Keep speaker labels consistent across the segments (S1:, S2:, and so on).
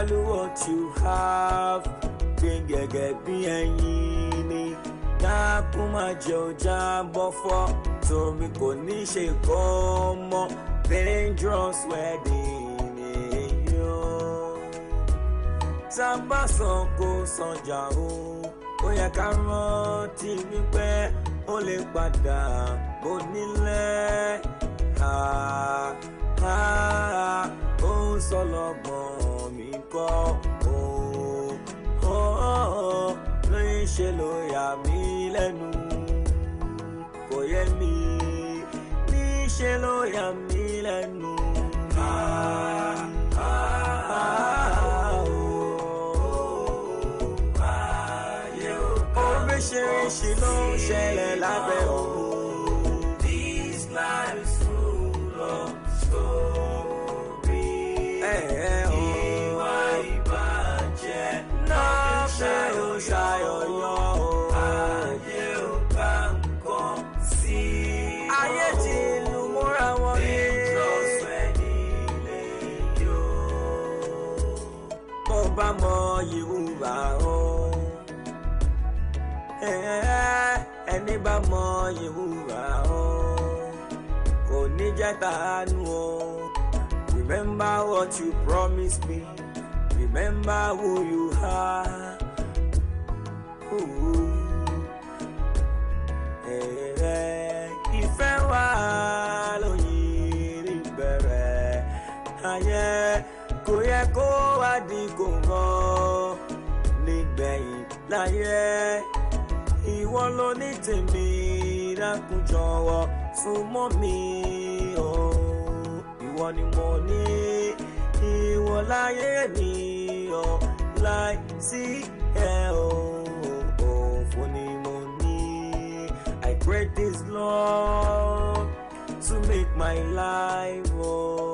S1: value what you have pín gẹ́gẹ́ bí ẹyin ni dákú má jẹ́ ọjà bọ́ fọ́ torí kò ní ṣe kọ́ mọ́ dangerous wedding ni yóò sábà san sanjà o ó yẹ ká rántí wípé ó lè padà bó nílẹ̀ ó ń sọ lọ́gbọ̀n kọ́ òó lóyún ṣe ló yà mí lẹ́nu kò yé mi níṣe ló yà mí lẹ́nu. Ah, ah, ah, oríṣiríṣi ló ń ṣẹlẹ̀ lá. ẹni bá mọ ìhùwà o kò ní jẹ́ tàánú o remember what you promised me remember who you are. Ooh. Eh, ìfẹ́ wa lóyìn rí bẹ̀rẹ̀ ayé kò yẹ kó wá di kò ń gbọ́ nígbẹ̀yìn láyé ìwọ ló ní tèmi dákun jọ̀wọ́ fún mọ́ mi o ìwọ ni mo ní ìwọ láyé mi o láì sí ẹ o òfò ni mo ní I pray this Lord to make my life o. Oh.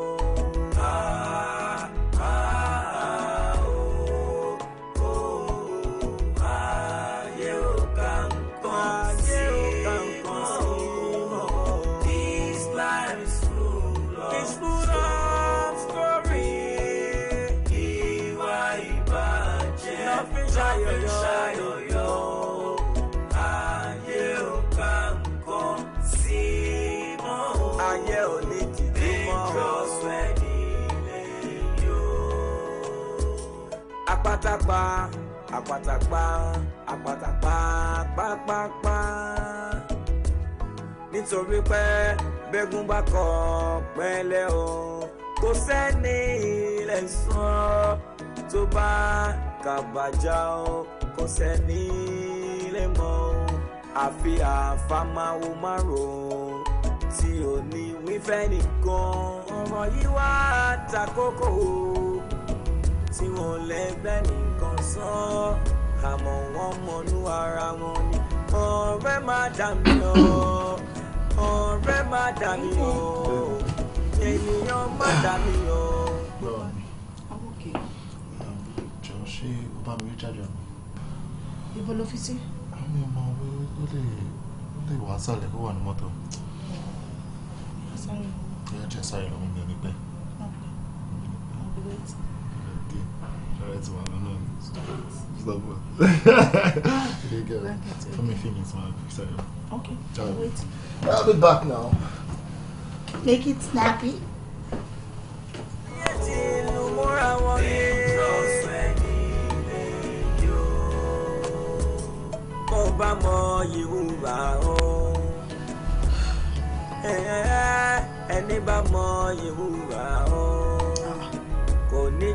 S1: àpátápá àpátápá àpátápá pápápá nítorí pé bẹ́gùn bá kọ̀ pẹ́lẹ́ o kò sẹ́ni ilẹ̀ sàn tó bá kàbàjá o kò sẹ́ni ilẹ̀ mọ́ o àfi àfàmáwo márùn-ún tí ò ní wífẹ́ nìkan ọ̀rọ̀ yìí wá ta o tí wọn lẹ́gbẹ́ nìkan sán àmọ́ wọ́n mọnú ara wọn ni ọ̀rẹ́ má dà mí o ọ̀rẹ́ má dà mí o ènìyàn má dà mí o.
S2: jọ ṣé o bá mi rí jáde àná. ibo ló fi sí. àwọn ọmọ wo ló lè ló lè wá sálẹ̀ kó wà ní mọ́tò. ìyá jẹ́ sáré lọ́wọ́ mi ò ní pẹ́. Thank you. Alright, well, no, no. It's not worth it. There you go. Come and feelings, man. Sorry. Okay. I'll wait. I'll be back now. Make it snappy.
S1: bá mọ ìwúwa o kò ní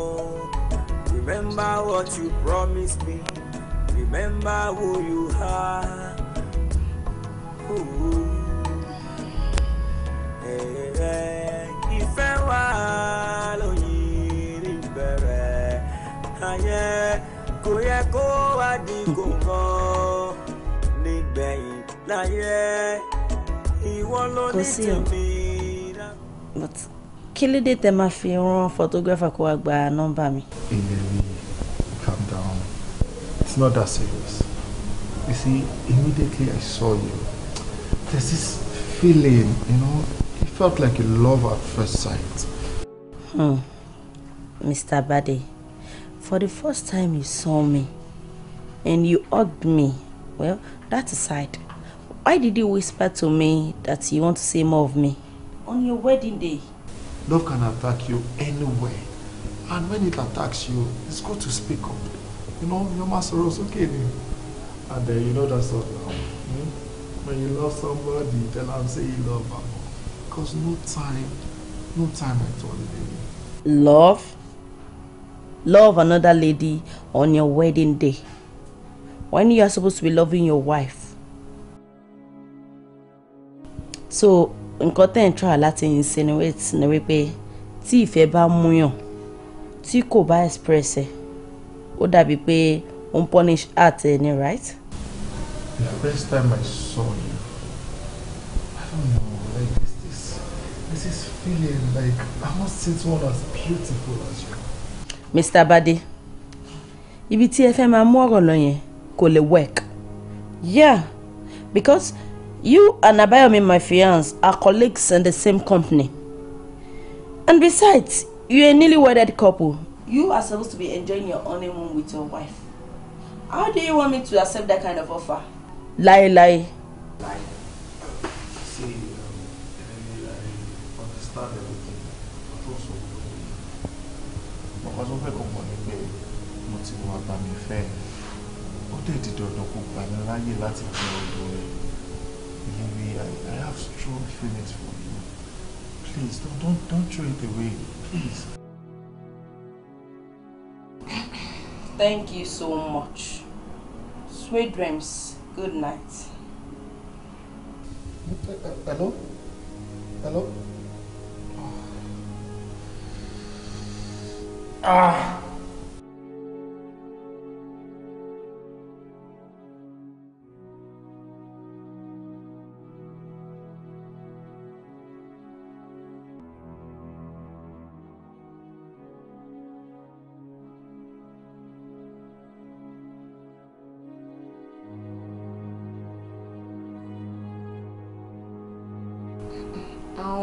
S1: o. Remember what you promised me. Remember who you are. Ooh. Eh, ìfẹ́ wa lóyìn bẹ̀rẹ̀ ayé kò yẹ kó wá di kòkó nígbẹ̀yìn láyé ìwọ ló ní tèmi
S2: kí ló dé tẹ máa fi rán photographer kó wá gba nọ́mbà mi. ìlérí calm down it's not that serious you see immediately i saw you there's this feeling you know it felt like a love at first sight. Hmm. mr bade for the first time you saw me and you hugged me well that aside why did you whisper to me that you want to see more of me on your wedding day. Love can attack you anywhere. And when it attacks you, it's good to speak up. You know, your master was okay then. And then you know that all now. Hmm? When you love somebody, tell them say you love them. Because no time, no time at all, baby. Love? Love another lady on your wedding day. When you are supposed to be loving your wife. So nǹkan tẹ̀ ń try láti insinuate ni wípé tí ìfẹ́ bá múyàn tí kò bá express ẹ̀ ó dàbí pé ó ń punish heart ẹ̀ ni right. the first time I saw you I don't know like there's this there's this feeling like I must see one as beautiful as you. Mr. Bade ibi tí ẹ fẹ́ máa mú ọ̀rọ̀ lọ yẹn kò lè work yeah because You and Abayomi, my fiance, are colleagues in the same company. And besides, you're a newly wedded couple. You are supposed to be enjoying your honeymoon with your wife. How do you want me to accept that kind of offer? Lie, lie. Lie. See, um, I understand everything. But also, Bàbá um, tó fẹ́ kọ̀ mọ̀ ní pé mo ti wà bá
S3: I, I have strong feelings for you. Please, don't, don't, don't throw it away. Please.
S2: Thank you so much. Sweet dreams. Good night. Hello? Hello? Ah.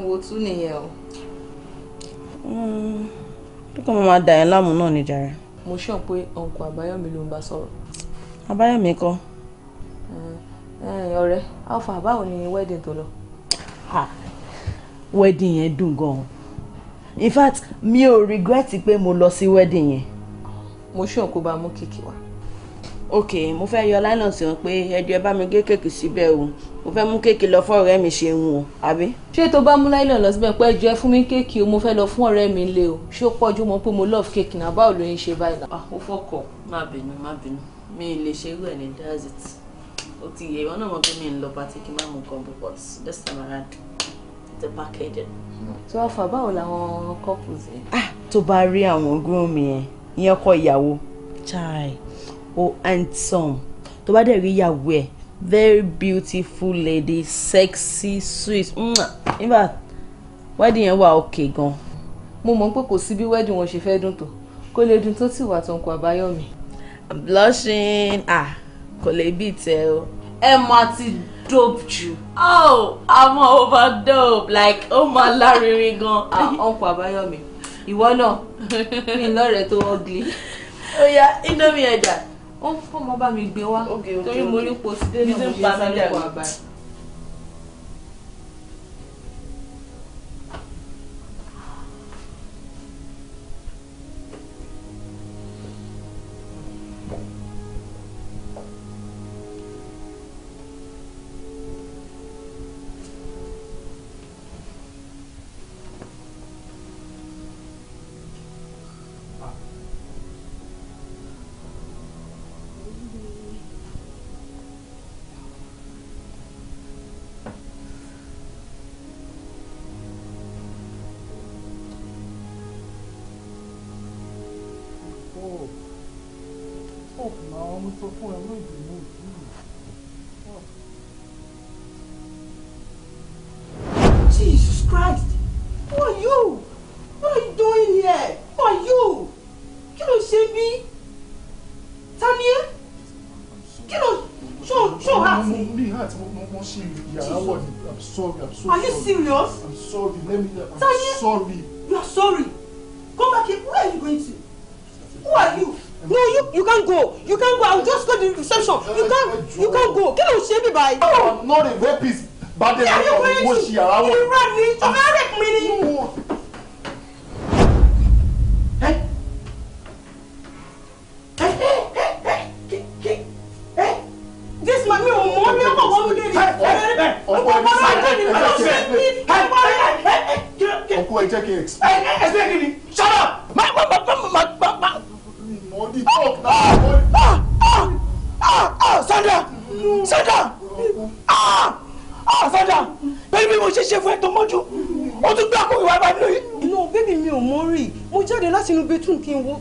S2: wo tún nìyẹn o. Hmm, kíkọ́ mo máa dà yẹn láàmú náà ní jàre.
S4: mo sọ pé ọkọ àbáyọ̀mí ló ń bá sọ̀rọ̀.
S2: àbáyọ̀mí kọ́. Eh, eh, ọ̀rẹ́ alfa báwo ni wedding tó lọ. wedding yẹn dùn gan-an in fact mi ò regret pé mo lọ sí wedding yẹn. mo sọ kó bá mú kìkì wá ok mo fẹ́ yọ láìlọ́n sí wọn pé ẹdí ẹ bá mi gé kéèkì síbẹ̀ o mo fẹ́ mú kéèkì lọ fún ọ̀rẹ́ mi ṣe ń wò àbí. ṣé tó bá mú láìlọ́n lọ síbẹ̀ pé ẹjọ́ ẹ fún mi kéèkì o mo fẹ́ lọ fún ọ̀rẹ́ mi lé o ṣé ó pọ̀jù mọ́ pé mo love kéèkì náà báwo ló ń ṣe báyìí. Ah, ó fọkọ má bínú má bínú mi ì lè ṣerú ẹ ní that's ó ti yẹ ìwọ náà mọ pé mi ń lọ pàtí kí n má mú nǹkan bó but this time around the package. tí wọ́n fà báwo làwọn couples yẹn. ah tó bá rí àwọn groom yẹn ìyẹn kọ ìyàwó. chai o handsome tó bá dẹ̀ rí ìyàwó ẹ̀ very beautiful lady sexy sweet in fact wedding yẹn wà òkè gan. mo mọ̀ pé kò sí bí wedding wọn ṣe fẹ́ dùn tó kó lè dùn tó ti wà tó ń kó àbáyọ̀mí. i'm blushing ah kò lè bí tẹ o. ẹ máa ti dope jù. oh i'm over dope like ó máa lárinrin gan. ah ọ̀nkọ̀ àbáyọ̀mí ìwọ náà mi lọ́rẹ̀ẹ́ tó ugly. ó yá indomie ẹ̀dá ó ń fọmọ bá mi gbé wá torí mo rí po sí dé náà mo ṣe sáré wà sọ fún ẹ lóògùn ní ìdúró. Jesus Christ who are you what are you doing here who are you kí ló ṣe bí tani ẹ kí ló ṣó ṣó hàtì. mo ní hàtì mo ṣe yàrá wọ̀ ni I'm sorry I'm so sorry. are you serious. station you can't you can't go kí ló ń ṣe bí báyìí. no dey vex peace bàdé rẹ mo ṣì yàrá wọn. irọ́ ni ọ̀rẹ́ rẹ̀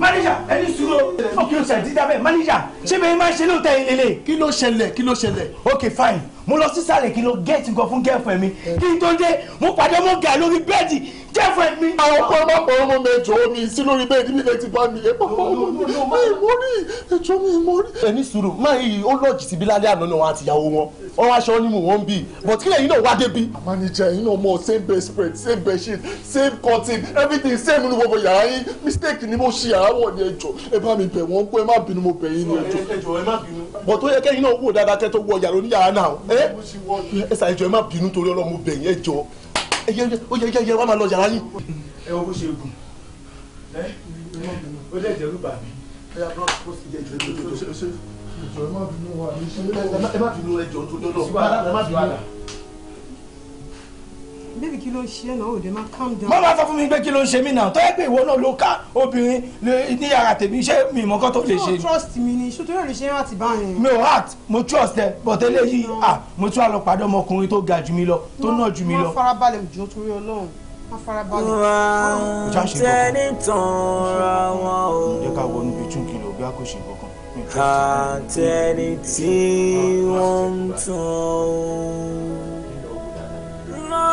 S2: manager ẹni sùúrù ọkùnrin ṣàdídà bẹ́ẹ̀ manager ṣé bẹ́ẹ̀ máa ṣe lóòótọ́ ilé. kí ló ṣẹlẹ̀ kí ló ṣẹlẹ̀. okay fine mo lọ sísàlẹ̀ kí n lọ gẹ́ẹ̀tì nǹkan fún girlfriend mi kí n tó dé mo pàdé mo gà lórí bẹ́ẹ̀dì girlfriend mi. àwọn ọkọ ọmọ ọmọ ọmọ mi ẹjọ mi sí lórí bẹ́ẹ̀dì mi lẹti bá mi ẹgbẹ ọmọ mi ìmọ rí ẹjọ mi ìmọ rí. ẹni sùúrù máa yí ó lọ́ọ̀jì síbi lálẹ́ àná náà àtìyàwó wọn wọn aṣọ ni mò ń bì but kí lẹ́yìn náà wá débi. manager yìí náà mọ same bed spread same bed sheet same curtain everything same nínú gbogbo yàrá yín mistake ni mo ṣe yàrá wọ̀ ní ẹjọ ẹ bá mi bẹ̀ wọ́n pé ẹ má bínú mo bẹ̀ yín ní ẹjọ. but ó yẹ kẹ́yìn náà wò dáadáa kẹ́ tó wọ yàrá oníyàrá náà Eh? ẹ ṣàì ẹ má bínú torí ọlọ́mọ bẹ̀ yẹn jọ ẹ yẹ yẹ yẹ wá máa lọ yàrá yín. ẹ wo bó ṣe gùn ó dẹ̀ jẹ́rú bà mí ẹ yà bọ́ kó sì jẹ́ jẹ́ jẹ́ jẹ́ ẹ má bínú wa ẹ má bínú ẹ jọ nítorí ọlọ́mọ ẹ má bínú bébì kí ló ń ṣe náà òde máa calm down. mọ́mọ́ sọ mi pé kí ló ń ṣe mí náà tó yẹ pé ìwọ náà ló ká obìnrin ní yàrá tèmi ṣé mi mọ́ kọ́ tó lè ṣe. trust mi ni ṣùtò yóò lè ṣe láti bá yẹn. mi ò heart mo trust ẹ but eléyìí ah mo tún wà lọ pàdé ọmọkùnrin tó ga jù mí lọ tó náà jù mí lọ. má farabalẹ̀
S1: jọ torí ọlọ́run má farabalẹ̀. tẹ́ni tán ra wọn o. ǹjẹ́ ká wọ níbi tún kìlọ̀ bí a kò ṣe kankan. àtẹni tí ah, ah, wọ́n ah, ń tán o.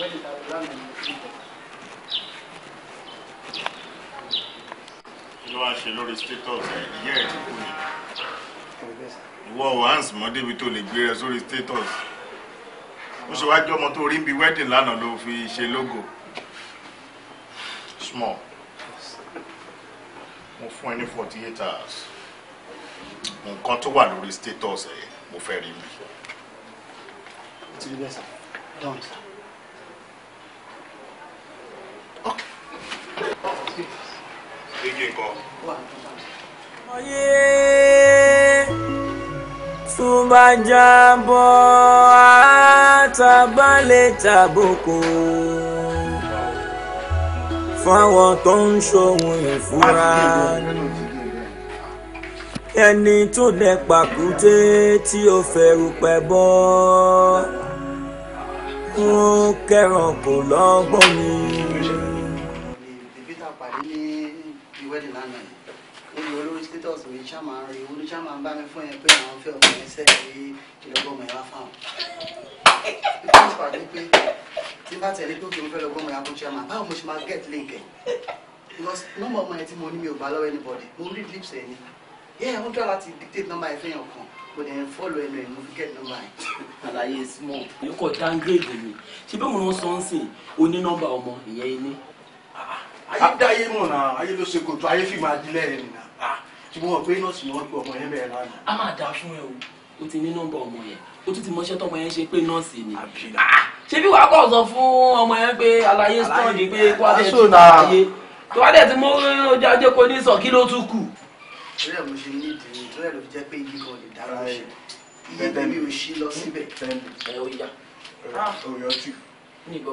S2: wedding that will land in the kingdom. kí ló wá ṣe lórí status ìyá ẹ ti kú ni ìwọ wàhánsì mọ débi tó status ó ṣe wájú ọmọ tó rí bí wedding lánàá ló fi ṣe logo small mo fún ẹ ní forty eight hours nǹkan tó wà lórí status ẹ mo fẹ́ rí mi. ti rí bẹ́ẹ̀ sá dáhùn sá.
S1: Ayé tó bá jábọ́ àtàbálẹ̀ tàbùkù fáwọn tó ń ṣòwò ìfura ẹni tó dẹ pàkúté tí ó fẹ̀rù pẹ̀ bọ́ ó kẹràn kò lọ́gbọ́n mi wedding lánàá
S2: yìí ó ní olórí status mi chairman rí olú chairman bá mi fún yẹn pé àwọn fẹ́ ọkùnrin ẹsẹ̀ rí ìlọ́gbọ́mọ ẹ̀ wá fáwọn. ìpínlẹ̀ pàdé pé tí bá tẹ̀lé pé òkè mo fẹ́ lọ́gbọ́mọ ẹ̀ akó chairman báwo mo ṣe máa get link ẹ̀ because nọ́mbà ọmọ yẹn tí mo ní mi ò bá lọ́wọ́ anybody mo rí lips ẹ̀ ni yẹ́n ó dúró láti dictate nọ́mbà ẹ̀ fẹ́yàn kan kò dẹ̀ fọ́lọ̀ ẹnu ẹ̀ mo fi get nọ́mbà ẹ̀. àlàyé small
S1: yóò kọ downgrade mi ṣé bí mo náà sọ ń sìn
S2: oní nọ́mbà ọmọ ìyẹn ilé ah, ah ayé dá ayé mọ̀ náà ayé ló ṣe kòtò ayé fi máa di lẹ́yìn nìyà ah, tí mo mọ̀ pé nọ́ọ̀sì ni wọ́n pe ọmọ yẹn bẹ̀rẹ̀ lánàá. a máa dáa fún ẹ o o ti ní nọ́mbà ọmọ yẹn o tún ti mọṣẹ́ tọmọ yẹn ṣe pé nọ́ọ̀sì ni ah,
S1: ṣé bí wàá kọ̀ sọ fún ọmọ yẹn
S2: pé àlàyé stọ́ọ̀dì pé kó adé ti mọ ayé tó adé ti mọ ojú ajé kò ní sọ kí ló tún kù. torí mo ṣe ní ìdíyìn torí ló fi jẹ́ pé igi kan lè dára ṣe iye tẹ̀mí ò ṣí lọ síbẹ̀. ẹ o ya. ọ̀yọ́ tì. níbo.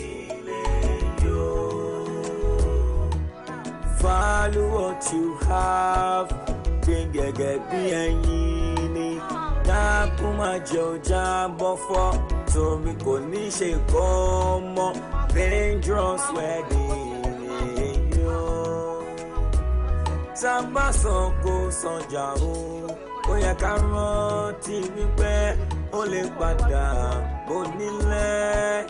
S1: value what you have bí gẹ́gẹ́ bí ẹyin ni dákun má jẹ́ ó jábọ́ fọ́ torí kò ní ṣe kó mọ́ dangerous wedding yóò sábà san kó sanjà o ó yẹ ká rántí wípé ó lè padà bó nílẹ̀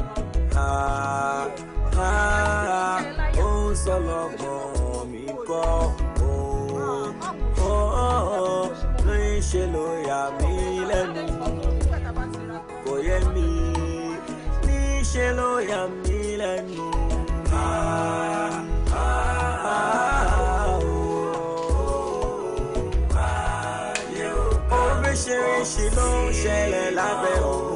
S1: ó ń sọ lọ́gbọ̀n gbọ́ ooo lóyún ṣe ló yà mí lẹ́nu kò yé mi níṣe ló yà mí lẹ́nu. Ah, ah, ah, oríṣiríṣi ló ń ṣẹlẹ̀ lábẹ́ òun.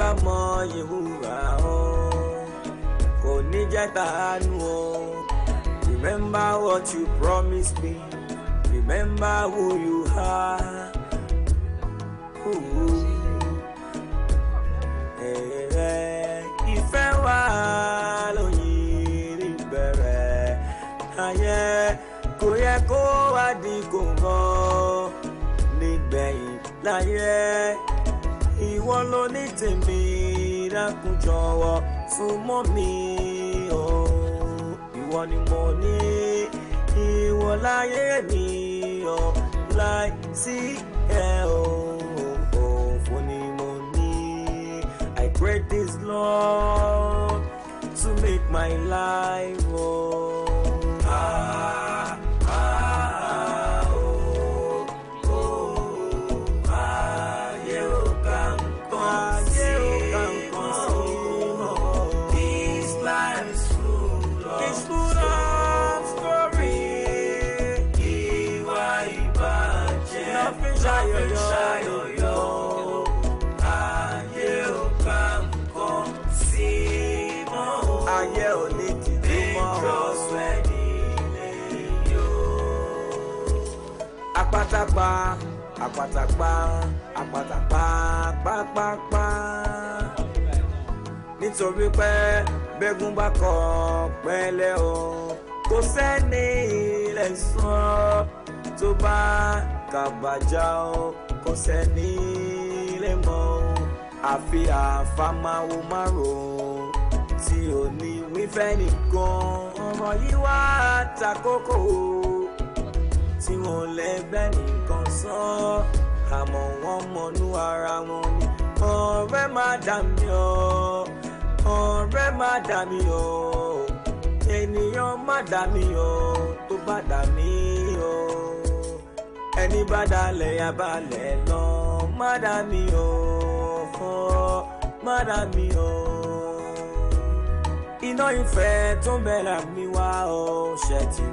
S1: bá mọ Yehowa o kò ní jẹ́ tàánú o remember what you promised me remember who you are. Ooh. Ẹ̀rẹ̀ eh, ìfẹ́ wa lóyìn rí bẹ̀rẹ̀ ayé kò yẹ kó wá di kò mọ́ nígbẹ̀yìn láyé ìwọ ló ní tèmi dákun jọ̀wọ́ fún mọ́ mi o ìwọ ni mo ní ìwọ láyé mi o láì sí ẹ o òfò ni mo ní I pray this Lord to make my life. apátápá apátápá apátápá pápápá nítorí pé bẹ́gùn bá kọ pẹ́lẹ́ o kò sẹ́ni ilẹ̀ sùn ọ́ tó bá kàbàjá o kò sẹ́ni ilẹ̀ mọ́ o àfi àfàmáwo márùn-ún tí ò ní wífẹ́ nìkan ọ̀rọ̀ yìí wá ta o tí wọn lẹ́gbẹ́ nìkan sán àmọ́ wọ́n mọnú ara wọn ni ọ̀rẹ́ má dà mí o ọ̀rẹ́ má dà mí o ènìyàn má dà mí o tó bá dà mí o ẹni bá dalẹ̀ ya balẹ̀ lọ má dà mí o fọ́ má dà mí iná ìfẹ́ tó ń bẹ̀rẹ̀ mi wá o ṣètìlí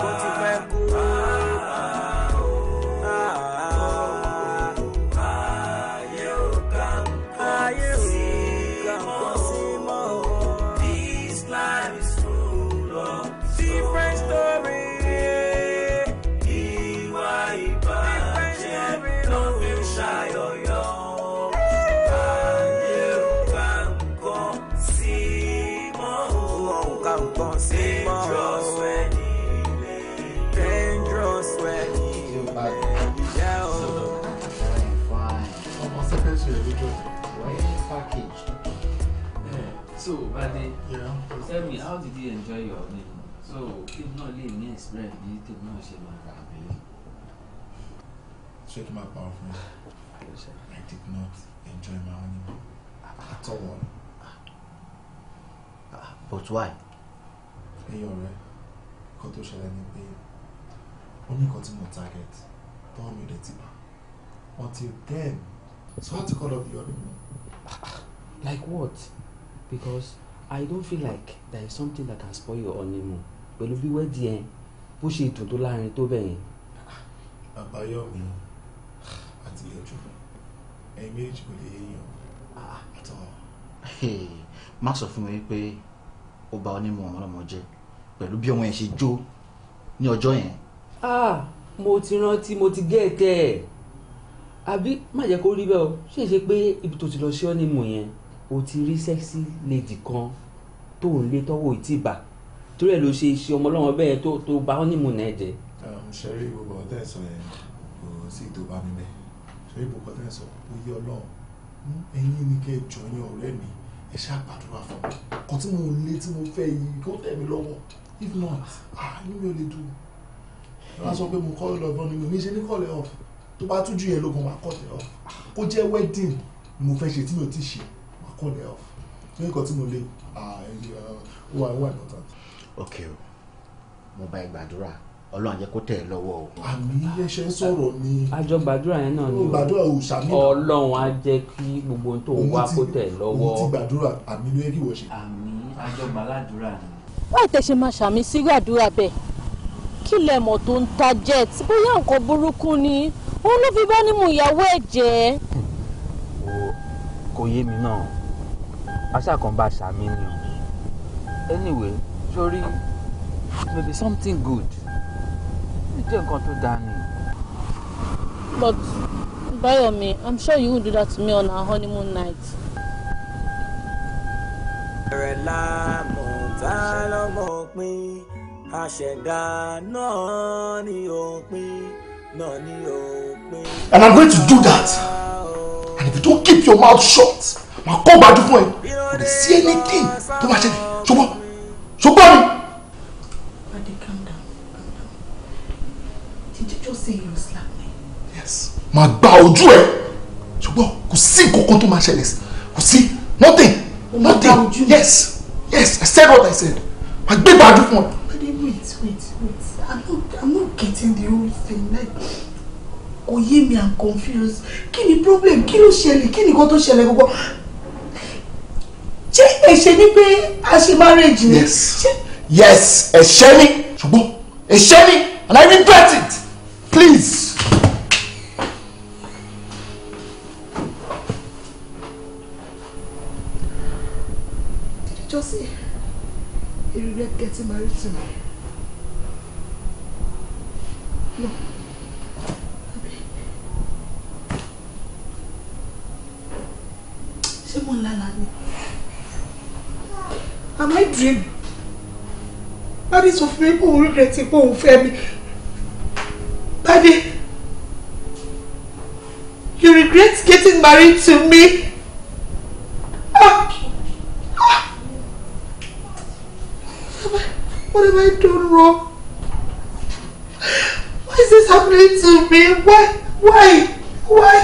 S1: kó ti fẹ́
S3: kú.
S2: So, Bade, yeah. tell me, how did you enjoy your name? So, if not leave me express, did you take no shame and rabbi? Check my power friend. I did not enjoy my honeymoon at all. But why? Ẹ̀yin ọ̀rẹ́, nǹkan tó ṣẹlẹ̀ ni pé ó ní nǹkan tí target Don't mi the ti until then so how to call up your honeymoon. Like what? because I don't feel like there is something that can spoil your honeymoon pẹ̀lú bí wẹ́ẹ̀dì ẹ bó ṣe dùn tó láàrin tó bẹ̀ yẹn. àbáyọ mi àti ìyànjú ẹ̀yin méjì kò lè yéèyàn àtọ. Ah. má sọ fún mi wípé ó bà onímọ̀ ọlọ́mọ jẹ́ pẹ̀lú bí ọmọ yẹn ṣe jó ní ọjọ́ yẹn. Ah, mo ti rántí mo ti gé ẹ̀tẹ́ ẹ̀ àbí má jẹ́ kó rí bẹ́ẹ̀ o ṣèṣe pé ibi tó ti lọ sí ọ́ ni mò yẹn o ti rí sẹ́ksì lady kan tó ń lé tọ́wọ́ ìtì bà torí ẹ̀ ló ṣe iṣẹ́ ọmọ ọlọ́wọ́ bẹ́ẹ̀ tó tó bá ọ́ nímú náà jẹ. ṣe rí gbogbo ọ̀tá ẹ̀ sọ yẹn kò sí ìtò bá mi bẹ́ẹ̀ ṣe rí gbogbo ọ̀tá ẹ̀ sọ kò yé ọlọ́run ẹ̀yin ni kẹ́ ẹ jọ yan ọ̀rẹ́ mi ẹ ṣáà gbàdúrà fún mi kò tí mo lé tí mo fẹ́ yìí kó tẹ̀ mí lọ́wọ́ if not ah inú mi ò lè dùn ẹ wá sọ pé mo kọ́ ọ lọ́gbọ́n ni mi mi ṣe ní kọ́lẹ̀ ọ̀ tó bá tún jù yẹn lógun wà kọ́tẹ̀ ọ̀ kó jẹ́ wedding mo fẹ́ ṣe tí mi ti ṣe kò ní ọ ní nǹkan tí mo lè wà wà lọ́tà. ok o mo bá ẹ gbàdúrà ọlọ́run jẹ́ kó tẹ̀ ẹ́ lọ́wọ́ o. àmì iléeṣẹ́ sọ̀rọ̀ ni. àjọ gbàdúrà yẹn náà ni o ọlọ́run á jẹ́ kí gbogbo ohun tó wá kó tẹ̀ ẹ́ lọ́wọ́. òun ti gbàdúrà àmì ló yẹ kí wọ́n ṣe. àmì
S1: àjọ gbàládùra ni.
S2: wáyé tẹ̀sẹ̀ máa ṣàmì sí gbàdúrà bẹ́ẹ̀ kí lẹ mọ̀ tó ń ta jet bóyá nǹkan burúkú ni òun ló fi ìyàwó ẹ̀ jẹ́. kò yé mi náà aṣàkànbá sàmì ni o anyway sori maybe something good jẹ́ nǹkan tó dáa ni.
S4: but Bayomi i'm sure you
S2: won't do that to me on our honeymoon night.
S1: bẹ̀rẹ̀ láàmú tá lọ́mọ pín àṣẹ̀dá náà ni òpin náà ni òpin. and i'm going to do that
S2: and if you don't keep your mouth shut màá kó gbájú fún ẹ kò lè sí anything tó máa ṣẹlẹ̀ ṣùgbọ́n ṣùgbọ́n mi. Ade calm down calm down did you just say you slap me. yes màá gba ojú ẹ ṣùgbọ́n kò sí nǹkan tó máa ṣẹlẹ̀ kò sí nothing nothing yes yes I said what I said màá gbé gbájú fún ẹ.
S3: Ade wait wait wait I'm not I'm not
S2: getting the whole thing like kò yé mi i'm confused kí ni problem kí ló ṣẹlẹ̀ kí ni nǹkan tó ṣẹlẹ̀ gbogbo ṣé ẹ̀ṣẹ̀ ni pé a ṣe marriage ni. yes yes ẹ̀ṣẹ̀ ni ṣùgbọ́n ẹ̀ṣẹ̀ ni and I regret it please. Did you regret getting married to me? No. okay. mo ń lálàá ni. Am I dreaming? Daddy sọ fún mi pé òun regret pé òun fẹ́ mi. Daddy, you regret getting married to me? Ah. What have I done wrong? Why is this happening to me? Why? Why? Why?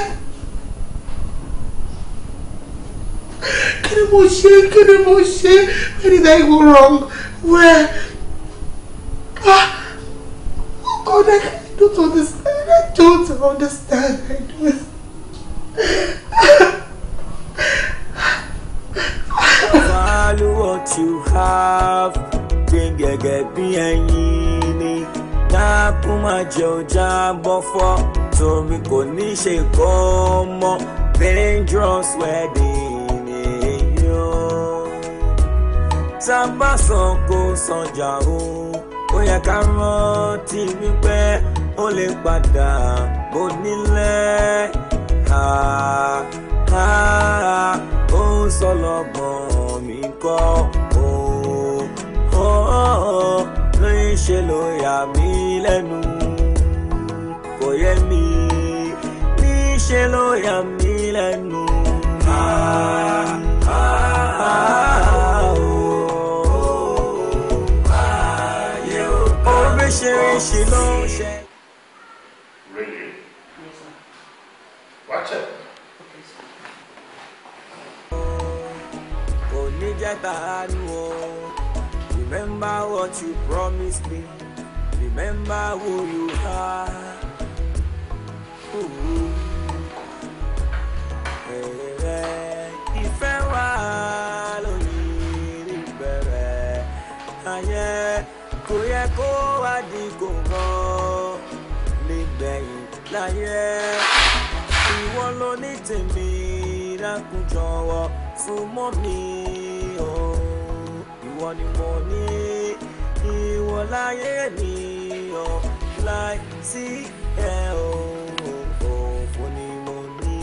S2: kí ni mo ṣe kí ni mo ṣe where did I go wrong where ah oh God I don't understand I don't understand I don't.
S1: Value what you have, then get behind me. dákú má jẹ́ ọjà gbọ́fọ́ torí kò ní ṣe kọ́ dangerous wedding. tá a bá san kó sanjà o ó yẹ ká rántí wípé ó lè padà bó nílẹ̀ ó ń sọ lọ́gbọ̀n mi kọ́ ó ló ń ṣe ló yà mí lẹ́nu kò yẹ mí níṣe ló yà mí lẹ́nu. Ah, ah, ah. oríṣiríṣi ló ń ṣe. Really? Yes, Watch it. Kò ní jẹ́ tàánú o, remember what you promised me, remember who you are. Ooh. Hey, hey, ìfẹ́ wà. kò yẹ kó wá di kòkan nígbẹ̀yìn láyé ìwọ ló ní tèmi lákùjọwọ fún mọ́ mi o ìwọ ni mo ní ìwọ láyé mi o láì sí ẹ o òfò ni mo ní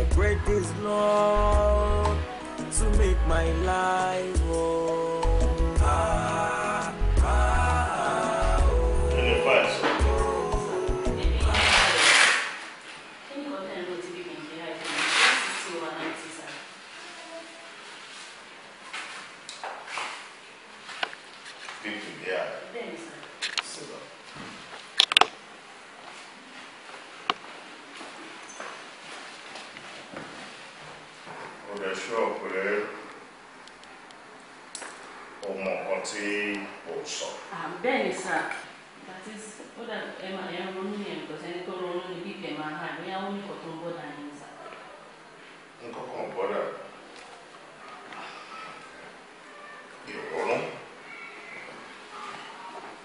S1: I pray this Lord to make my life. Oh.
S2: tí mo sọ. bẹ́ẹ̀ ni sà that is ó dà ẹ máa ẹ ronú yẹn because ẹni tó ronú ni bí kẹ̀ máa hà bóyá ó ní nǹkan tó ń bọ́dà yẹn sà. nǹkan kan bọ́dà ìrọ̀rùn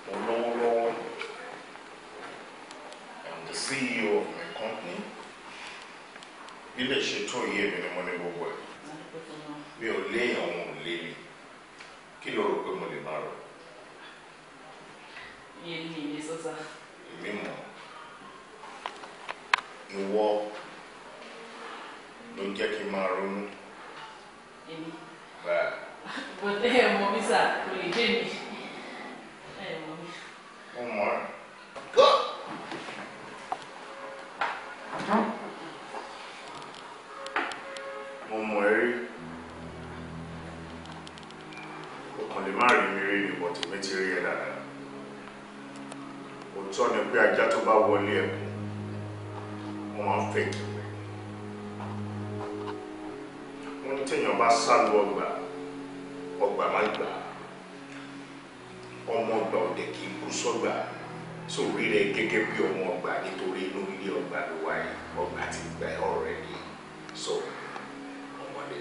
S2: mo lówó lọ́wọ́ I'm the CEO of my company bí lè ṣe tó yé mi ni mo ní gbogbo ẹ̀
S3: mi ò lé àwọn
S2: ò lé mi kí ló rò pé mo lè máa rò. iye ní iye sọ́sà. èmi mọ̀ ìwọ ló jẹ́ kí n máa ronú. èmi. bẹ́ẹ̀. bọ́dẹ̀ ẹ̀ mọ̀ mi sà kò lè dé mi.
S3: ẹ̀ mọ̀ mi. mo mọ̀ ẹ́. go.
S2: lè má ni bọ̀ tí mi rí ẹ dáadáa òótọ́ ni pé ajá tó bá wọlé ẹ̀kọ́ wọ́n máa ń fẹ́ kí wọ́n ní téèyàn bá sá ọgbà ọgbà gbà ọmọ ọgbà òde kì í kú rẹ gẹ́gẹ́ bí ọmọ ọgbà nítorí inú ti gbà ni sọ ọmọdé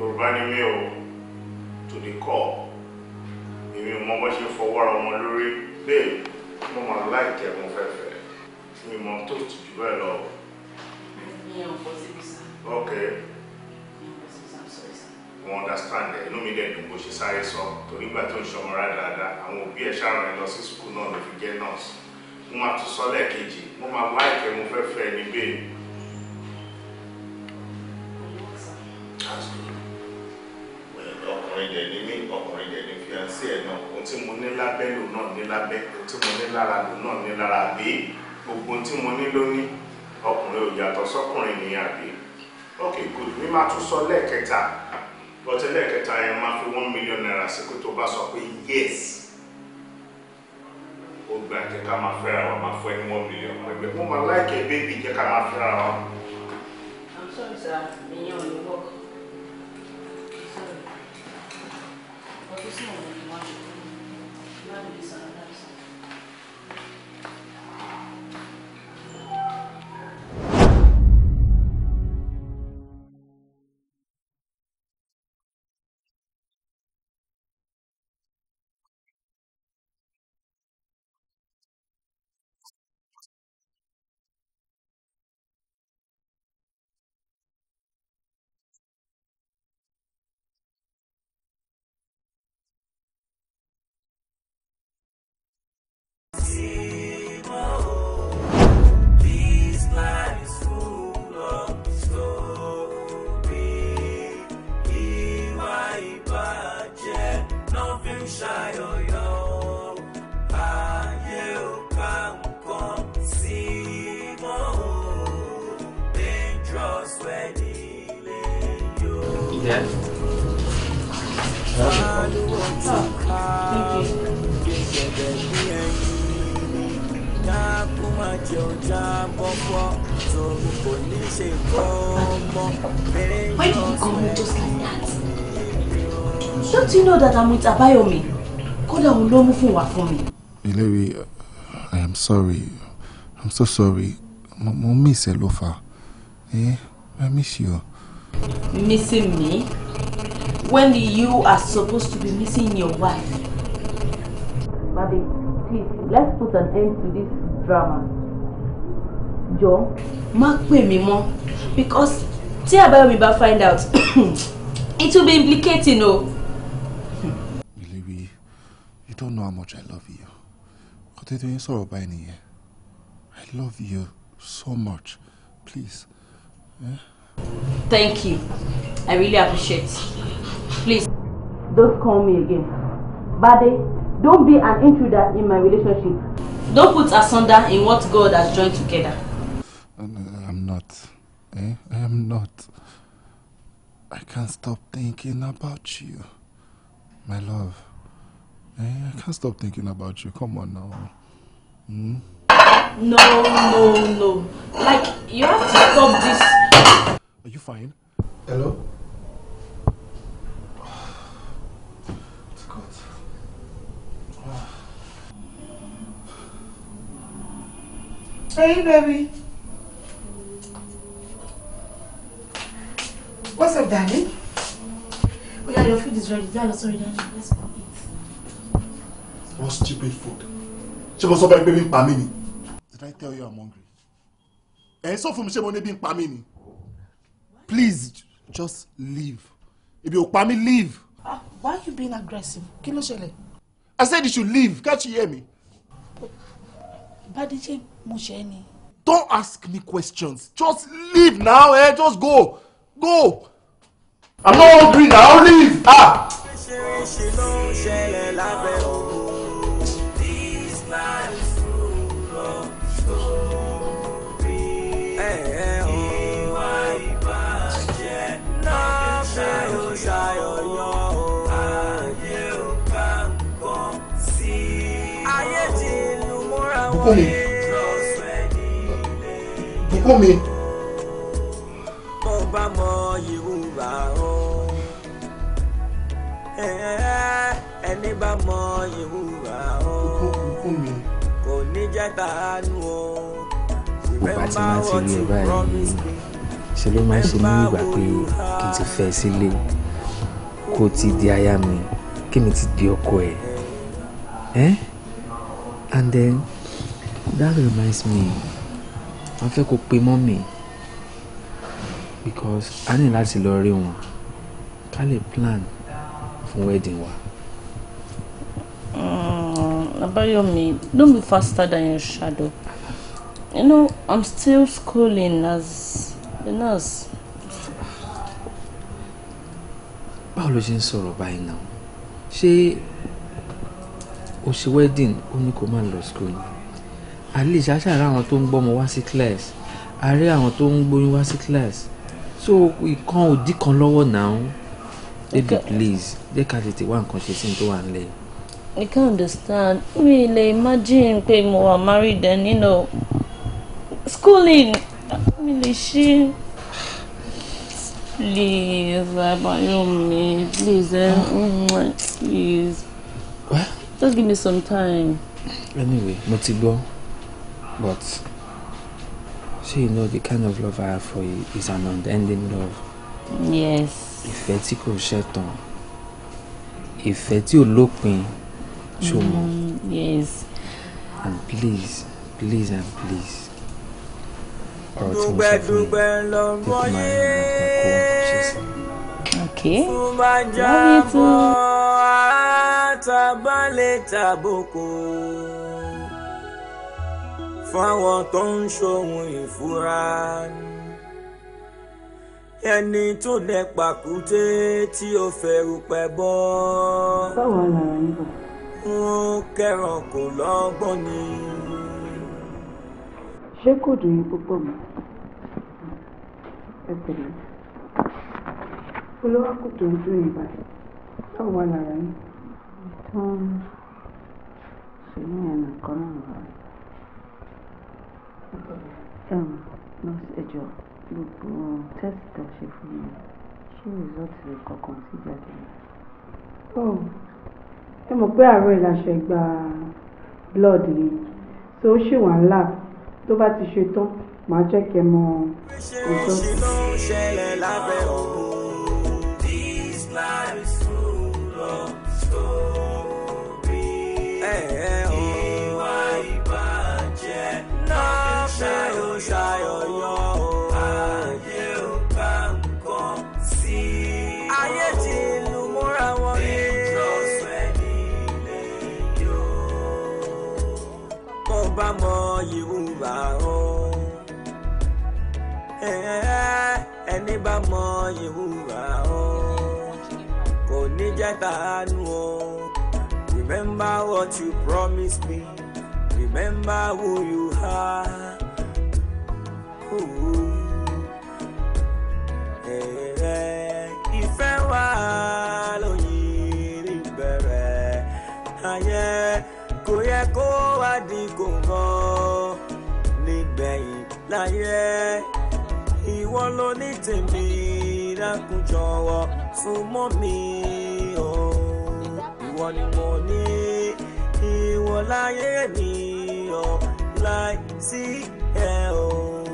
S2: yorùbá ni mí o to the core èmi ò mọ bó ṣe fọwọ́ra ọmọ lórí bẹ́ẹ̀ mo máa láìkẹ́ mo fẹ́ fẹ́ mi mọ tó tù jù bẹ́ẹ̀ lọ. ok mo understand ẹ inú mi dẹ̀ dùn bó ṣe sáré sọ torí ìgbà tó ń ṣọmọra dáadáa àwọn òbí ẹ̀ ṣàrùn ẹ lọ sí sùkúl náà ló fi jẹ́ nọ́ọ̀sì mo máa tún sọ lẹ́ẹ̀kejì mo máa láìkẹ́ mo fẹ́ fẹ́ ní bẹ́ẹ̀. sí ẹ̀ náà ohun tí mo ní lábẹ́ lò náà ní lábẹ́ ohun tí mo ní lára lò náà ní lára bí gbogbo ohun tí mo ní ló ọkùnrin ò yàtọ̀ sọ́kùnrin nìyà bí ok good mi máa tún sọ lẹ́ẹ̀kẹta bọ́tí lẹ́ẹ̀kẹta yẹn máa fi one million naira sí kó tó bá sọ pé yes ó gba jẹ́ ká máa fẹ́ra wa máa fọ́ ẹni one million pẹ̀lú mo máa láìkẹ́ bébì jẹ́ ká máa fẹ́ra wa. I'm sorry sir, mi yàn ò ní It's more than logical. None of these are. Don't you know that I'm with Abayomi? God, I ló mú fún wa fún me. Ìlérí, I am sorry. I'm so sorry. Mo mo miss ẹ Eh, I miss you. Missing me? When you are supposed to be missing your wife. Babe, please, let's put an end to this drama. Jọ, mark pè mí mọ́ because tí Abayomi bá find out, it will be implicating o. No? don't know how much I love you. Kò tètè ń sọ̀rọ̀ báyìí nìyẹn. I love you so much. Please. Eh? Thank you. I really appreciate Please. Don't call me again. Bade, don't be an intruder in my relationship. Don't put asunder in what God has joined together.
S3: I'm
S2: not. Eh? I am not. I can't stop thinking about you, my love. Eh, I can't stop thinking about you. Come on now. Mm? No, no, no. Like, you have to stop this. Are you fine? Hello?
S3: Hey, baby.
S2: What's up, darling? Oh, yeah, your food is ready. Dad, sorry, darling. Let's go for stupid food ṣé mo sọ fún ẹ pé bí n pa mí ni. did I tell you I'm hungry? ẹ sọ fún mi ṣé mo ní bí n pa mí ni. please just leave if you pa me leave. ah why you being aggressive kí ló ṣẹlẹ̀. I said you should leave can't you hear me. Bádéjé mo ṣe é ni. Don't ask me questions just leave now eh? just
S3: go go.
S2: I'm not hungry now leave. Ah.
S1: ṣe ṣe ló ń ṣẹlẹ̀ lábẹ́ o. Bùkúnmi Bùkúnmi. mo bá mọ Yorùbá o ẹni bá mọ Yorùbá o kò ní jẹ́ tàánú o.
S2: ìgbà tí màá ti ní báyìí ṣe ló máa ń ṣe mí nígbà pé kí n ti fẹ́ sílé kó ti di aya mi kí mi ti di ọkọ ẹ̀ and then that reminds me a fẹ́ kó pe mọ́mì because a ní láti lọ rí wọn ká lè plan fún wedding wa.
S4: Ah, Abayomi um, don't be faster than your shadow
S2: you know I'm still schooling as a nurse. báwo ló ṣe ń sọ̀rọ̀ báyìí náà ṣé o ṣe wedding ó ní kó má lọ school ni at least aṣáára àwọn tó ń gbọ́mọ wá sí class àárẹ àwọn tó ń gbóyún wá sí class so ìkan òdì kan lọ́wọ́ náà baby please jẹ́ ká tètè wá nǹkan ṣe sí ní tó wà nílẹ̀. I can understand mi lè imagine pé mo wà married and you know schooling mi lè ṣe
S4: please abayo mi please please just give me some time. anyway mo ti gbọ́.
S2: But see, you know the kind of love I have for you is an unending love. Yes. Ìfẹ́ tí kò ṣẹ̀tàn. Ìfẹ́ tí ò lópin. Ṣùgbọ́n.
S3: Mm, yes.
S2: And please,
S1: please and please. Ọ̀rọ̀ tí mo Okay. Love you too fáwọn tó ń ṣohun ìfura ẹni tó dẹ pàkúté tí ó fẹ́rù pẹ́ bọ́.
S3: báwo ni ọ̀rọ̀ yín bọ̀.
S1: wọ́n kẹ́ràn kò lọ́gbọ́n ni.
S4: ṣé kò dùn yín púpọ̀ mọ́ ẹ pẹ̀lú olówó kò tó ń dùn yín báyìí báwo wà lára yín. tó ní ẹnì náà báyìí
S2: nurse ẹ gbogbo test
S4: tẹ́ ṣe fún mi ṣé result rẹ̀ kankan ti jáde
S2: ẹ mọ̀ pé àárọ̀ ìlàṣẹ gba blood ni tó ṣì wà
S4: ń lab tó bá ti ṣe tán màá jẹ́ kẹ́ mọ ọjọ́. ṣe
S1: náà ṣayọ ṣayọ yọ o. ayé ò bá nǹkan sí i. ayé ti lù múra wọn ni. ìjọsìn ẹni lè yọ. kó bá mọ ìwúra o. ẹni bá mọ ìwúra o. kò ní jẹ́ tàánú o. Remember what you promised me. Remember who you are. Ooh. Eh, ìfẹ́ wa ló yin ìbẹ̀rẹ̀ ayé kò yẹ kó wá di kòǹkan nígbẹ̀yìn láyé ìwọ ló ní tèmi dákun fún mọ́ mi o ìwọ ni mo ní ìwọ láyé mi láì sí ẹ o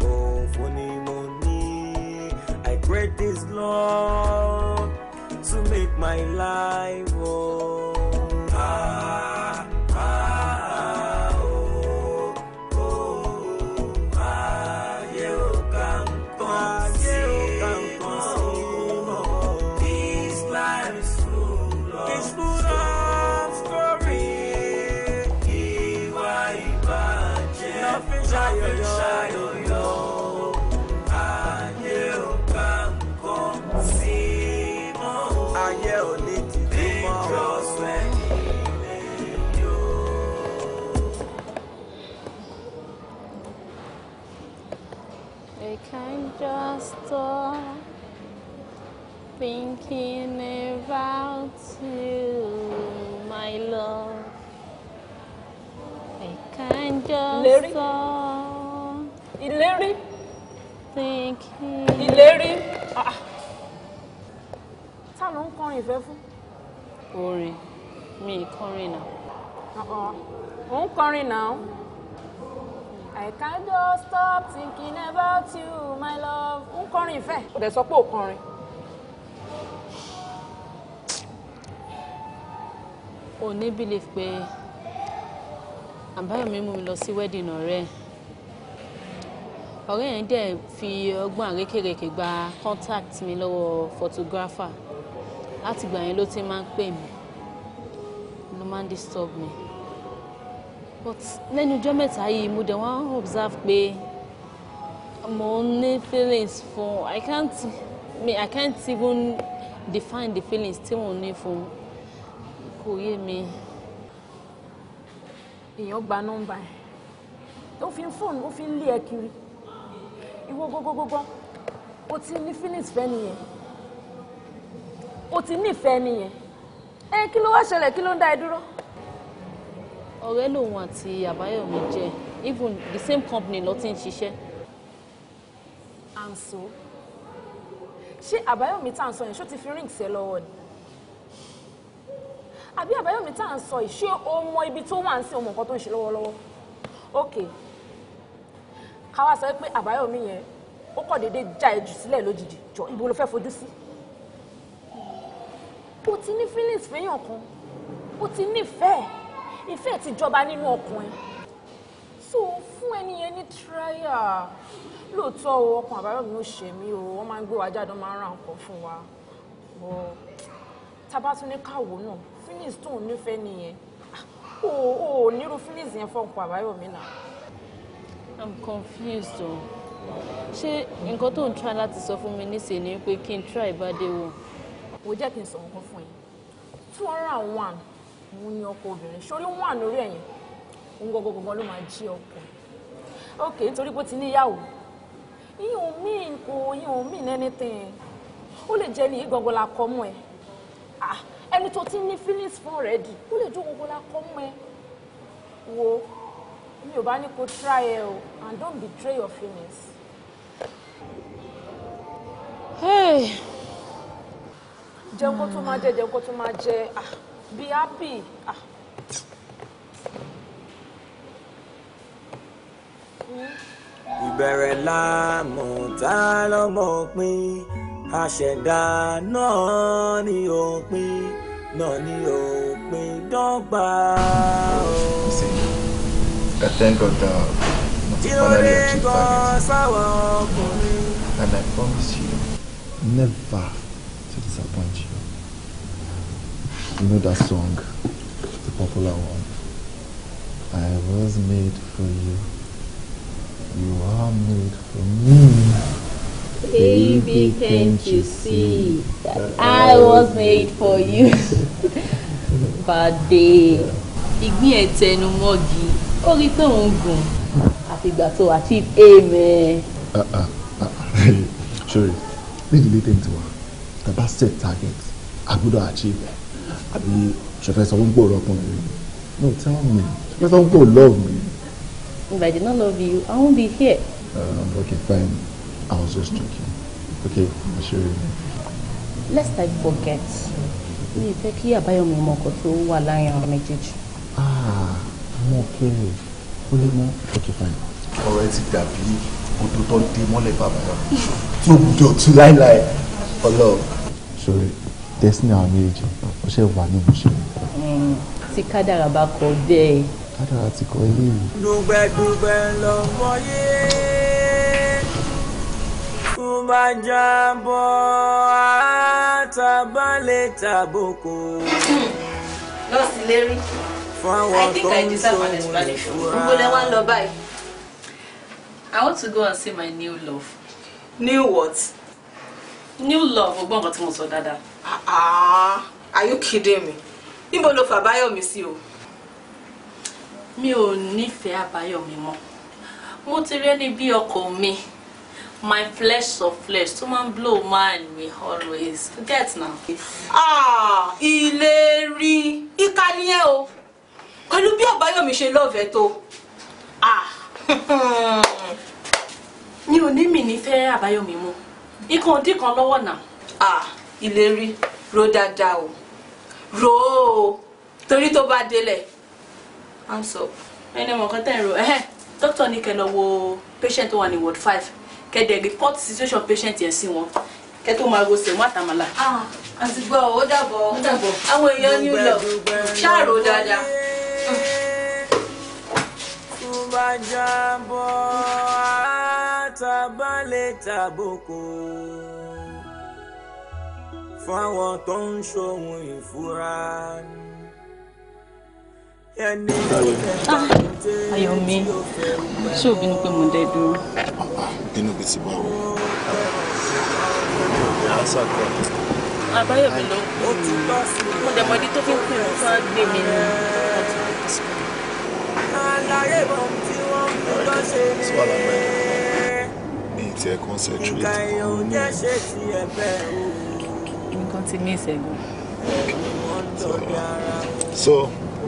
S1: òun ni mo ní I pray this Lord to make my life. Oh.
S4: door, thinking about you,
S2: my love. I can't just Larry.
S3: stop
S2: Larry. thinking. Ìlérí. Ah, ah. Ta ló ń kọrin me fún?
S4: Orin mi kọrin náà.
S2: Òun kọrin now? I can't just stop thinking about you my love. ń kọrin ìfẹ́. kò dẹ̀ sọ pé ò kọrin. ò ní belief pé àbáyọ̀mí mú mi lọ sí wedding ọ̀rẹ́ ọ̀rẹ́ yẹn dẹ̀ fi ọgbọ́n àrékèrèké gba contact mi lọ́wọ́ photographer láti gbà yẹn ló ti máa ń pè mí ló máa ń disturb mi but lẹ́nu ọjọ́ mẹ́ta yìí mo dẹ̀ wọ́n observe pé mo ní feelings fún i can't me i can't even define the feelings tí mo ní fún kò yé mi. èèyàn gba nọ́mbà ẹ ó fi fóònù ó fi ń lé ẹ kiri ìwọ gógógógó o ti ní feelings fẹ́ nìyẹn o ti nífẹ̀ẹ́ nìyẹn ẹ kí ló wá ṣẹlẹ̀ kí ló ń dá ẹ dúró ọ̀rẹ́ lòun àti àbáyọ̀mí jẹ́ even the same company ló ti ń ṣiṣẹ́. and so ṣé àbáyọ̀mí tá à ń sọ yẹn ṣó ti fi ring sẹ́ lọ́wọ́ ni àbí àbáyọ̀mí tá à ń sọ yìí ṣé o mọ ibi tó wà ń sìn ọmọ nǹkan tó ń ṣe lọ́wọ́lọ́wọ́ ok káwá sọ pé àbáyọ̀mí yẹn ó kọ̀ déédéé já ẹ jù sílẹ̀ lójijì jọ ibo ló fẹ́ fojú sí o ti ní feelings fẹ́yàn kan o ti nífẹ̀ẹ́ ìfẹ́ ti jọba nínú ọkùnrin so fún ẹni yẹn ní tíráyà lóòótọ́ o ọkàn àbáyọ̀ mi ò ṣe mí o wọ́n máa ń gbé wa jáde máa ń ra nǹkan fún wa bọ́ tábà tún ní káwọ́ náà phyllis tó ń nífẹ̀ẹ́ nìyẹn o ò nírú phyllis yẹn fọ́npọ̀ àbáyọ̀ mi náà. i'm confused o ṣé nǹkan tó ń try láti sọ fún mi nísìnyí ni pé kí n try ìbádé wò. wo jẹ́ kí n sọ nǹkan fún yín two hundred and one mo ní ọkọ obìnrin ṣorí wọn àná orí ẹ̀yìn òun gbogbo gbogbo ló máa jí ọkọ ok nítorí pé ti níyàwó yín mí kò yín ò mí anything ó lè jẹ́ ní gbogbo la kọ́ mọ́ ẹ ẹni tó ti ní feelings fún already ó lè jó gbogbo la kọ́ mọ́ ẹ wo mi ò bá ní kó try ẹ o and don't betray your feelings. jẹun kó tó máa jẹ jẹun kó tó máa jẹ ah be happy. Ah.
S1: ìbẹ̀rẹ̀ la mọ̀ tá lọ́mọ pin àṣẹ̀dá náà ni òpin náà ni òpin dọ́gba.
S3: I thank God that
S1: uh, finally achieved And I promise you,
S2: never You know that song? The popular one. I was made for you.
S3: You are made for me. Baby, can't you see that I was
S2: made for you? Bàdé. Ìgbín ẹ̀ tẹnu mọ́gi. Ó rí pé òun gùn. Àfìgbà tó achieve aim ẹ̀. Sorry, ní ìdílé tẹ̀yìn The tàbá set target, I could achieve ẹ̀ àbí ṣọfẹ́ sọ wípé òrò ọkùnrin no tell me ṣọfẹ́ sọ wípé ò love me. if I did not love you I won't be here. Um, okay fine I was just joking okay I show you. lest I forget mi ì fẹ́ kí àbáyọ̀mí mọ ọkọ̀ tó wà láàrin àwọn méjèèjì.
S3: ah I'm okay ó lè mọ okay fine.
S2: ọ̀rọ̀ ẹ ti dàbí odò tó ń dé mọ́lẹ̀ bàbá tí ó gbúdọ̀ tú láéláé ọlọ́ọ̀. sorry destiny àwọn méjèèjì ó ṣe wà ní ibùsùn. Mm, tí kádàrà bá kọ bẹ́ẹ̀. kádàrà ti kọ ilé yìí.
S1: dùgbẹ̀dùgbẹ̀ lọ́mọ yé kó bá jábọ̀ àtàbálẹ̀ tàbùkù. nọ́ọ̀sì lérí I
S2: want to go and see my new love. New what? New love, ogbon kan mo sọ dáadáa. Ah, are you kidding me níbo ló fà báyọ̀mí sí o. mi ò nífẹ̀ẹ́ àbáyọ̀mí mọ́ mo ti rí ẹni bí ọkọ mi my flesh of flesh tó máa ń blow mind me always forget na. Ah, ìlérí ìka ni ẹ o pẹ̀lú bí àbáyọ̀mí ṣe lọ́ọ̀fẹ́ tó ah. mi ò ní mi nífẹ̀ẹ́ àbáyọ̀mí mọ́ ikọ̀ díkan lọ́wọ́ náà ìlérí ro dáadáa o ro o torí tó bá délẹ̀ hands up ẹni mọ̀ nǹkan tẹ̀ ń ro ẹ̀hẹ́n doctor ní kẹ́ lọ wo patient tó wà ní ward five kẹ́ dẹ̀ report situation patient yẹn sí wọn kẹ́ tó máa gòsè wọn àtàmàlà. àti gbọ́ ó dàbọ̀ ó dàbọ̀ àwọn èèyàn ní love.
S3: ṣáàrò dáadáa.
S1: tó bá àtàbálẹ̀ tàbùkù fáwọn tó ń ṣòwò ìfura ah,
S4: ayọ̀ mi ṣé òbí ni pé mo dẹ́ dúró.
S2: bínú bí ti bá wọ. àbáyọ̀mí ló kú mo dẹ̀ mọ́dí tó fi ń pè wọ́n tó á mi ní. àlàyé kan tí wọ́n ń fi lọ ṣe ni. ní ìtẹ̀ concentrate. ìkàyọ̀ ò ní ṣe ti ẹ̀bẹ̀ o nǹkan ti mí so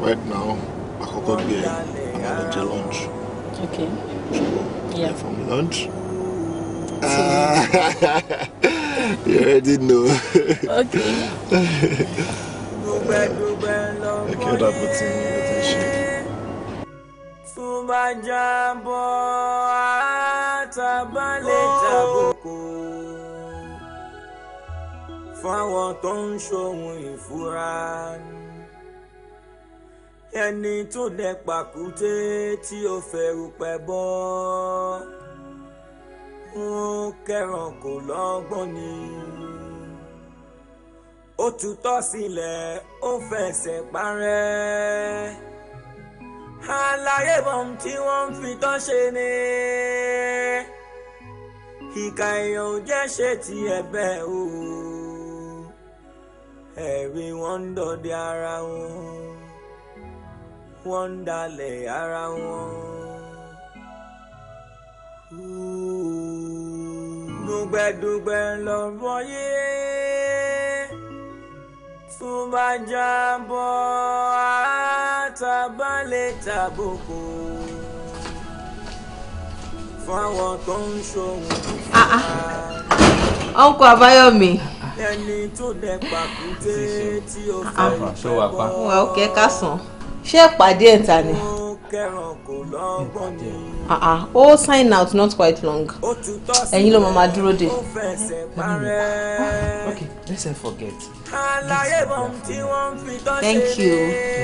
S2: right now àkọ́kọ́ gbé ẹ àwọn lọ jẹ lunch. okay. ṣùgbọ́n yeah. yeah from lunch. Ah, you already know. okay.
S1: I kí ọ̀dà bó ti ń ṣe. Tumajabo atabaleta boko fáwọn tó ń ṣohun ìfura ẹni tó dẹ pàkúté tí ó fẹ̀rù pẹ̀ bọ́ wọn kẹràn kò lọ́gbọ́n ni ó tutọ́ sílẹ̀ ó fẹsẹ̀ parẹ́ àlàyé bọ̀m tí wọ́n ń fi tán ṣe ni ìkà èèyàn ò jẹ́ ṣe tiẹ̀ bẹ́ẹ̀ o ẹ̀rí wọn ń dọdẹ ara wọn wọ́n ń dalẹ̀ ara wọn. dùgbẹ́dùgbẹ́ lọ́rọ̀ yé tó bá jábọ́ àtàbálẹ̀ tàbùkù fáwọn tó ń ṣòwò.
S2: ọ̀nkọ̀ àbáyọ̀mí
S1: lẹni tó dẹ pàkúté tí ó ah, ah. fẹ́ ìpẹ́ bọ́.
S2: wà ó kẹ́ ká ṣé ìpàdé ẹ̀ ta ni. Ah, ó sign out not quite long ẹ̀yin ló máa dúró de. okay let's not forget. thank you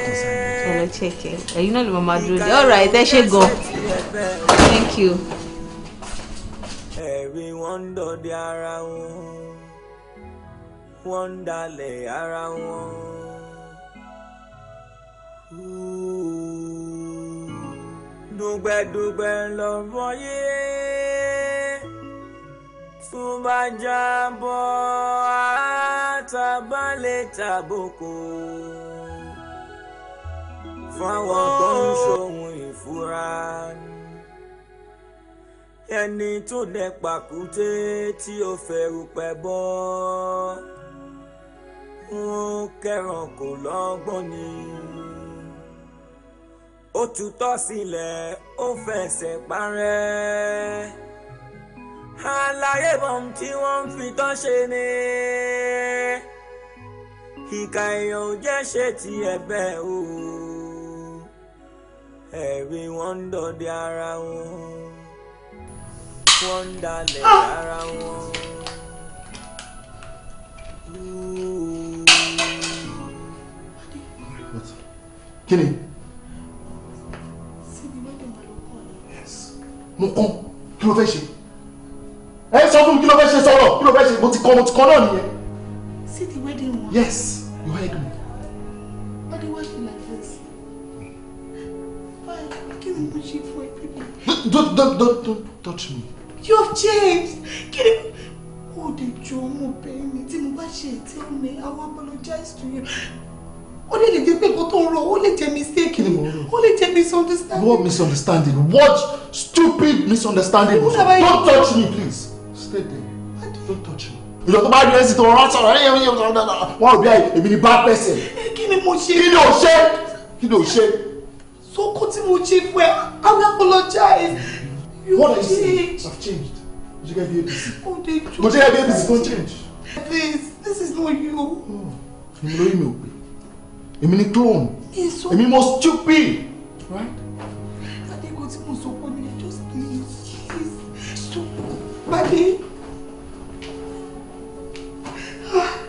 S2: ọ̀nà chẹ́kẹ̀ ẹ̀yin náà ló máa dúró de all right ẹ ṣe gan
S3: thank you. ẹ̀rí wọn ń dọ̀dẹ̀ ara wọn wọ́n ń dalẹ̀
S1: ara wọn. dùgbẹ̀dùgbẹ̀ lọ́rọ̀ yé tó bá jábọ̀ àtàbálẹ̀ tàbùkù fáwọn tó ń oh. ṣòwò ìfura ẹni tó dẹ pàkúté tí ó fẹ́ rúpẹ́ bọ́ ń kẹran kò lọ́gbọ́n ni ó tutọ́ sílẹ̀ ó fẹsẹ̀ parẹ́ àlàyé bọ̀m tí wọ́n ń fi tán ṣe ni ìka èèyàn ò jẹ́ ṣe ti ẹ̀bẹ̀ o ẹ̀rí wọn ń dọdẹ ara wọn wọ́n ń dalẹ̀ ah! ara wọn
S3: kí ni.
S2: mo kọ́ kí ló fẹ́ ṣe ẹ sọ fún mi kí ló fẹ́ ṣe sọ̀rọ̀ kí ló fẹ́ ṣe mo ti kọ́ mo ti kọ́ náà nìyẹn. see the wedding one. yes you heard me. Why do you watch me like this. why kí ni mo ṣe fún ẹ. don't don't don't don't touch me. you have changed kí ni ó lè jọ ọmọbìnrin mi tí mo bá ṣe ètí ọmọ I will apologize to you ó lè lè jẹ́ pé nǹkan tó ń rọ ó lè jẹ́ mistake ni ó lè jẹ́ misunderstanding. what misunderstanding what stupid misunderstanding don't touch me please stay there don't touch me ìjọ tó bá rí ẹsìn tó rán sọ̀rọ̀ ẹyẹ ẹyẹ wọn ò bí àyè èmi ni bá pẹsẹ. Eh, kí ni mo ṣe. kí ni o ṣe kí ni o ṣe. sókó tí mo ṣe fún ẹ I will apologize. you change. I've changed mo jẹ́ gẹ́gẹ́ bí apc mo jẹ́ gẹ́gẹ́ bí apc don change. please this is not you. Hmm. èmi lórí mi ò pè èmi ni clone èmi mo stupid. right. adéko tí mo sọ fún mi just please please stop baby.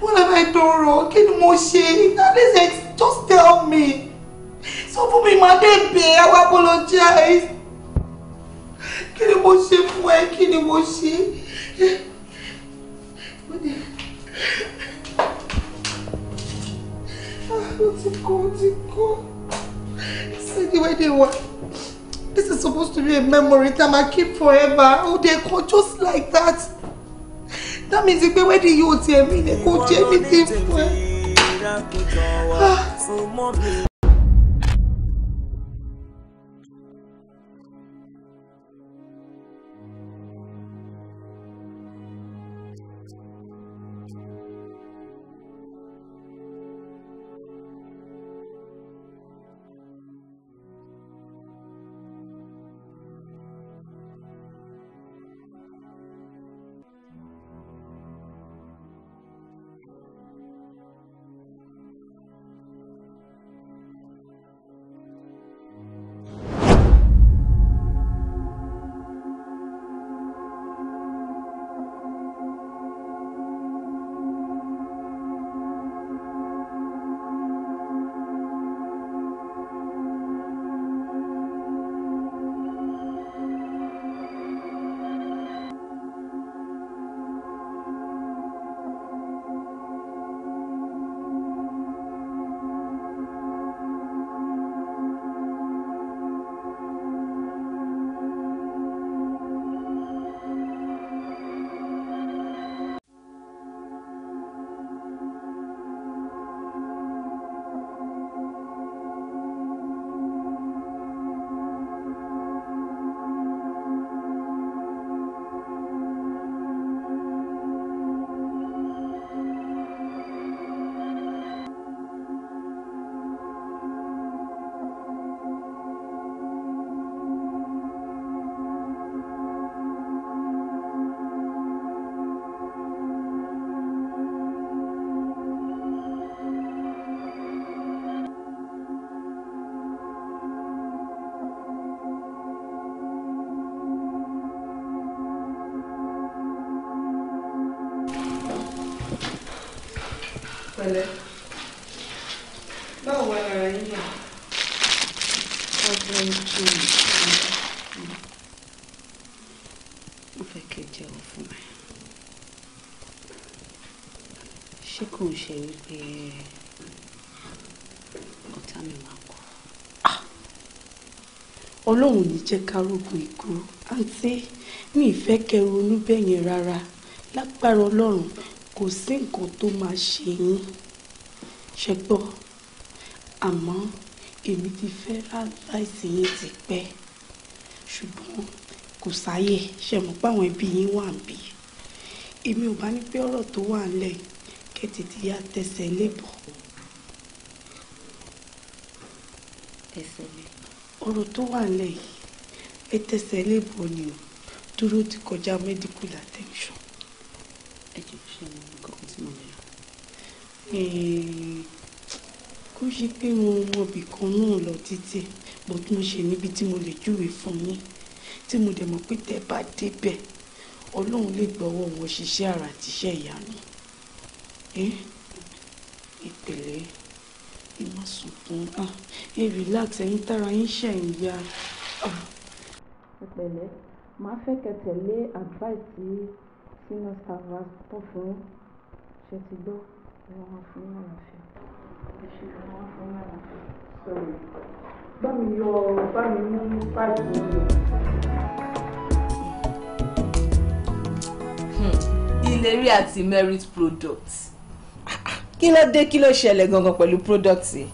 S2: What have I done wrong? Kí ni mo At least just tell me. So for mi, my dear, I will apologize kí ni mo ṣe fún ẹ kí ni mo ṣe. Ah, ó ti kó ó ti kó ṣéèdì wẹ́dẹ̀ wa this is supposed to be a memory that I keep forever ó dé kó just like that that means pé wẹ́dẹ̀ yóò tiẹ̀ mí ni kò jẹ́ anything fún ẹ. ọlọ́run ní jẹ́ ká rògùn ìkú àǹtí mi ìfẹ́ kẹ́ ronú bẹ́ẹ̀ yẹn rárá lágbára ọlọ́run kò sí nǹkan tó máa ṣe yín ṣe gbọ́ àmọ́ èmi ti fẹ́ láìsí yín ti pẹ́ ṣùgbọ́n kò sáyè ṣe mọ̀ pé àwọn ẹbí yín wà ń bí èmi ò bá ní pé ọ̀rọ̀ tó wà ńlẹ̀ kẹ́ tètè yá tẹsẹ̀ lébọ̀ ọ̀rọ̀ tó wà nílẹ̀ yìí ẹ tẹsẹ̀ léèbọ̀ ni o dúró ti kọjá medical attention. ẹ jẹ́ kí ṣe mọ nǹkan kan tí mo lè rà. kó ṣe pé mo mọ ibì kan náà lọ títí bó tún ṣe níbi tí mo lè júwe fún yín tí mo dẹ̀ mọ̀ pé tẹ́ bá débẹ̀ ọlọ́run lè gbọ́wọ́ wọn ṣiṣẹ́ àrà àtiṣẹ́ ìyanu. ìpèlè. Eh? ẹ má sunkún ah, ẹ relax ẹ̀yin tára yín ṣe ń ya. Ah. pẹ̀lẹ́ màá fẹ́ kẹ́ tẹ̀lé advice tí
S3: senior staff tó fún ṣe ti gbọ́ ìwọ̀n wọn fún àlàáfíà ẹ ṣe ìwọ̀n wọn fún àlàáfíà. bá mi yọ bá mi
S2: mú páìpù mi lọ. Hmm. ìlérí àti merit product. Ah, kí ló dé kí ló ṣẹlẹ̀ gangan pẹ̀lú product yìí.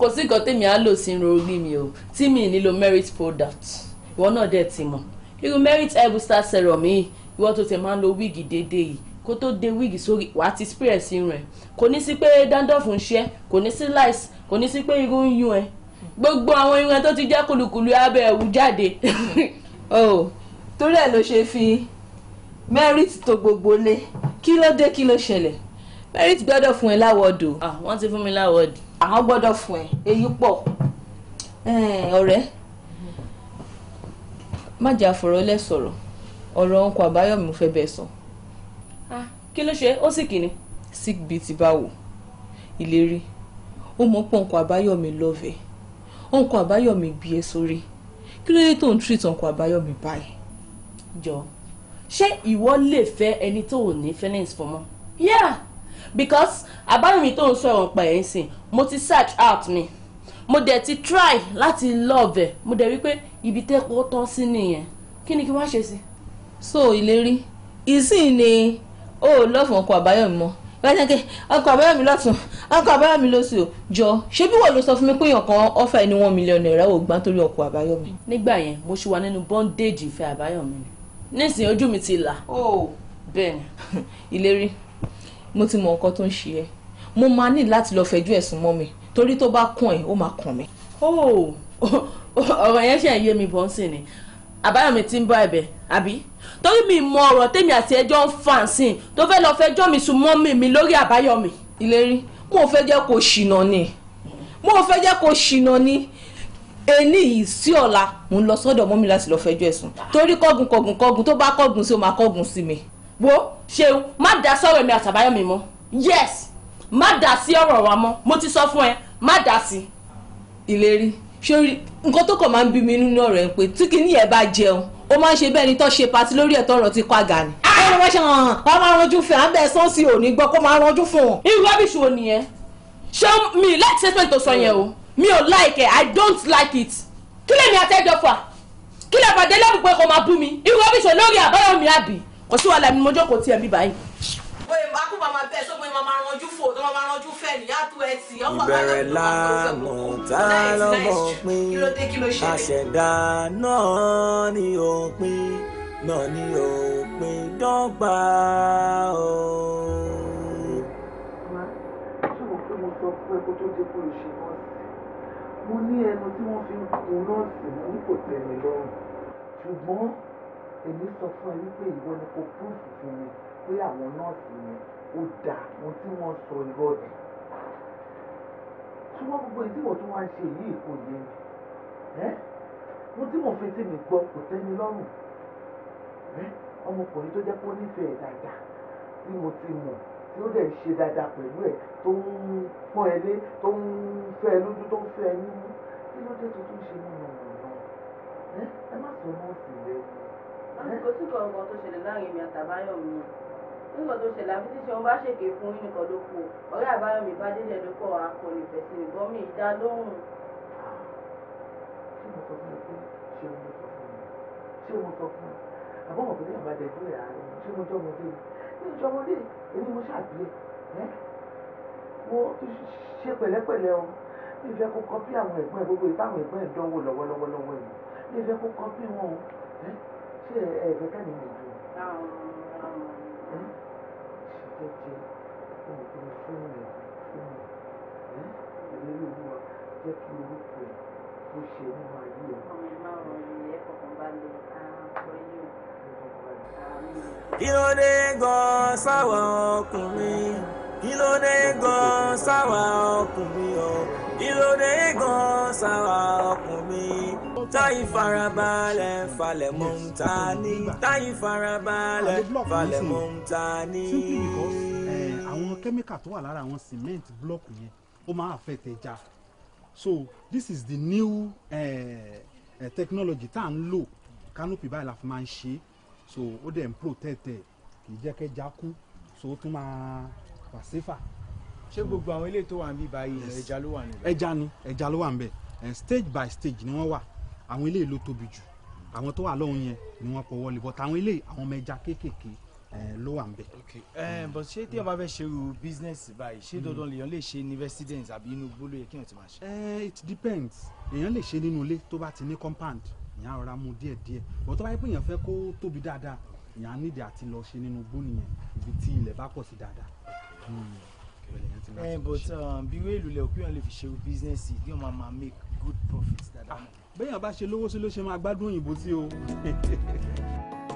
S2: kò sí nǹkan tèmi á lò sí orí mi o tí mi nílò merit product ìwọ náà dẹ̀ ti mọ̀ irú merit herbal star serum yìí ìwọ tó tẹ̀ máa ń lo wíìgì déédéé yìí kó tó de wíìgì sórí wàá ti spray ẹ̀ sí irun ẹ̀ kò ní sí pé dandruff ń ṣe kò ní sí lice kò ní sí pé irun ń yún ẹ gbogbo àwọn irun ẹ tó ti jẹ́ kùlùkùlù abẹ́ ẹ̀wù jáde. Oh, torí ẹ̀ ló ṣe fi merit tó gbogbo lé kí ló dé kí ló ṣẹlẹ̀ merit gbọ́dọ̀ fún ẹ láwọ́dù. Ah, wọ́n ti fún mi láwọ́dù. àwọn gbọ́dọ̀ fún ẹ èyí pọ̀ ọ̀rẹ́ má jà fọ̀rọ̀ lẹ̀ sọ̀rọ̀ ọ̀rọ̀ ọkọ̀ àbáyọ̀mí mo fẹ́ bẹ́ẹ̀ sọ. Ah, kí ló ṣe ó sì kìíní. sick bíi ti báwo ìlérí ó mọ̀ pé ọkọ̀ àbáyọ̀mí lọ́ọ̀fẹ́ ọkọ̀ àbáyọ̀mí bí ẹ sórí kí ló dé tó ń treat ọkọ̀ àbáyọ̀mí báyìí. jọ ṣé ìwọ lè fẹ́ ẹni tó ò ní feelings fún mọ́. yeah because abárùnmí tó ń sọ̀rọ̀ pa ẹ̀ ń sìn mo ti search out mi mo dẹ̀ ti try láti love ẹ̀ mo dẹ̀ wípé ibi tẹ́kọ̀ọ́ tán sí nìyẹn kí ni kí wọ́n ṣe sí. so ìlérí ìsìn ni ó lọ́fọ̀ọ́ ọkọ̀ àbáyọ̀mí mọ́ pẹ́ẹ́tẹ́kẹ́ ọkọ̀ àbáyọ̀mí lọ́tún ọkọ̀ àbáyọ̀mí lóṣù jọ ṣé bí wọ́n ló sọ fún mi pé kan ọ́fà ẹni one million naira ò gbà torí ọkọ̀ àbáyọ̀mí. nígbà yẹn mo ṣì wà nínú bondage ìfẹ́ àbáyọ̀mí nísìnyí ojú mi ti là. Oh. bẹ́ẹ̀ ni ìlérí mo ti mọ nǹkan tó ń ṣe ẹ́ mo máa ní láti lọ fẹjọ́ ẹ̀sùn mọ́ mi torí tó bá kàn ẹ́ ó máa kàn mí. Oh! ọ̀rọ̀ yẹn ṣe ń yé mi bọ́ sí ni àbáyọ̀mí ti ń bọ́ ẹ̀bẹ̀ àbí torí mi mọ ọ̀rọ̀ tèmi àti ẹjọ́ ń fà sí i tó fẹ́ lọ fẹjọ́ mi sùn mọ́ mi mi lórí àbáyọ̀mí. ìlérí mo fẹ́ jẹ́ kó ṣìnà ni mo fẹ́ jẹ́ kó ṣìnà ni ẹni yìí sí ọ̀la mo ń lọ sọ́dọ̀ mọ́mi láti lọ fẹjọ́ ẹ̀sùn torí kọ́gùn kọ́gùn kọ́gùn tó bá kọ́gùn sí o máa kọ́gùn sí mi wo ṣeun má dá sọ̀rọ̀ mi àtàbáyọ̀mí mọ́ yes má dá sí ọ̀rọ̀ wa mọ́ mo ti sọ fún ẹ má dá sí. ìlérí sórí nǹkan tó kàn máa ń bí mi nínú ọ̀rọ̀ ẹ̀ pé tí kinní ẹ̀ bá jẹun ó máa ń ṣe bẹ́ẹ̀ ni tó ṣe pati lórí ẹ̀ tọrọ ti kọ àgà ni. Ah! wọ́n ṣe hàn wọ́n máa ranjú fún ẹ̀ à sí òní gbọ́ kó máa ranjú fún wọn. irú rọ́bìṣì wo nìyẹn ṣé mi láti ṣe pẹ̀lú tó sọ yẹn o mi ò like it i don't like it kí lèmi àtẹ́jọ́ fà kí lè bàdé lẹ́bùn pé kò máa bú mi irú rọ́bìṣì lórí àbáyọ̀mí àbí kò sí wàhálà mi mo jókòó tiẹ̀ bí báyìí. oye akúba máa bẹ sóko ìmọ̀ máa ranjú fò tó máa ranjú
S3: fẹ́ níyà tó ẹ tì ọkọ̀ bá yẹ kó máa
S1: tó náà ni òpin náà ni òpin dọ́gba o. mo ní ẹnu tí wọ́n fi ń kun
S2: nọ́ọ̀sì mú kò tẹ̀mí lọ́rùn ṣùgbọ́n èmi sọ fún ẹ wípé ìwọ ni kò púrúfù fún mi pé àwọn nọ́ọ̀sì yẹn ó da ohun tí wọ́n sọ irọ́ ni ṣùgbọ́n gbogbo èyí tí wọ́n tún wá ń ṣe yìí kò yé mi ohun tí mo fi tí mi gbọ́ kò tẹ́mi lọ́rùn ọmọkùnrin tó jẹ́ pé ó nífẹ̀ẹ́ dáadáa tí mo ti mọ̀ tí ó dẹ̀ ń ṣe dáadáa pẹ̀lú ẹ̀ tó ń pọ́n ẹ lé tó ń fẹ́ ẹ lójú tó ń fẹ́ ẹ nínú kí ló dé tó ṣe nínú ọ̀nà náà ẹ má sọ nọ́ọ̀sì lẹ́nu kò sí kankan tó ṣẹlẹ̀ láàrin mi àtàbáyọ̀mí nígbà tó ṣẹlẹ̀ àfi tí ṣeun bá ṣèké fún yín nìkan ló kù ọ̀rẹ́ àbáyọ̀mí bá délé ló kọ́ akọni ìfẹ̀sí mi bọ́ mi ìdá lóhùn. ṣé mo sọ fún ẹ pé ṣé mo sọ fún ẹ ṣé mo sọ fún ẹ àbọ̀ mọ̀ pé ní àbájá ìdúró ẹ̀ àárẹ̀ ṣé mo jọmọdé ní ìjọmọdé èmi mo ṣàbí ẹ wo ṣe pẹ̀lẹ́pẹ̀lẹ́ o mi fẹ́ kó kọ́pí àwọn ẹ̀gbọ́n ẹ̀ gbogbo ìtàwọn ẹ̀gbọ́n ẹ̀ dánwò lọ́wọ́lọ́wọ́ lọ́wọ́ ẹ̀
S3: mi fẹ́ kó kọ́pí
S2: wọn o ṣé ẹ ẹ̀fẹ́ káàdì mi jù. ṣe
S3: jẹ́jẹ́ òògùn fún rẹ̀
S1: ló dé gan sáwọn ọkùnrin kí ló dé gan sáwọn ọkùnrin ọ kí ló dé gan sáwọn ọkùnrin táyì farabalẹ̀ falẹ̀ mọ́ ń ta ní táyì farabalẹ̀ falẹ̀ mọ́ ń ta ní.
S2: Eh, àwọn kẹ́míkà tó wà lára àwọn cement block yẹn ó máa affect ẹja so this is the new uh, uh, technology tá à ń lò canopy báyìí la fi máa ń ṣe so ó dẹ̀ ń protect ẹ̀ kì í jẹ́ kẹ́ja kú so ó tún máa wà safer. ṣé gbogbo àwọn ilé tó wà níbí báyìí ẹja ló wà níbẹ̀. ẹja ni ẹja ló wà níbẹ̀ stage by stage ni wọ́n wà àwọn eléyìí ló tóbi jù àwọn tó wà lọ́hùn yẹn ni wọ́n pọ̀wọ́ lè bọ́ táwọn eléyìí àwọn ọmọ ẹja kéékèèké ló wà ń bẹ̀. bọ̀ ṣé tí ọba fẹ́ ṣe irú bísínẹ́sì báyìí ṣé dandan hmm. lèèyàn lè ṣe ní residence àbí inú igbó ló yẹ kí èèyàn ti máa ṣe. it depends èèyàn lè ṣe nínú ilé tó bá ti ní compound èèyàn rọra mú díẹ̀ díẹ̀ bọ̀ tó bá yẹ pé èèyàn fẹ́ kó tóbi dáadáa èèyàn á nídìí àti lọ ṣe nínú igbó nìyẹn ibi tí ilẹ̀ bá pọ̀ sí dáadáa
S3: hmm. eh,
S2: but um, bí wéèlú lẹ òpin lè fi ṣe business yìí yóò máa máa make good profit dáadáa béèyàn bá ṣe lówó sí ló ṣe máa gbádùn òyìnbó sí o.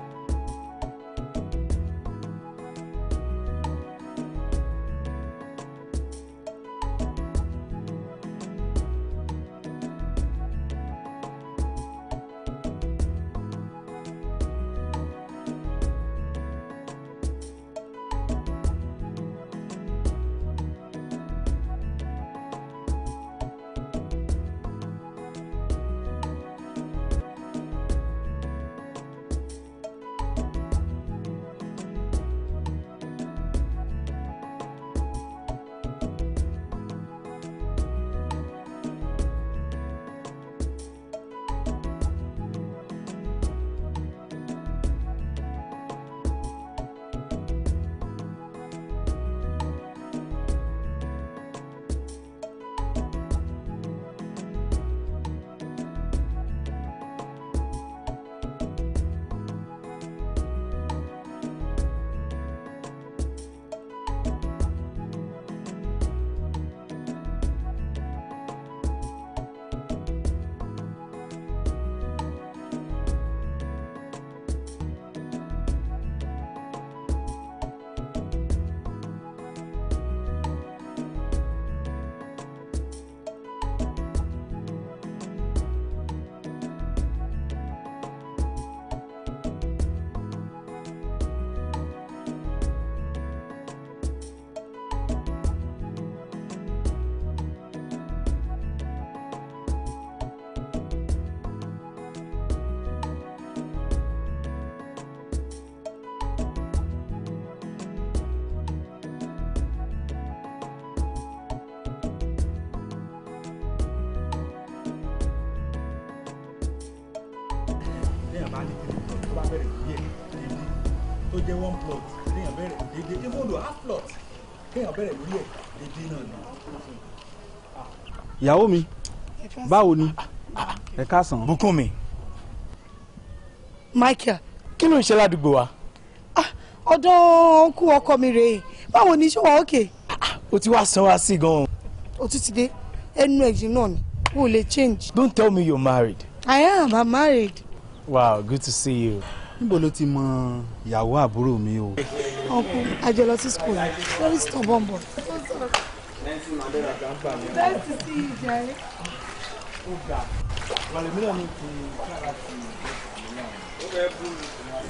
S2: ní kiri tó bá bẹ̀rẹ̀ díẹ̀ èyí tó jẹ́ one plot kéèyàn bẹ̀rẹ̀ dédé even though half plot kéèyàn bẹ̀rẹ̀ lórí ẹ̀ dédé náà ni. ìyàwó mi báwo ni ẹ káàsán. Bùkúnmi. Michael kí ló ń ṣe ládùúgbò wa. Ah, ọ̀dọ̀ ọ̀nkú ọkọ mi rèé báwo ni ṣé òkè. o ti wá san wa sí gan-an. o tún ti dé ẹnu ẹ̀jìn náà ni o lè change. don't tell me you're married. I am I'm married wow good to see you. níbo ló ti mọ ìyàwó àbúrò mi o.
S4: ọkọ àjọ lọ sí school very stubborn boy.
S3: nice
S2: to
S3: see you jare.
S2: ó ga wàlẹ̀ mílíọ̀nù ní ti kára sí ìgbésẹ̀ náà ó fẹ́ bú ìgbésẹ̀ náà sí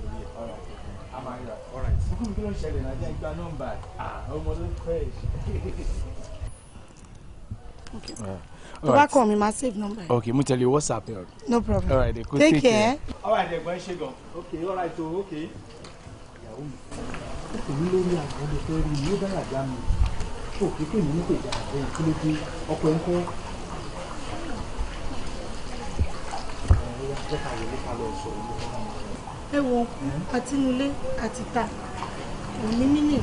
S2: ìgbésẹ̀ náà àti kíkùn amáyà alright fúnkún kí ló ṣẹlẹ̀ náà jẹ́ gba nọ́mbà ah. ọmọ tó fresh. tó bá kàn mí Okay. save number. ok mo tẹ̀lé whatsapp yẹn. Okay. problem alright kò take care. alright ẹ̀gbọ́n ṣe gan ok alright o oh, ok. ìyàwó mi èmi ló ní Okay. lè fẹ́ rí Okay. ló dára já mi ó kí pé mi ní kò já àgbọn yẹn kí ló dé ọkọ ẹ̀ Okay. Okay. Okay. Okay. Okay. Okay. Okay. Okay. Okay. Okay. Okay. Okay ẹ̀wọ̀n àtinúlé àtìta òní nílé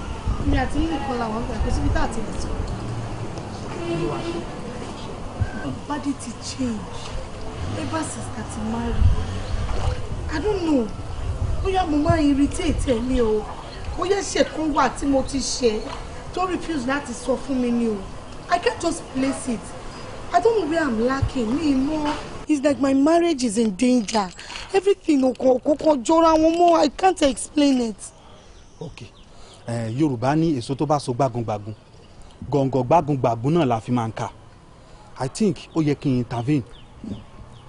S2: ní àtinúlé kan làwọn gbà pé síbi tá àti lè sọ. body to change ever since that i marry i don't know bóyá mo máa irritate ẹ ní o bóyá ṣe kan wà tí mo ti ṣe tó refuse láti sọ fún mi ni o i can't just place it i don't know where i'm lacking mi mọ́ it's like my marriage is in danger everything ọ̀kọ̀ọ̀kan jọra wọn mọ́ i can't explain it. okay uh, yorùbá ní èso tó bá so gbágungbàgun gọ̀ǹgọ̀ gbágungbàgun náà la fi máa ń kà i think ó yẹ kí n intervene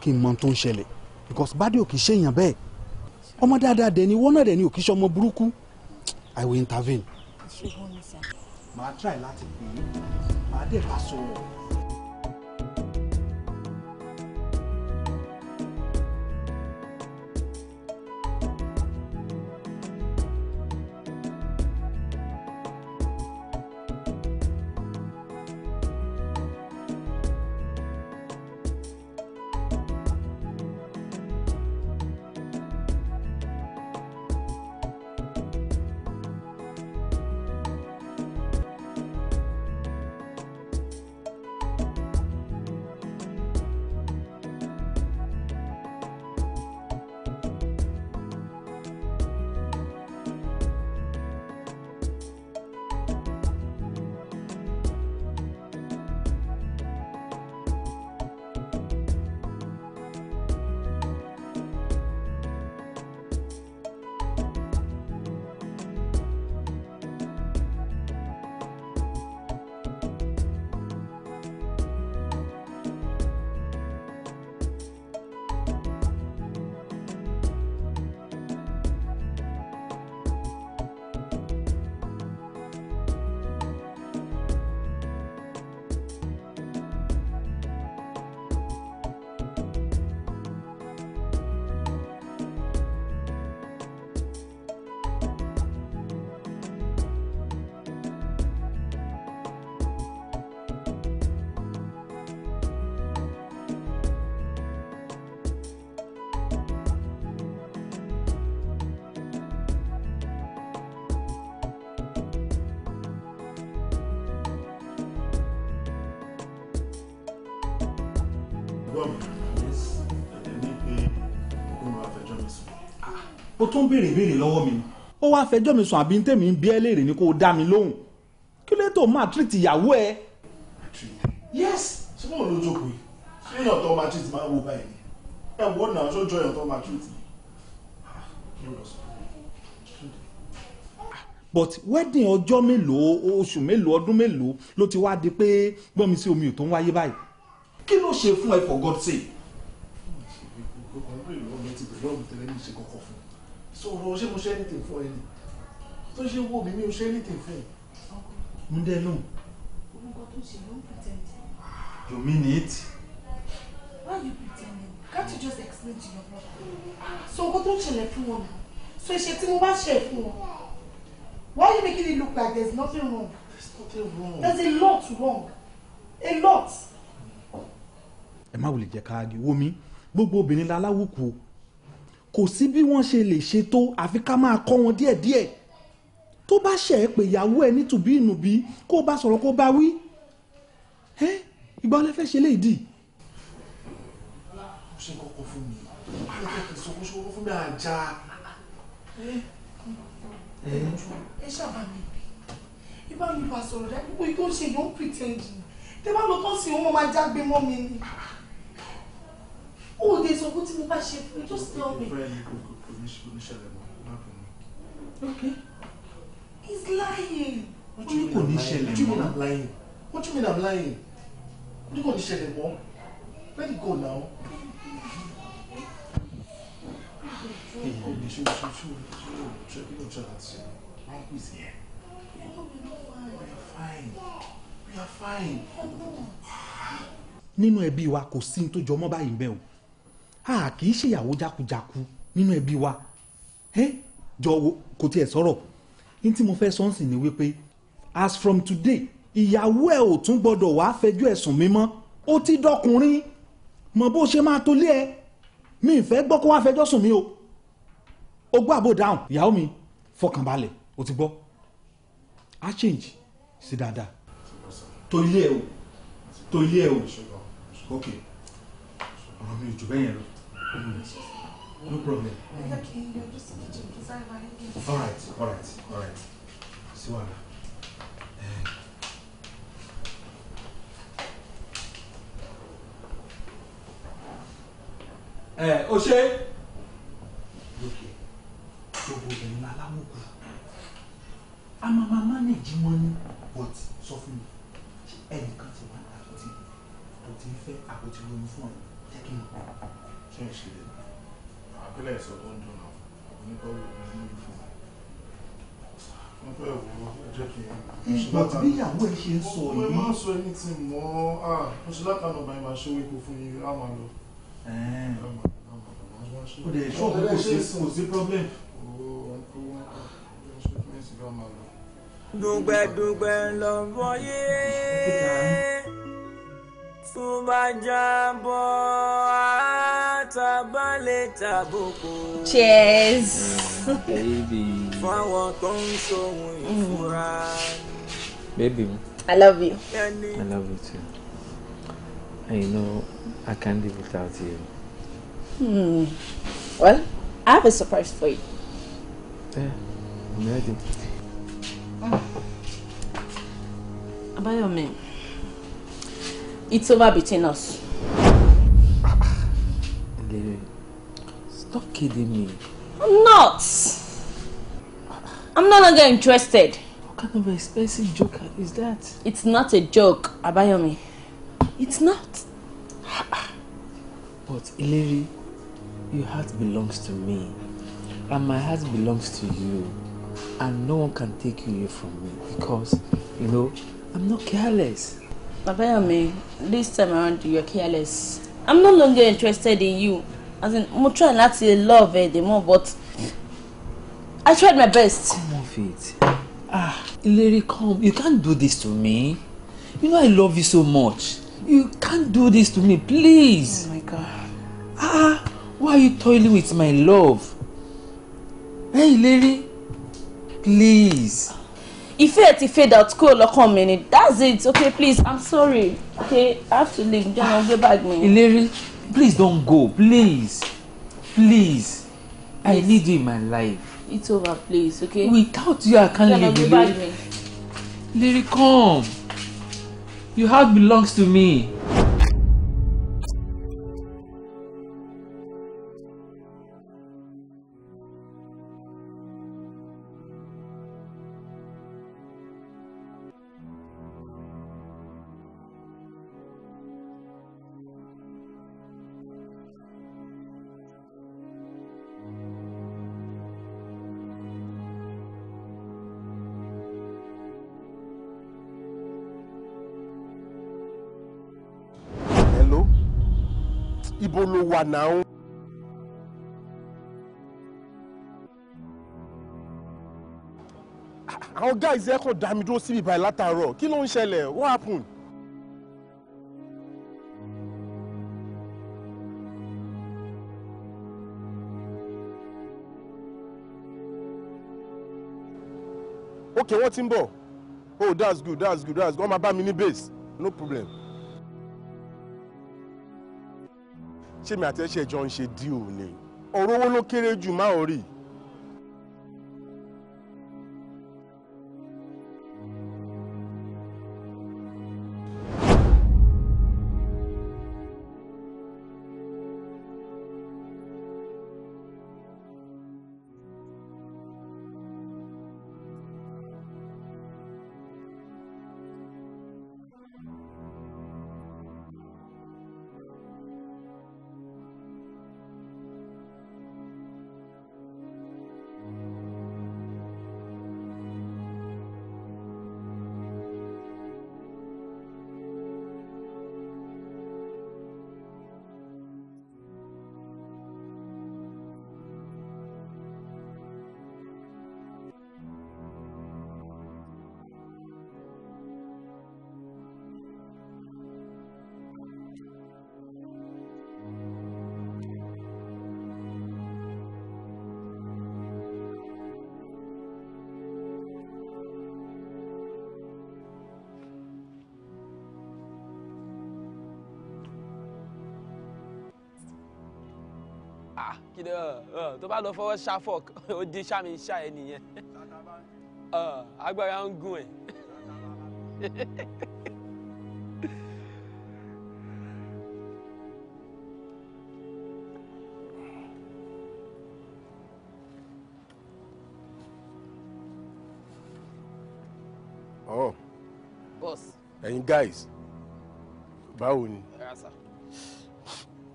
S2: kí n mọ tó ń ṣẹlẹ̀ because bá dé òkè ṣèyàn bẹ́ẹ̀ ọmọ dáadáa dẹ̀ ni wọ́n náà dẹ̀ ni òkè ṣọmọ burúkú i will intervene. màá try láti pè é màá dẹ̀ bá sọ̀rọ̀. o tún béèrè béèrè lọ́wọ́ mi. ó wáá fẹjọ́ mi sùn àbí tèmi ń bí ẹ léèrè ni kò dá mi lóhùn kí ló tó máa treat ìyàwó ẹ. yes ṣé mo lọ jókòó yìí ṣé èèyàn tó máa treat máa wo báyìí ẹ wọ́n náà tó jọ èèyàn tó máa treat but wedding ọjọ́ mélòó oṣù mélòó ọdún mélòó ló ti wá di pé gbọ́n mi sí omi ò tó ń wáyé báyìí kí ló ṣe fún ẹ for God's sake. ọkùnrin ló ń bẹ̀rẹ̀ ti bẹ̀rẹ̀ lọ́wọ́ tẹ́lẹ̀ ní ìṣe kọ̀ọ̀kan fún sọ̀rọ̀ ṣé mo ṣe anything for ẹ ni tó ṣe wò mí mi ò ṣe anything fún ẹ. mo dẹ́ lóhùn.
S3: orúkọ tó ṣe ló ń pretend. you mean it. why
S2: you pretending can't you just explain to your brother. so nǹkan tó ń ṣẹlẹ̀ fún wọn so ìṣe tí mo bá ṣe é fún wọn why you making it look like there is nothing wrong. there is nothing wrong. there is a lot wrong a lot. ẹ má wulẹ̀ jẹ́ ká wó mi gbogbo obìnrin la aláwùkù kò sí bí wọ́n ṣe lè ṣe tó àfi ká máa kọ́ wọn díẹ̀díẹ̀ tó bá ṣe é pé ìyàwó ẹ nítùbí ìnùbí kó bá sọ̀rọ̀ kó bá wí ẹ ìgbà ọlẹ́ fẹ́ ṣe lè dì. ó ṣe kókó fún mi ìṣòro fún mi àjà.
S3: ẹ
S2: ṣàbà mi bí mi bá sọ̀rọ̀ dá gbogbo ìtò ṣe yóò pretend tẹ bá lọ sí wọn máa jágbe mọ́ mi ni. Oh, ò lè sọ fún tí mo just tell me. okay he's lying. wọ́n tún ní kò ní ṣẹlẹ̀ mọ́ wọ́n you mean I'm lying What tún kò ní ṣẹlẹ̀ mọ́ let it go now. Hey, you should, should, should, should, should, should, should, Wrong is here. We are fine. We are fine. Nínú ẹbí wa kò sí ní tó jọmọ́ báyìí bẹ́ẹ̀ o a kì í ṣèyàwó jákujàku nínú ẹbí wa ẹ jọ̀wọ́ kò tiẹ̀ sọ̀rọ̀ ní tí mo fẹ́ sọ́nsìn ni wípé as from today ìyàwó ẹ ò tún gbọ́dọ̀ wàá fẹjú ẹ̀sùn mi mọ́ ó ti dọkùnrin mọ bó ṣe máa tolé ẹ mi ìfẹ́ gbọ́ kó wàá fẹjọ́ sùn mi o ó gbọ́ àbò dáhùn ìyàwó mi fọkànbalẹ̀ ó ti gbọ́ á change sí dáadáa tó ilé ẹ o tó ilé ẹ o ok ọ̀rọ̀ mi ò jù bẹ́yẹn lọ. Mm. No problem. All
S3: right, all right, all right. See
S4: Eh, eh Oshé. Okay.
S3: ṣe lókè
S2: gbogbo obìnrin aláwọ kù a mama máa mánèjì wọn but sọ fún mi ẹnìkan ti wà ní àpótí tó ti ń fẹ́ àpótí lóyún fún ọ jẹ́ kí n kí ṣe àpẹẹrẹ ìsọ tó ń dùn náà oníkọ́ wò ó ní ìfún wọn fẹ́ wò ó kí n ṣe látà bí ìyàwó ẹ ṣe ń sọ yìí wọ́n máa ń sọ ẹni tí mọ́ ọ́ ṣe látàánú ọba ìmọ̀ àṣẹ wípé fún yín á máa lọ.
S3: ó lè ṣọ́ pé kò sí kò sí problem.
S1: dùgbẹ́dùgbẹ́ lọ́wọ́ yé
S2: cheers. baby.
S4: Mm. baby.
S2: i love you. i
S4: love you too. and you know i can't live without
S3: you.
S2: Hmm. well i have a surprise for you.
S3: yeah i'm
S2: About your name? It's over between us. Stop kidding me. I'm not. I'm no longer interested. What kind of expensive joker is that? It's not a joke, Abayomi. It's not. But Ileri, your heart belongs to me. And my heart belongs to you. And no one can take you away from me. Because, you know, I'm not careless. Abayomi, this time around you are careless. I'm no longer interested in you. As in, mo try to love ẹ the more, but I tried my best. Come off it. Ah, Ileri, come. You can't do this to me. You know I love you so much. You can't do this to me, please. Oh my God. Ah, why are you toiling with my love? Hey, Ileri, please ìfẹ́ ti fade out kúrò lọ́kàn mi ni that's it okay please i'm sorry okay i have to leave jọ̀nà gbé bag mi. ìlérí please don't go please please i need you in my life. it's over please okay. without you i can't jọ̀nà live ìlérí
S4: ìlérí come your heart belongs to me.
S2: ibo ló wà àwọn guys ẹ kàn dá mi dúró síbi báyìí látàárọ̀ kí ló ń ṣẹlẹ̀ what happen. ok wọ́n ti ń bọ̀ oh that's good that's good that's good wọ́n máa bá mi ní base no problem. ṣé mi àti ẹ ṣe jọ ń ṣe díò ni ọ̀rọ̀ ló kéré jù má ò rí i
S1: ah kí ni uh, uh, tó bá lọ fọwọ́ ṣàfọ̀ ó di sàmì ṣá ẹ nìyẹn uh, agbára ń gún ẹ.
S2: Oh. Boss. Ẹ̀yin guys, báwo ni? Ẹ ra sá.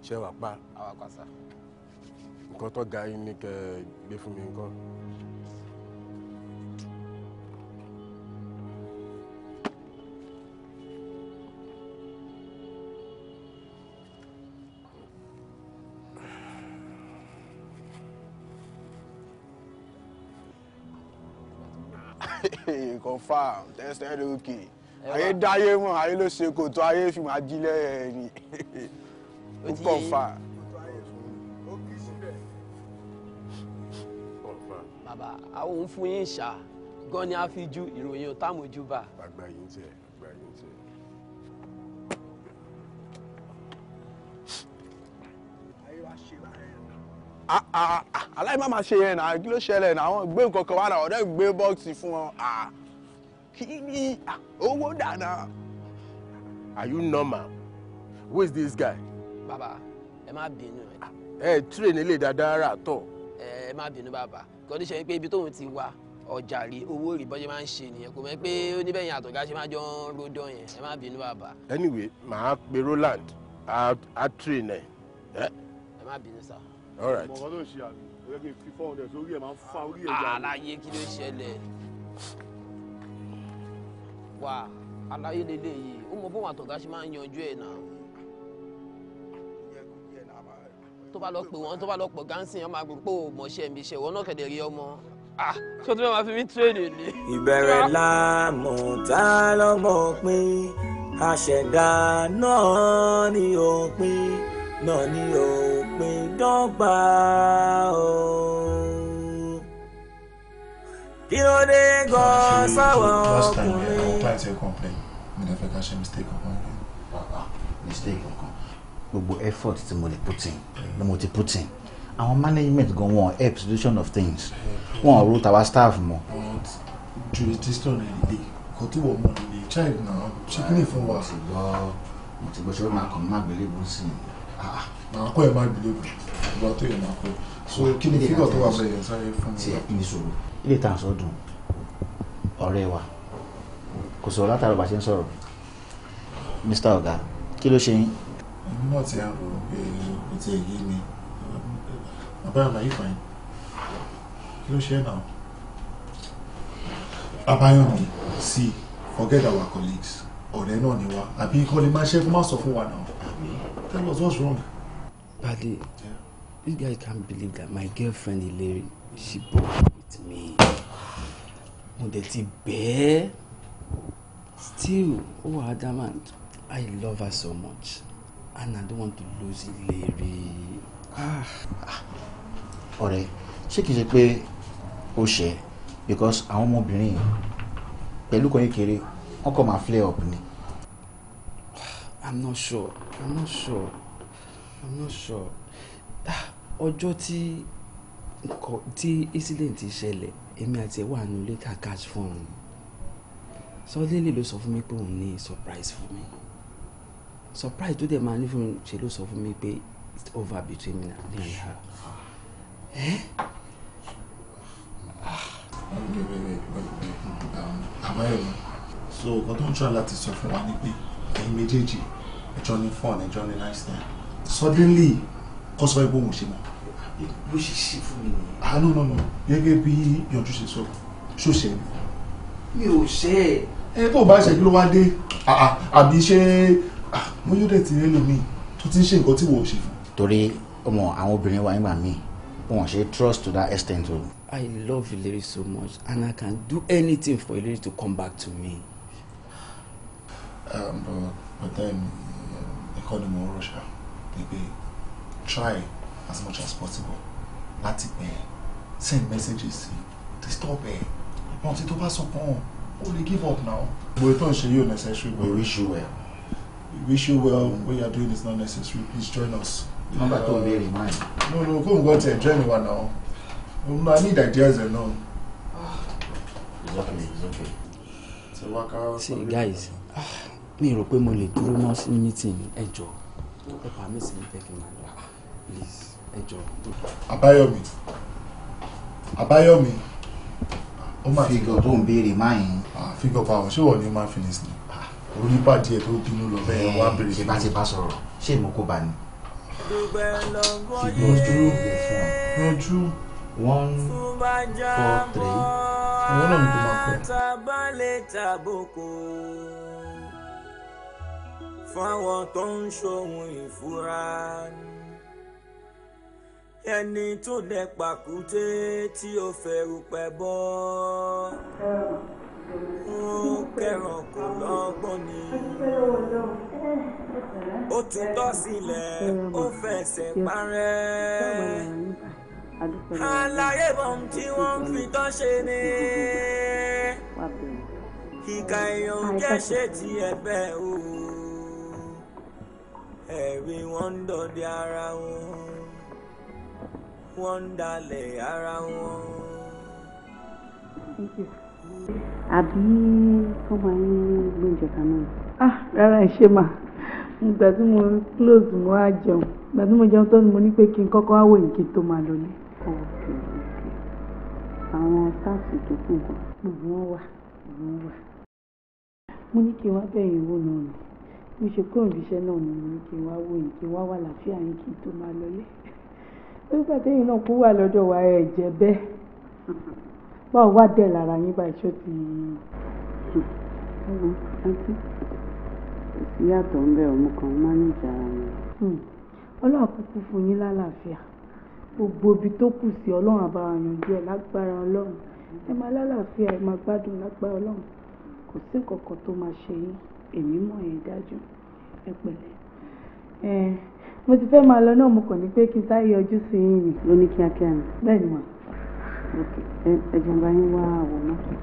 S2: Ṣé wàá pa? nǹkan tó ga yín ní kẹ́ ẹ gbé fún mi nǹkan. confam tested ok ayé dáyé mọ ayé ló ṣe kò tó ayé fi máa jí lẹ́yìn ẹni ó confam. bàbá àwọn òun fún yín ṣá gan ni a fi ju ìròyìn ọ̀tàmójú bá. àgbà yìí ń tiẹ̀ àgbà yìí ń tiẹ̀. aláìmá máa ṣe yẹn náà kí ló ṣẹlẹ̀ náà àwọn gbé nǹkan kan wá náà ọ̀dẹ́ gbé bọ́ọ̀sì fún wọn kí ni owó dáná. are you normal who is this guy. bàbá ẹ má bínú ẹ. ẹ tírè nílé dáadáa rà tọ. ẹ má bínú bàbá kọ́ndíṣọ̀ pé ibi tóun ti wà ọjà rí owó rí bọ́jẹ́ máa ń ṣe nìyẹn kò mọ̀ pé ó àtọ̀gá ṣe máa jọ ń ròdọ̀ yẹn ẹ má bínú bàbá. anyway màá pe Roland á train ẹ. ẹ má bínú sá. all right. mọ̀gán ló ṣe àbí ó yẹ kí n sórí ẹ̀ máa ń fa orí ẹ̀ jáde. àlàyé kí ló ṣẹlẹ̀ wà àlàyé lélẹ́yìí ó mọ bóun àtọ̀gá ṣe máa ń yanjú ẹ̀ náà. tó bá lọ pè wọ́n tó bá lọ pọ̀ gánsìn wọ́n máa gbọ́ pé mi ṣe wọ́n náà kẹ̀dẹ̀ rí ọmọ
S4: ah, ṣé tí wọ́n máa fi mí tírèdè ni.
S1: ìbẹ̀rẹ̀ la mọ̀ tá lọ́gbọ̀n pín àṣẹ̀dá náà ni òpin náà ni òpin dọ́gba o. kí ló dé gan sáwọn ọkùnrin. last time eh, i complain
S2: mi lè fẹ́ ká ṣe mistake ọkùnrin. mistake gbogbo effort tí mo lè put in ni mo ti put in àwọn management gan wọn help solution of things wọn ò ro tàwa staff mọ. jurisdiction ẹ̀ lè kọ́ tí wọ́n mọ̀ lè child náà ṣe kí ni fún wa. mo ti gbọ́ mo ti gbọ́ ṣé ó máa kàn máa gbélé bó sí i. Ah, màá kọ́ ẹ̀ máa gbélé bó ìgbà tó yẹ máa kọ́ so kí ni fígọ̀ tó wà bẹ̀rẹ̀ sáré fún mi. tiẹ̀ ní sòrò ilé ìtàn sọ́dún ọ̀rẹ́ wa kò sọ̀rọ̀ látàrí bá ṣe ń sọ̀rọ̀ Mr. Ọ̀gá kí ló ṣe yín èmi náà ti rò pé kò tí ì yé mi bàbá àmà yìí fàyín kí ló ṣe é náà forget our colleagues Or náà ni you are. kọ́ lè calling my chef, má sọ one now. tell us what's wrong. buddy. yeah. you guys can't believe that my girlfriend Ileri she broke up with me mo dẹ̀ ti bẹ́ẹ̀
S3: still
S2: ó wà adamant I love her so much and I don't want to lose ìlérí. Ah, ah. ọ̀rẹ́ ṣé kìí ṣe pé ó ṣe because àwọn ọmọbìnrin yìí pẹ̀lú kan kékeré wọ́n kàn máa flare up ni. I'm not sure I'm not sure I'm not sure ah, ọjọ́ tí tí incident ṣẹlẹ̀ èmi àti ẹ̀ wà nílé ká catch phone suddenly ló sọ fún mi pé òun ní surprise fún mi surprise tó dẹ̀ máa ní fún mi ṣe ló sọ fún mi pé it's over between me and her. Eh? àbáyọ̀mọ́ ah, so nǹkan tó ń ṣọ́ láti sọ fún wa ni pé ẹ̀yin méjèèjì ẹjọ́ ní fun ẹjọ́ ní nice time suddenly kọ́ sọ pé òun ṣe mọ́. ló ṣe ṣe fún mi nìyẹn. Ah, no no gẹ́gẹ́ bí yanjú ṣe sọ ṣó ṣe mi. mi ò ṣe é. ẹ eh, tó o bá ṣẹ́jú ló wá dé ah, àbí ṣé Ah, mo yóò dẹ̀ ti rí ẹlòmíì tó ti ń ṣe nǹkan tí wò ó ṣe fún. torí ọmọ àwọn obìnrin wa nígbà míì wọn ṣe trust to that extent o. I love Ileri so much and I can do anything for Ileri to come back to me. Um, but, but then ẹ̀kọ́ ni mo rọ̀ ṣá try as much as possible láti pè eh, send messages to stop ẹ ọ̀n tí tó bá sọ pọ̀ ó lè give up now. gbogbo ìtàn ṣe yóò necessary. we wish you well we wish you well uh, what you are doing is not necessary please join us. nọ́mbà tó ń uh, béèrè mind. ní. no no kó n gbọ́ tiẹ̀ join one now um, I need ideas and all. it's okay it's okay. So, wá ká. see guys me, rò pé mo lè dúró meeting ẹ jọ ẹ pa mí sí ní please ẹ Abayomi. Abayomi. Oh my máa don't gọ̀ tó ń béèrè máa yín. fígọ̀ pa ọ̀ ṣé wọ́n finish ni orí pàdé tó bínú lọ bẹ́ẹ̀ wá eh, bèrè sí i. ṣé bá ti bá sọ̀rọ̀ ṣé mo kó bá ní.
S1: ṣùgbọ́n dúró one four three. ìwọ náà kò máa pẹ́. fáwọn tó ń ṣohun ìfura ẹni tó dẹ pàkúté tí ó fẹ́ rúpẹ́ bọ́ kẹràn kò lọ́gbọ́n ni ó tún tọ́ sílẹ̀ ó fẹsẹ̀ parẹ́ àlàyé bọ̀m tí wọ́n ń fi tán ṣe ni ìka èèyàn kẹ́sẹ̀ ti ẹ̀bẹ̀ o ẹ̀rí wọn ń dọdẹ ara wọn wọ́n ń dalẹ̀ ara wọn.
S3: Thank you àbí kọ́ máa ń gbóúnjẹ kaná.
S2: ah rárá ẹ ṣe mà nígbà tí mo close mo á jẹun ìgbà tí mo jẹun tán ni mo ní pé kí n kọ́kọ́ wá wòye kí n tó máa lọlé. àwọn táàsì tó kù nǹkan wọ́n wà wọ́n wà. mo ní kí n wá bẹ̀yìn wò náà ni mo ṣe kúrò níṣẹ́ náà ni mo ní kí n wá wòye kí n wá wà láfíà yín kí n tó máa lọlé. nígbà téèyàn náà kú wà lọ́dọ̀ wa ẹ̀ jẹ́ bẹ́ẹ̀. báwo wá dẹ̀ lára yín báyìí ṣó ti. ẹ̀wọ̀n àǹtí
S4: kò sí yàtọ̀ ń bẹ̀ ọmọ kan máa ń jà ara mi.
S2: Hmm. ọlọ́run kúkú fún yín lálàáfíà gbogbo ibi tó kù sí ọlọ́run àbáyanjú ẹ̀ lágbára ọlọ́run ẹ máa lálàáfíà ẹ máa gbádùn lágbára ọlọ́run kò sí nǹkan kan tó máa ṣe yín èmi mọ̀ yẹn dájú ẹ
S4: pẹ̀lẹ́ mo ti fẹ́ máa lọ náà mo kàn ní pé kí n sáré yọjú sí yín ni. lóní kíákíá ni. bẹ́ẹ̀ ni wà ẹ̀jẹ̀ ń bá yín wá àwòrán. ẹ ṣé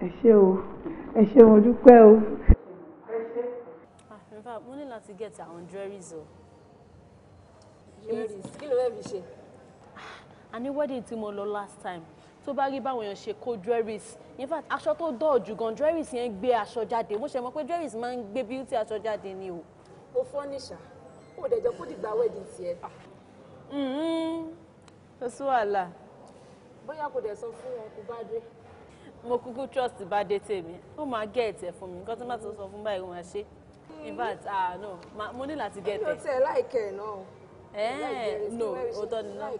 S4: ẹ ṣé ẹ ṣé o ẹ ṣé mo dúpẹ́ o.
S2: Ah, mo ní láti get àwọn jewelries o. jewelries kí ló fẹ́ fi ṣe a ní wedding tí mo lọ last time tó bá rí báwọn èèyàn ṣe kó jewelries in fact aṣọ tó dọ̀ jù gan jewelries yẹn gbé aṣọ jáde mo ṣe mọ̀ pé jewelries máa ń gbé beauty aṣọ jáde ni o. mo fọ́ níṣà ó dẹjọ́ kó dìgbà wedding tiẹ̀. Mm-hmm. kò sí wàhálà. bóyá kò dẹ̀ sọ fún wọn kó bá dé. mo kúkú trust bá dé tèmi ó máa gé ẹ̀tẹ̀ fún mi nǹkan tó má tó sọ fún báyìí wọn ṣe in fact ah no mo ní láti gé ẹ̀tẹ̀. mi ò tẹ̀ láìkẹ́ náà. ẹ̀ẹ́ eh, no òótọ́ ni náà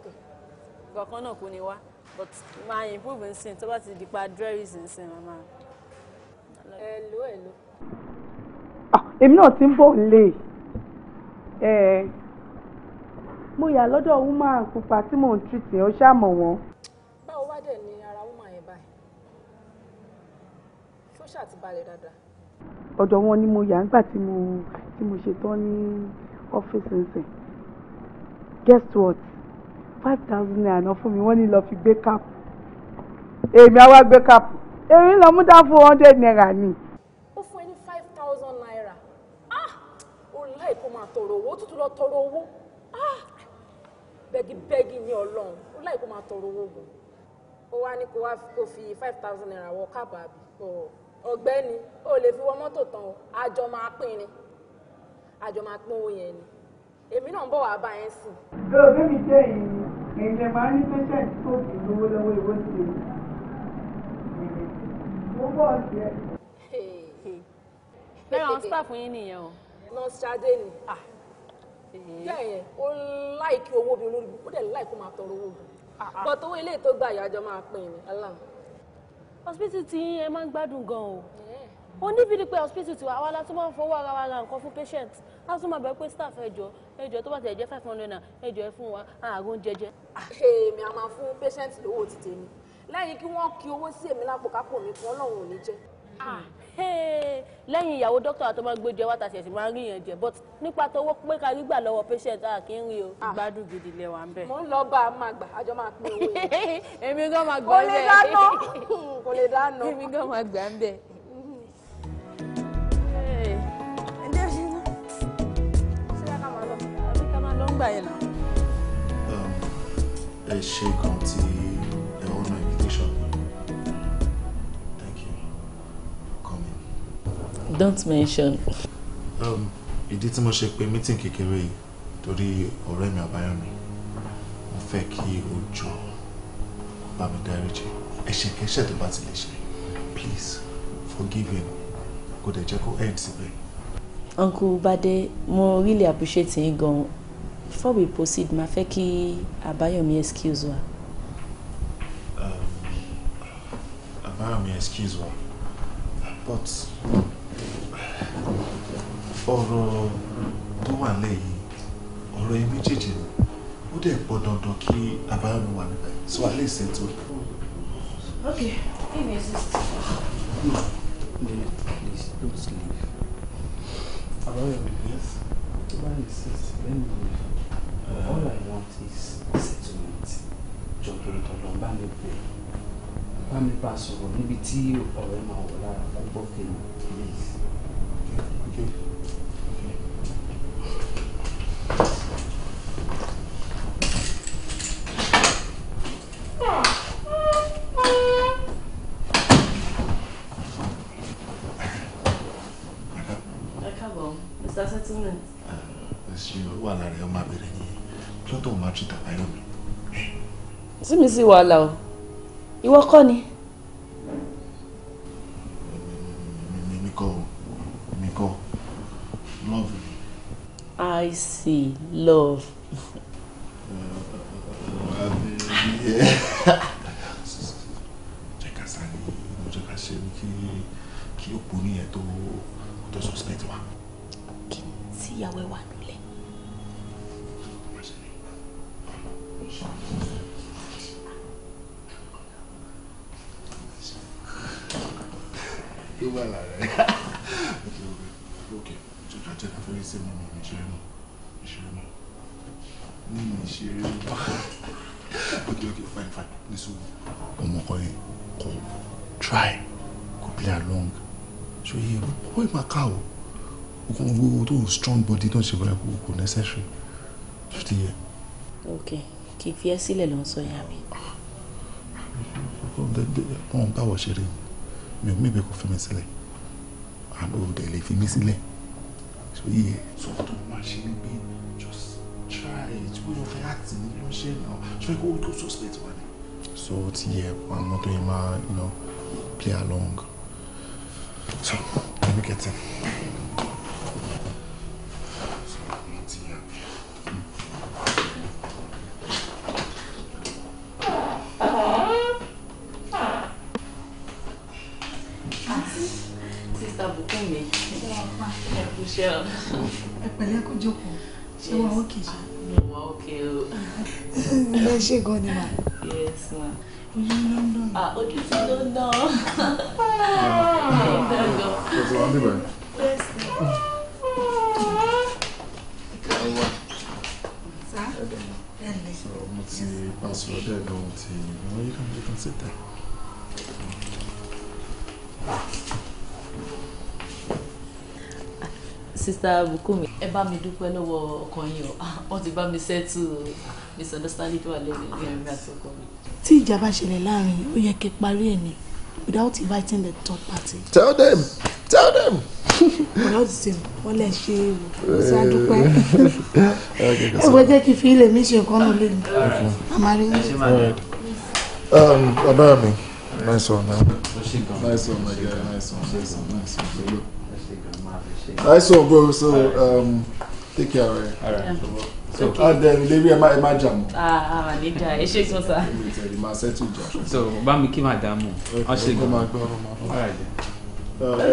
S2: gbọ̀kan náà kò ní wá but máa improve nsìn tó bá ti di pa drẹ́rìsì nsìn màmá. hello hello. Ah, èmi náà ti ń bọ̀ lè mo yà lọ́dọ̀ woman pupa tí mò ń treat yẹn ó ṣàmọ̀ wọn.
S3: báwo wá dẹ̀ ni
S2: ara woman yẹn báyìí tó ṣàtìbalẹ̀ dáadáa. ọ̀dọ̀ wọn ni mo yà ń gbà tí mo tí mo ṣetán ní ọ́fíìsì nsìn guess what five thousand naira náà fún mi wọ́n ní lọ fi gbé káàpù èmi àwa gbé káàpù èmi lọ mú dá four hundred naira ni. ó fún ẹ ní five thousand naira ah òun láì kó máa tọrọ owó tútù lọ tọrọ owó ah bẹ́gibẹ́gi ni ọlọ́run òun láì kó máa tọrọ owó bò ó wá ní kó wá kó fi five thousand naira wọ káàpù àbí ọ̀gbẹ́ni ó lè fi wọ mọ́tò tán o àjọ máa pín ni àjọ máa pín owó yẹn ni èmi náà ń bọ̀ wá bá yẹn
S4: sìn. lóògbé mi jẹ́ èyí èyí lè máa ń ní patient tó kì í lówó lọ́wọ́ ìwé ti o.
S3: mo bọ̀ jẹ́.
S2: lẹ́yìn staff yín nìyẹn o. nurse Ṣadé ni bẹ́ẹ̀ ah. yẹn ó láìkí owó bí olórí ó dẹ̀ láìkó máa tọrọ owó bí. bọ̀ tówó ilé tó gba ìyájọ́ máa pín in aláàmú. hospital tí ẹ máa ń gbádùn gan o ó níbi ni pé hospital tiwa àwa la tún máa ń fowó ara wa ra nǹkan fún patient a tún máa bẹ pé staff ẹjọ ẹjọ tó bá tẹ̀ jẹ́ five hundred naira ẹjọ ẹ fún wa àágùn jẹjẹ. èmi a máa fún patient lówó ti tèmi lẹ́yìn kí wọ́n kí owó sí èmi lápò kápò mi kí ọlọ́run ò ní jẹ́. lẹ́yìn ìyàwó dókítà tó máa ń gbé wá tàṣẹ sì máa ń rí yẹn jẹ but nípa tówó pé ká rí gbà lọ́wọ́ patient a kì í rí o. ìgbádùn gidi lẹ wà ń bẹ. mo ń lọ bá a máa gbà àjọ máa pín owó yẹn. èmi gan máa gbà ń bẹ. kò lè dáná kò lè dáná. èmi gan máa gbà ń bẹ. nígbà yẹn um, ẹ ṣe kan tí ẹ ọ̀nà invitation thank you
S4: come in. don't
S2: mention. Um, ìdí tí mo ṣe pé meeting kékeré yìí torí ọ̀rẹ́ mi àbáyọ̀mí mo fẹ́ kí o jọ bá mi dáríjì ẹ̀ṣẹ̀kẹ́ṣẹ̀ tó bá ti lè ṣe please forgive him kó dẹ̀ jẹ́ kó end síbẹ̀. uncle bade mo really appreciate yín gan-an before we proceed máa fẹ́ kí àbáyọ̀mí excuse wa. Um, àbáyọ̀mí excuse wa but ọ̀rọ̀ tó wà lẹ́yìn ọ̀rọ̀ yẹn méjèèjì ni ó dẹ̀ pọ̀ dandan kí àbáyọ̀mí wà nígbà yìí so i lè ṣètò. okay he may exist. No, Janet, please don't
S3: sleep. Àbáyọ̀mí, yes? Why insist? Let me leave all I
S2: want is settlement jọ̀dọ̀ ìtọ̀lọ̀ bá mi bẹ̀ bá mi bá sọ̀rọ̀ níbi tí ọ̀rẹ́ máa wọ̀ lára kó gbọ́ kéwì please. Okay. Okay. Mr. Settlement. Ẹ̀sìn wà lára ọmọ abẹ́rẹ́ yìí tó tó máa ti tàbáyọ̀ mi. tí mi sì wàhálà o ìwọ kọ́ ni. mi kọ́ o mi kọ́ love ni. I see love. strong body tó ń ṣe bọ́lá kò necessary tó ti yẹ. ok kì í fi ẹ sílẹ̀ ló ń sọ yà mí. wọn bá wọ ṣeré mi ò mìíràn kò fi mi sílẹ̀ àná òde lè fi mi sílẹ̀ so yíyẹ. sọ tó máa ṣe ni pé just try it wey o fẹ́ àti ní ló ń ṣe náà ṣe kó o tó suspect wa ni. so ti yẹ àwọn ọmọ tó yẹ máa play along so let me get him. ṣe gan ni ma. yes ma. ojú London. ah
S4: ojú ti London. ọ̀sẹ̀ wa ń bíbẹ̀. Ah. yes ma. ọwọ́ mo ti bá a sọ̀rọ̀ bẹ́ẹ̀ lọ́wọ́
S2: ti wọ́n yí kàn yí kàn sí tẹ̀. sista Bùkúnmi ẹ bá mi dúpẹ́ lọ́wọ́ ọkàn yín o ah, wọ́n ti bá mi ṣẹ́tù o misunderstanding tó wà lẹ́yìn ìrìn àti ọkọ mi. tí ìjà bá ṣẹlẹ̀ láàrin ó yẹ kí parí ẹ̀ ni without inviting the third party. tell them tell them. without sin wọ́n lè ṣe ewu ṣe àdúpẹ́ ẹ wọ́n jẹ́ kí fílẹ̀ mi ṣe kọ́ ló lé mi àmàlẹ́ mi. Um, bàbá mi nice one man nice one my guy nice one nice one nice one bro nice one bro so um, take care. All right. All right. Yeah so ọdẹ ilé bí ẹ má ẹ má jà mọ. àmà ní ẹ ṣe tún sa. èmi tẹ̀lé máa ṣẹ́tù ìjà. so bá mi kí máa
S3: dà mọ ọ ṣe gan. ẹ ẹ tó bẹ́ẹ̀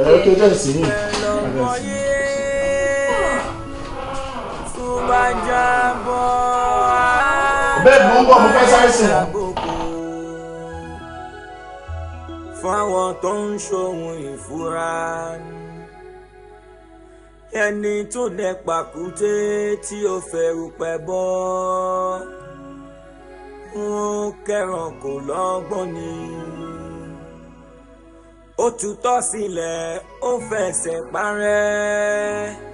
S1: mo ń bọ̀ mo fẹ́ sáré sí fáwọn tó ń ṣòwò ìfura ni ẹni tó nẹ pàkúté tí ó fẹ̀rù pẹ̀ bọ́ ń kẹràn kò lọ́gbọ́n ni ó tutọ́ sílẹ̀ ó fẹsẹ̀ parẹ́.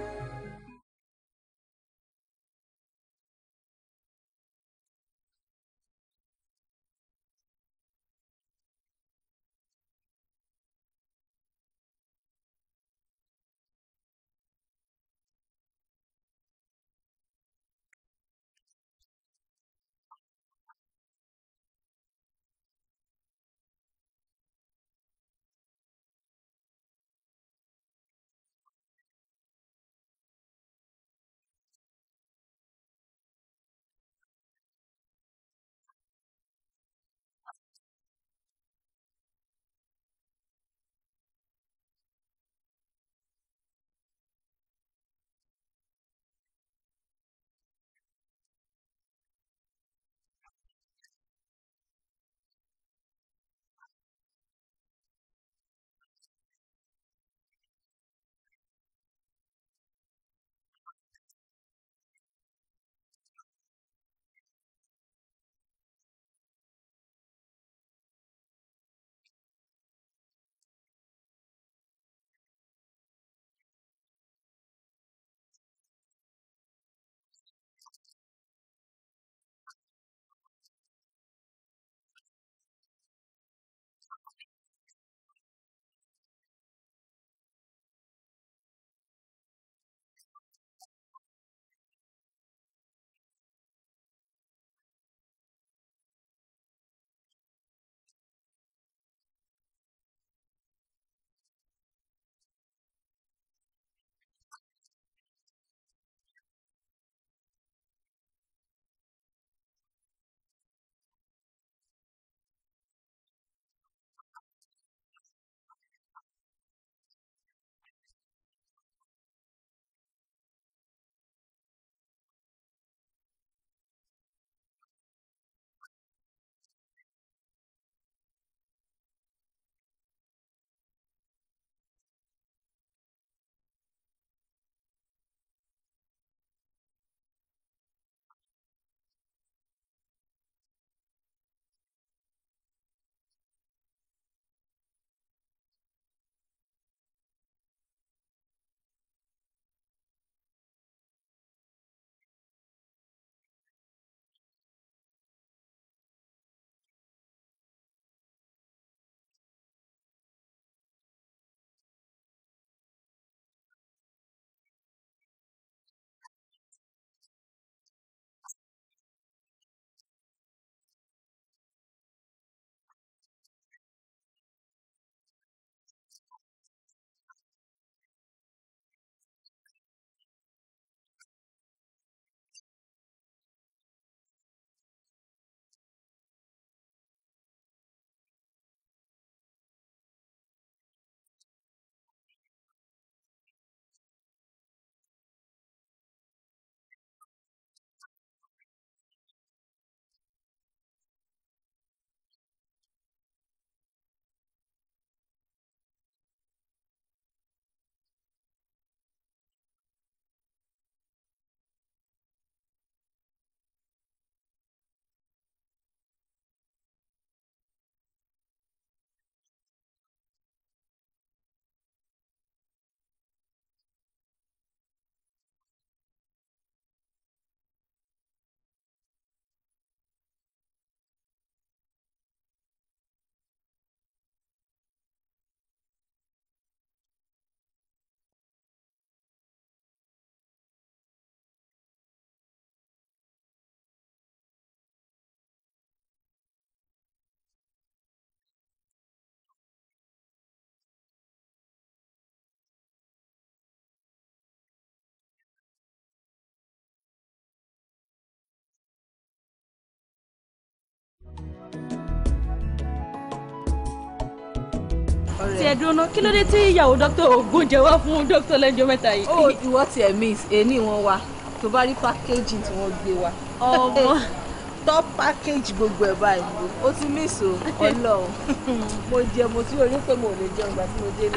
S3: tiẹ̀ dúró ná kí ló dé tí ìyàwó dókítà ògùnjẹ wá fún dókítà lẹ́jọ́
S2: mẹ́ta yìí. ó oh, ìwọ tiẹ̀ miss èyí wọn wá tó bá rí packaging tí wọ́n gbé wá. ọmọ top package gbogbo ẹ̀ báyìí ó ti miss o ọlọ́run
S4: mo jẹ mo tún rí pé mo ò lè jẹun ìgbà tí mo délé.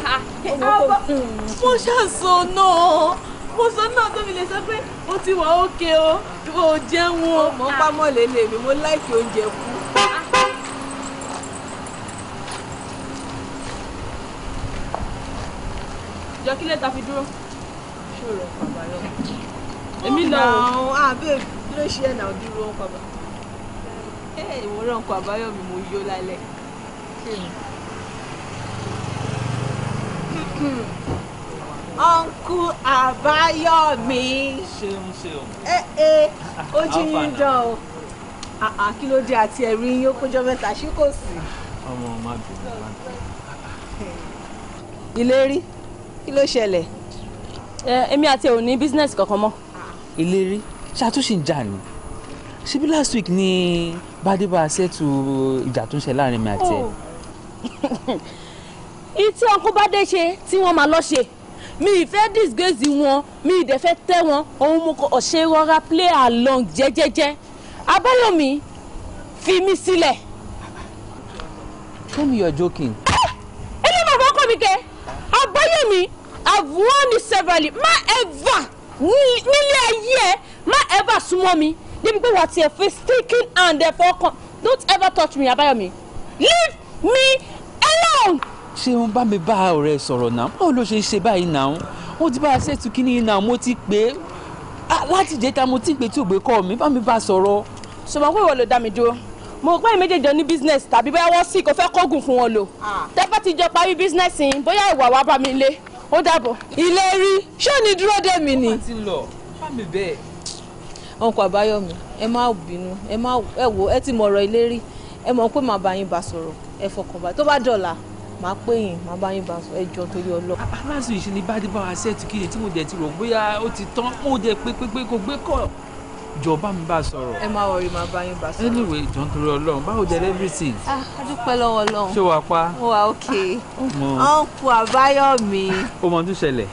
S4: mo ṣàṣọ náà mo sọ náà tó fi lè sọ pé ó ti wà ókè o ìwọ ò jẹun o.
S2: mo pamọ́ lélẹ̀ mi mo láìkì oúnjẹ kú. jọ kí lè ta fi dúró.
S3: ṣòro pàbàyọ.
S2: èmi lọ o. àbẹ ah, kí ló ṣe ẹ̀nà dúró ń pàbà. ẹ ìwòran ọkọ àbáyọ mi mo yó lálẹ́. ọ̀nkú àbáyọ mi.
S1: ṣeun ṣeun.
S2: ẹ ẹ ó jí yín dán o kí ló dé àti ẹ̀rí yín ó kójọ mẹ́ta ṣé kò sí.
S4: ọmọ máa
S3: bẹ̀rẹ̀ máa bẹ̀rẹ̀.
S2: ìlérí kí ló ṣẹlẹ̀. èmi àti ẹ ò ní business kankan mọ́. ìlérí ṣàtúnṣe ń jà ní ṣíbí last week ni bàdébà ṣètò ìjà tó ń ṣe láàrin mi àti ẹ. Oh. ìtí ọkùn bá dé ṣe tí wọ́n máa lọ ṣe mi ìfẹ́ disgrace wọn mi ìdẹ̀ fẹ́ tẹ́ wọn òun mo kọ́ ṣe rọra play along jẹ́jẹ́jẹ́ abáyọ̀mí fi mí sílẹ̀. tell me you are joking. Ah! ilé bàbá ọkọ mi kẹ abáyọ̀mí I've warned you severally má ever nílé ayé ẹ má ever súnmọ́ mi débi pé wà á tiẹ̀ fi sticking and therefore fọ́kàn don't ever touch me Abáyọ̀mí leave me alone. ṣé wọn bá mi bá ọ̀rẹ́ sọ̀rọ̀ náà báwo ló ṣe ń ṣe báyìí náà wọn ti bá a ṣètò kínní náà mo ti pè é láti jẹta mo ti pè tí ògbé kọ mi bá mi bá a sọ̀rọ̀. ṣùgbọ́n pé ìwọ ló dá mi dúró mo pẹ́ méjèèjọ ní business tàbí bóyá wọ́n sì kò fẹ́ kóògùn fún wọn lò ah. tẹ́fẹ́ ti jọ parí business yìí bóyá ìwà wa bá mi lé ó dàbọ̀ ìlérí ṣé ò ní dúró dè mí ni. wọ́n ti lọ fámi bẹ́ẹ̀. ọkọ̀ àbáyọ̀mí ẹ má bínú ẹ má ẹ wò ẹ ti mọ ọ̀rọ̀ ìlérí ẹ mọ̀ pé màá bá yín bá sọ̀rọ̀ ẹ fọkàn bá tó bá dọ̀la màá pè yín màá bá yín bá sọ̀rọ̀ ẹ jọ torí ọlọ. aláṣọ ìṣẹ̀lẹ̀ bá dé bá wa ṣẹ́ẹ̀tì kí ni tí mo dẹ̀ ti rò bóyá ó ti tán mo dẹ̀ pé pé pé kò gbé kọ̀ jọ bá mi bá ẹ má wọrí máa bá yín bá a anyway jọ ń torí Ọlọ́run báwo jẹ everything. ah a dúpẹ́ lọ́wọ́ Ọlọ́run. ṣé wàá pa. mo wà òkè. ọ̀npù àbáyọ̀mí. ó mọ tún ṣẹlẹ̀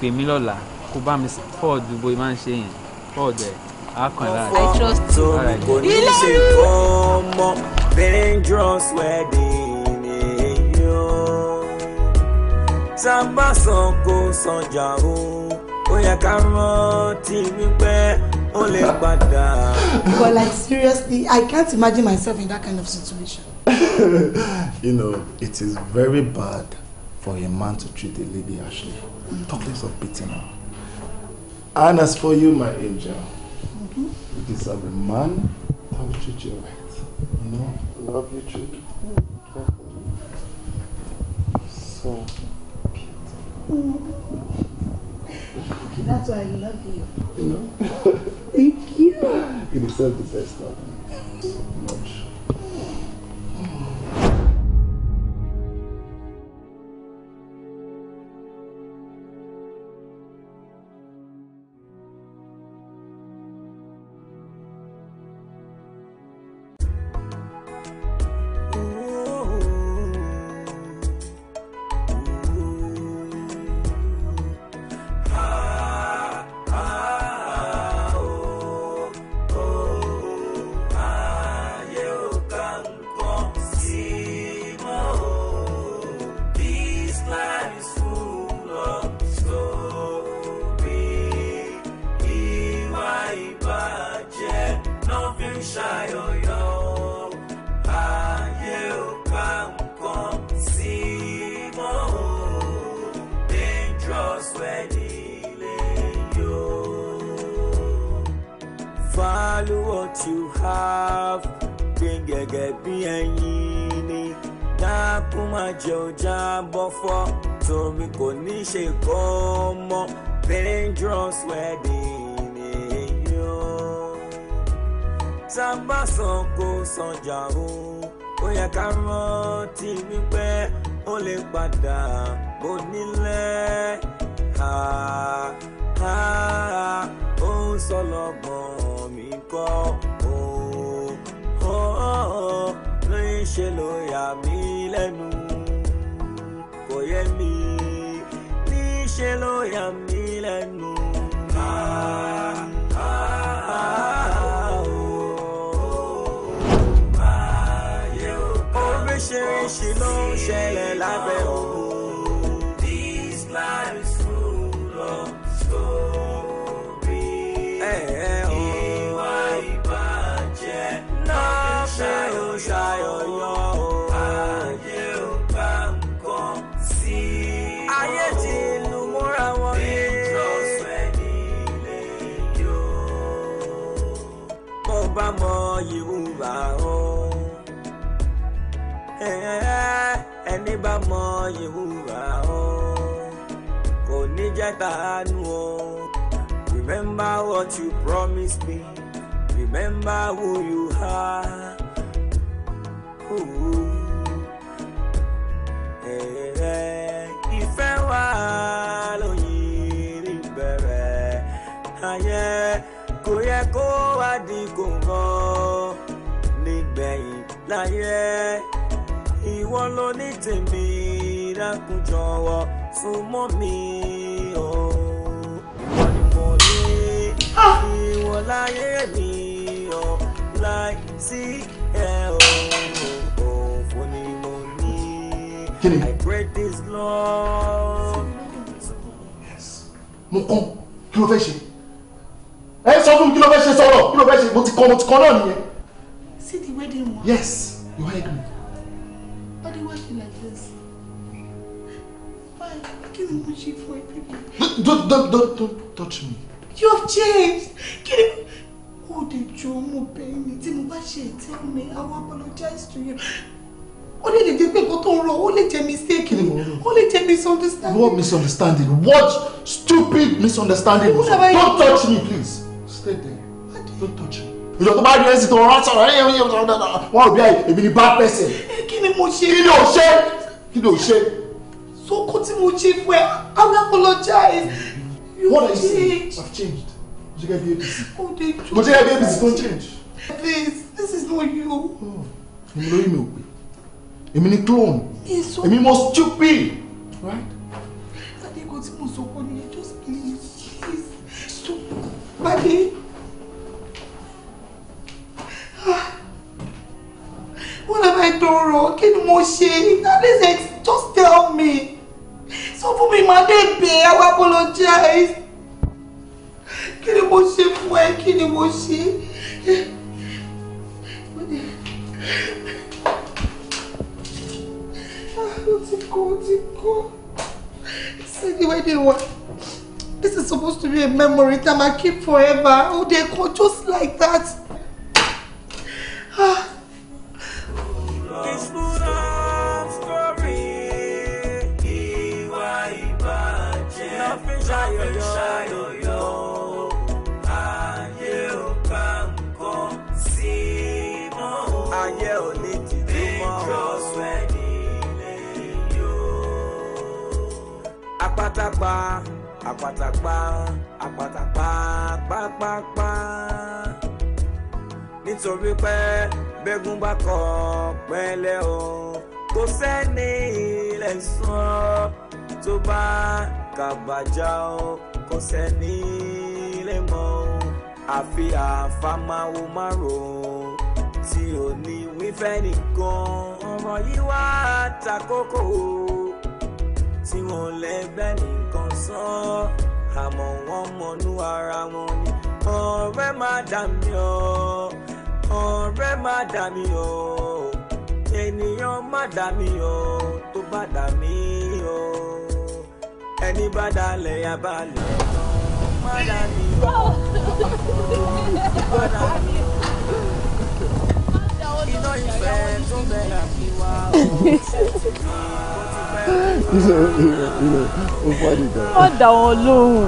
S2: pè mí lọ́la kó bá mi fọ́ọ̀ ju bó máa ń ṣe yẹn fọ́ọ̀ dẹ̀ á kàn láàrin. I trust you.
S1: ilé rú sábà sàn kó sànjà o ó yẹ ká rántí wípé ó lè padà.
S2: but like seriously i can't imagine myself in that kind of situation.
S1: you know
S2: it is very bad for a man to treat a lady harshly talk less of beating her and as for you my angel mm -hmm. you deserve a man that will treat you right you know love you too so
S3: beautiful. That's why I love you.
S2: You know?
S3: Thank you. You deserve the best of Much.
S1: má jẹ́ ó jábọ́ fọ́ torí kò ní ṣe kọ́ ọmọ dangerous wedding sábà sàn kó sànjà o ó yẹ ká rántí wípé ó lè padà bó nílẹ̀ ha ha ó ń sọ lọ́gbọ̀n mi kọ́ o ó lóyún ṣe ló yà mí lẹ́nu ọ̀rẹ́ mi níṣẹ́ ló yà mí lẹ́nu. oríṣiríṣi ló ń ṣẹlẹ̀ lábẹ́ òun. Yorùbá o eh, ẹni bá mọ Yorùbá o kò ní jẹ́ tàánú o remember what you promised me remember who you are. Ooh. Eh, ìfẹ́ wa lóyìn rí bẹ̀rẹ̀ ayé kò yẹ kó wá di kò gbẹ̀yìn láyé ìwọ ló ní tèmi dákun jọ̀wọ́ fún mọ́ mi o ìwọ ni mo ní ìwọ láyé mi o
S3: láì sí ẹ o òfò ni mo ní I
S1: pray this Lord.
S2: mo kún kí ló fẹ́ ṣe ẹ sọ fún mi kí ló fẹ́ ṣe sọ̀rọ̀ kí ló fẹ́ ṣe mo ti kọ́ mo ti kọ́ náà nìyẹn. See the wedding one? Yes, you hired me. But why you like this? Why? Kí ni mo for a baby.
S3: Don't, don't, don't, don't
S2: touch me. You have changed. Kí ni ó de Jomo pay me? ni tí tell me I will apologize to you. Only the jẹ́ got on wrong. Only the mistake Only the lè jẹ́ misunderstanding. What misunderstanding? What stupid misunderstanding? Don't touch me please. Stay there. Don't touch me ìjọ tó bá rí ẹsìn tó rán sọ̀rọ̀ ẹyẹ ẹyẹ ọ̀rọ̀ dáadáa wọn ò bí àyè èmi ni bá pẹ̀sẹ̀. kí ni mo ṣe. kí ni o ṣe kí ni o ṣe. sókó tí mo ṣe fún ẹ I apologize. what I say I've changed mo ṣe kẹ́ bí
S3: apc mo ṣe kẹ́ bí apc don change. please this is not you. Oh,
S2: èmi lórí mi ò pè èmi ni clone èmi mo stupid right. adéko tí mo sọ fún mi just please please stop. Bade. What have I done wrong? Kí ni mo At least just tell me. So fún mi, màá dé bẹ̀ I will apologize. Kí ni mo ṣe fún ẹ? Kí ni mo ṣe? Ó This is supposed to be a memory that I keep forever. Oh, they kọ́ just like that.
S1: àpàtàpá àpàtàpá pápápá nítorí pé bẹ́gùn bá kọ̀ pẹ́lẹ́ o kò sẹ́ni ilẹ̀ sàn tó bá kàbàjá o kò sẹ́ni ilẹ̀ mọ́ o àfi àfàmáwo márùn-ún tí ò ní wífẹ́ nìkan ọ̀rọ̀ yìí wá takókò tí wọ́n lẹ́gbẹ́ nìkan lásán àmọ́ wọ́n mọnú ara wọn ni ọ̀rẹ́ má dà mí o ọ̀rẹ́ má dà mí o ènìyàn má dà mí o tó bá dà mí o ẹni bá dalẹ̀ yá balẹ̀ má dà mí o má dà mí
S3: o iná ìfẹ́ tún bẹ̀rẹ̀ àfiwá o ṣe ó
S1: fọ́ọ̀dì gan. wọ́n
S2: dà wọ́n lóhùn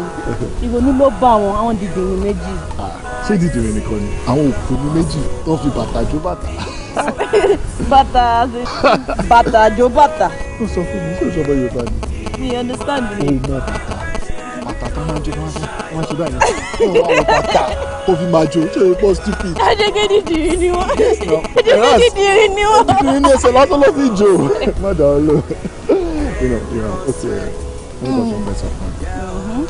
S2: ìrònú ló bá wọn àwọn dìdìrín méjì. Ah, ṣé dìdìrín nìkan ni àwọn òkúni méjì tó fi bàtà jó bàtà. bàtà bàtà jó bàtà. ó sọ fún mi ṣé o sọ bọ́ Yorùbá ni.
S1: mi understand mi. ó
S2: mọ bàtà bàtà tó máa jó máa jó báyìí ó wà wọ bàtà ó fi máa jó ṣé o pọ̀ stupid.
S4: ajẹ́gẹ́
S3: dìdìrín ni wọ́n ajẹ́gẹ́ dìdìrín ni wọ́n.
S2: dìdìrín ni ẹsẹ̀ lásán ló fi jó má dà ọ́
S3: lọ you know, you know, ó ti rẹ̀ wọ́n kọ́ tó ń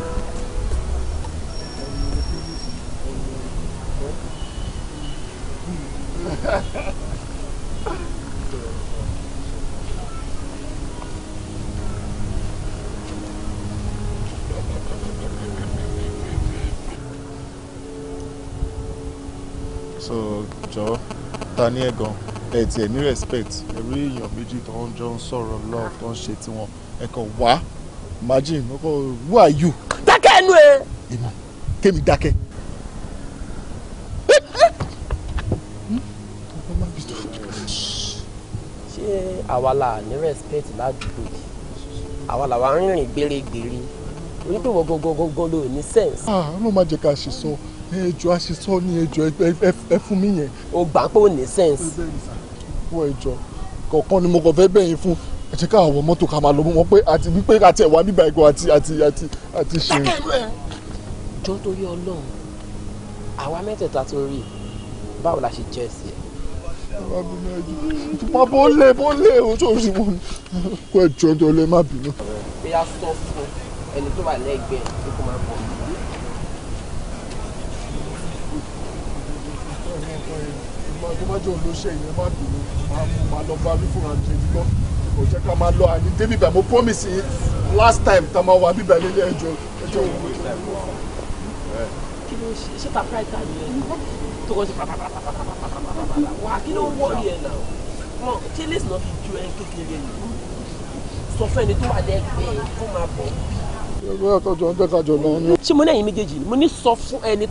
S2: So, Joe, ta ni ẹ tiẹ̀ ní respect ẹ̀rí èèyàn méjì tó ń jọ ń sọ̀rọ̀ lọ tó ń ṣe tiwọn ẹ kàn wá imagine ó kọ who are you. dákẹ́ ẹnu ẹ. èmi kémi dákẹ́. ṣé àwa la ní respect ládùúgbò yìí àwa làwa ń rìn gbèrègbèrè onídùúwọ̀ gbogbogbò ló ní sense. ah ló máa jẹ ká ṣe sọ. So ẹjọ aṣetọ ní ẹjọ ẹ fún mi yẹn. o gbà pé o ní sense. wọ ẹjọ kọ̀ọ̀kan ni mo kàn fẹ́ bẹ̀yìn fún ẹ jẹ́ ká wọ mọ́tò ká máa lọ mú wọn pé àti wípé àti ẹ̀wà bíbá ẹ̀gọ́ àti àti àti àti ṣe. jọ torí Ọlọ́run àwa mẹ́tẹ̀ẹ̀ta tó rí báwo la ṣe jẹ́ sí ẹ. Má bó lé bó lé ojú oṣù mọ́ kó ẹjọ́ tó lé má bínú. Bí a sọ fún ẹni tó wà lẹ́gbẹ̀ẹ́ kó máa bọ̀ mí. tó má jọ olóṣè yẹn má bínú máa mú máa lọ bá wífúnra jẹ gbọ́ kò jẹ́ ká máa lọ àní débi bẹ̀ mo promise yín last time tá a máa wà bíbẹ̀ nílé ẹjọ́ ẹjọ́ òwò. kí ló ṣe ṣé pàpà ẹ kékeré ni. ṣé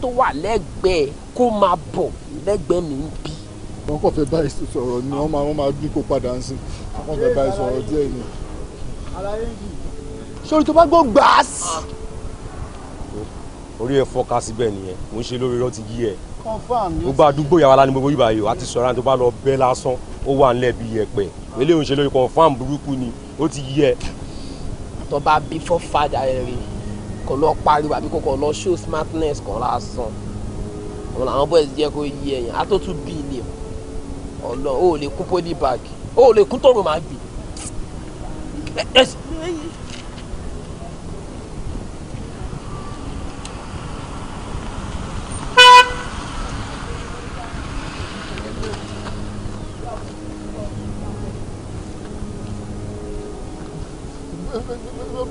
S2: tó wà lẹ́gbẹ̀ẹ́ kó wọn kàn fẹ́ báyìí sọ̀rọ̀ ni wọ́n máa wọ́n máa bí kó padà ń sìn wọ́n fẹ́ báyìí sọ̀rọ̀ díẹ̀ ni. sori tó bá gbọ́ gbàás. orí ẹ fọ́ ká síbẹ̀ nìyẹn mo ń ṣe lórí irọ́ ti yí gbogbo àdúgbò yàrá la ní gbogbo yìí báyìí o àti sọ̀rọ̀ tó bá lọ bẹ́ lásán ó wà nílẹ̀ bí yẹpẹ̀ eléyìí ń ṣe lórí confam burúkú ni ó ti yí ẹ. tó bá bí fọ́ fàdà rẹ̀ kò lọ pariwo àbí kò kò lọ show smartness kan lásán àwọn làwọn bọ́ẹ̀ jẹ́ kó yí ẹ̀yìn á tó ọlọ o lè kún poli bag o lè kún tọrọ máa gbé.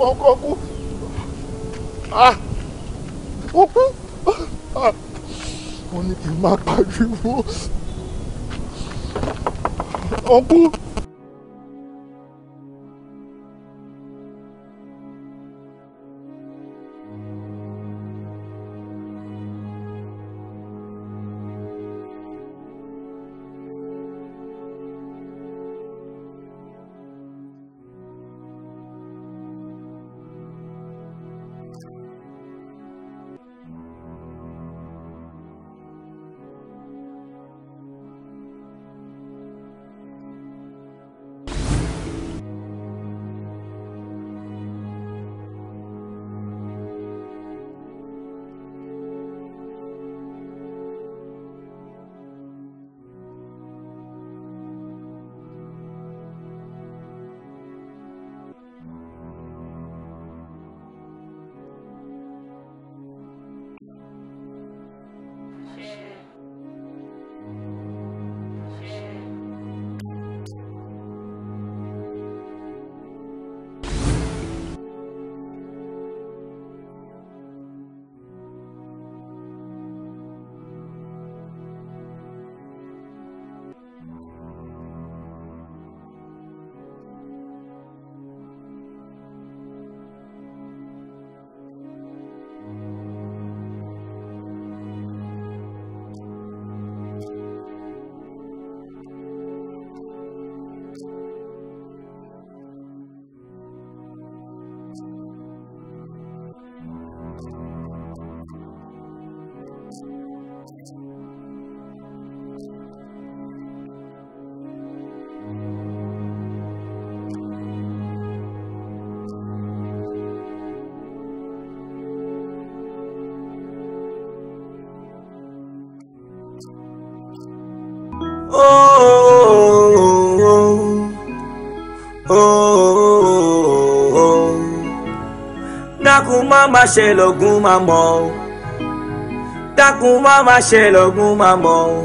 S2: ọkọ kú ó ah.
S3: kú ó ah. ní kí n má pariwo. Oh,
S1: má ṣe lọ́gùn máa mọ̀ ọ́ dákun má má ṣe lọ́gùn máa mọ̀ ọ́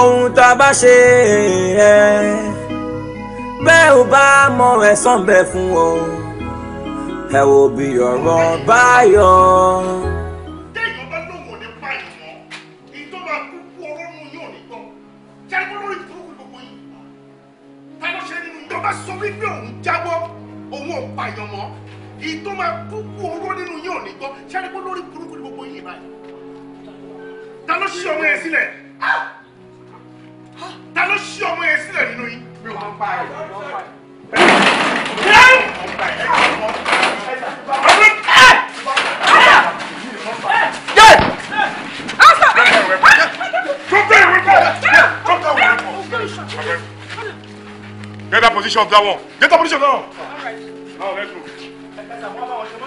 S1: ohun tá a bá ṣe ẹ bẹ́ẹ̀ ò bá mọ ẹ̀san bẹ́ẹ̀ fún ọ ẹ wò bí ọ̀rọ̀ bá
S2: Get that position of that one. Get that position of that one. All
S3: right. Now let's move.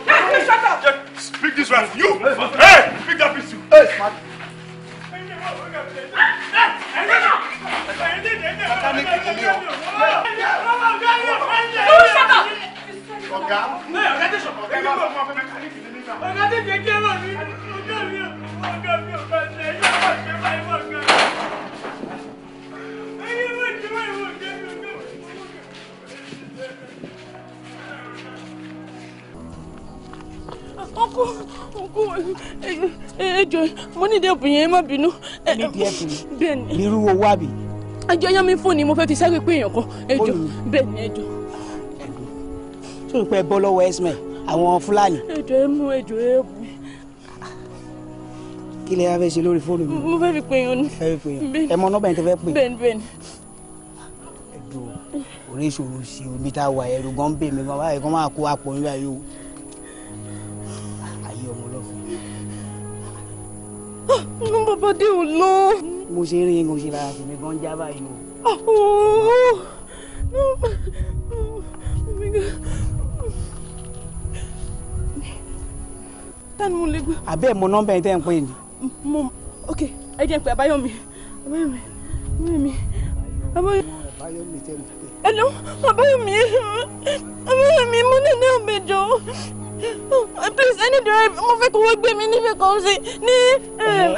S3: Hey, shut up. Just
S2: speak this right. You. Hey, pick that pistol. Hey, smart.
S3: Hey, mẹkáníìkì ni o. ọ̀gá ọ̀gá tẹ̀sán ọ̀gá bá fún ọ̀gá mẹkáníìkì ni nígbà. ọ̀gá tẹ̀sán kí ẹ bá mi ọ̀gá mi ọ̀gá mi ọ̀gá mi ẹ̀yìn ọ̀gá mi ẹ̀yìn ọ̀gá mi ẹ̀yìn ọ̀gá mi ọ̀gá mi.
S4: ọkọ ọkọ ẹ ẹ jọ mo ní ìdẹ́kun yẹn má bínú. Eh, ní ìdẹ́kun
S2: bẹ́ẹ̀ ni. nírú owó àbí ẹjọ yán mi fóònù mo fẹ́ fi sẹ́rí pé èèyàn kan ẹjọ bẹ́ẹ̀ ni ẹjọ. tó ń pẹ́ bọ́ lọ́wọ́ esme àwọn fúlàní. ẹjọ ẹ mú ẹjọ ẹ bù. kí lè ya fẹ́ ṣe lórí fóònù mi. mo fẹ́ fi pè yàn ni. ẹ fi pè yàn ẹ mọ nọ́mbà yẹn tó fẹ́ pè. bẹ́ẹ̀ni bẹ́ẹ̀ni. ẹjọ orí ìṣòro ṣe omi tá a wà ẹrù gan bẹ mi gan báyìí kó máa kó àpò nílò ayé o. ayé ọmọ
S3: ah, lọ fún mi. bàbá
S2: mo ṣe rí yín kò ṣe lára tèmi gan já báyìí o. tani mo lè gbé. àbẹ́ mo nọ́mbà yẹn tẹ́ ń pè ní. mo ok ẹ jẹ́ pé Abáyọ̀mí Abáyọ̀mí Abáyọ̀mí Abáyọ̀mí.
S3: Abáyọ̀mí tẹ́ ń pè.
S2: ẹ lọ Abáyọ̀mí Abáyọ̀mí mo nana ọbẹ jọ. Oh, please any drive mo fẹ́ kó wọ́n gbé mi níbi kan ṣe ní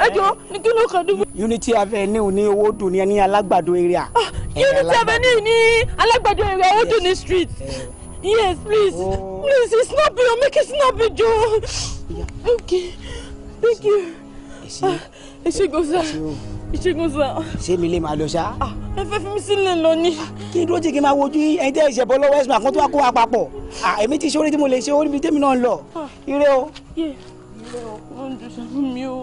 S2: ẹjọ́ ní kí ló kàn dúró. unity avenue ní owó dùn ní alágbàdo area. Ah, unity avenue ní alágbàdo area owó dùn
S4: ní street yes please oh. please it's not be o make it not be jo okay thank you. ẹ ṣe gbọ́dọ̀ ìṣègùn
S2: sàn. ṣé mi lè máa lọ ṣá. Ah, ẹ fẹ́ fi mí sílẹ̀ lọ ni. kí n dúró tí kì í máa wojú ẹni tẹ́ ìṣẹ̀bọ lọ́wọ́ ẹ̀sùn àkóńtó wa kó wa papọ̀ ah, èmi ti ṣe orí tí mo lè ṣe orí mi tèmi náà ń lọ ah, ire o.
S4: ire o. ó ń dùn sàmú mi o.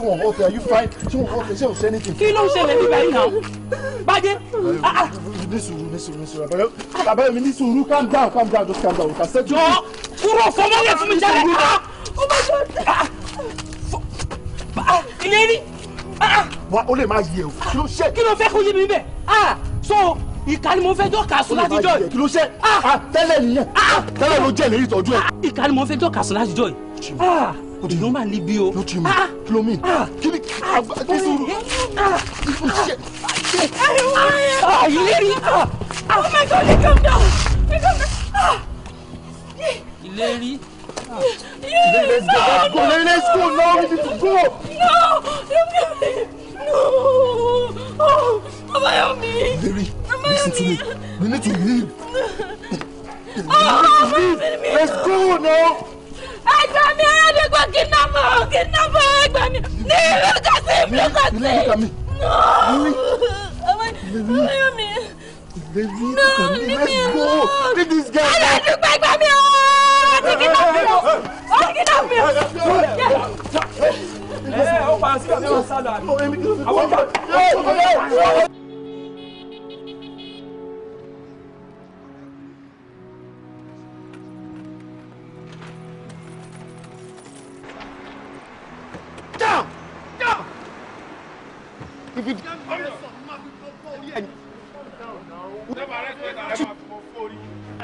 S2: tí wọn ò are you fine tí wọn ò fẹ́ ṣé o ṣe anything. kí ló ń ṣẹlẹ̀ nígbà yìí náà bàjẹ́. Ah, ah. ní sùúrù ní sùúrù ní sùúrù àbẹ̀rẹ̀ àbẹ̀rẹ̀ mi ní sùúrù calm down calm down just calm down we can settle. jọ kúrò fọmọlẹ fún mi jálẹ ọ bá jọ ìlérí. wa o lè máa yẹ o kí ló ṣe. kí ló fẹ́ kó yé mi bẹ́ẹ̀ ah, so ìka ni mo fẹ́ jọ́ kàṣù láti jọ́ yìí. kí ló ṣe tẹ́lẹ̀ nìyẹn tẹ́lẹ̀ ló jẹ́ ìlérí ìtọ́jú ẹ̀. ìka ni mo fẹ́ jọ́ kàṣù láti jọ́ yìí kò tún nọ́mbà níbí o. ló ti mọ ló mi kí ni
S3: kí sùúrù.
S2: ìlérí oh my god he come down he come down. ìlérí. Ah. Let's go, let's go, let's go, now we need to go. No,
S3: no, no. Amayomi. Larry, listen to me. We need to leave. Ah, we need to leave. Let's go now ẹgbẹ́ mi ẹ̀ẹ́dẹ́gbẹ́ kidnapper kidnapper ẹgbẹ́ mi ní ìlú kàtí ìlú kàtí. Ọmọyọmi. Baby, no, let's go. Take this guy. Ayọ̀ dúpẹ́ gbà mí o. Ti kidnapper o. O kidnapper o.
S1: Ẹ ẹ o pa síbi ọ̀sán lọ. Oh, Àwọn ọ̀gá.
S3: down down if you don't down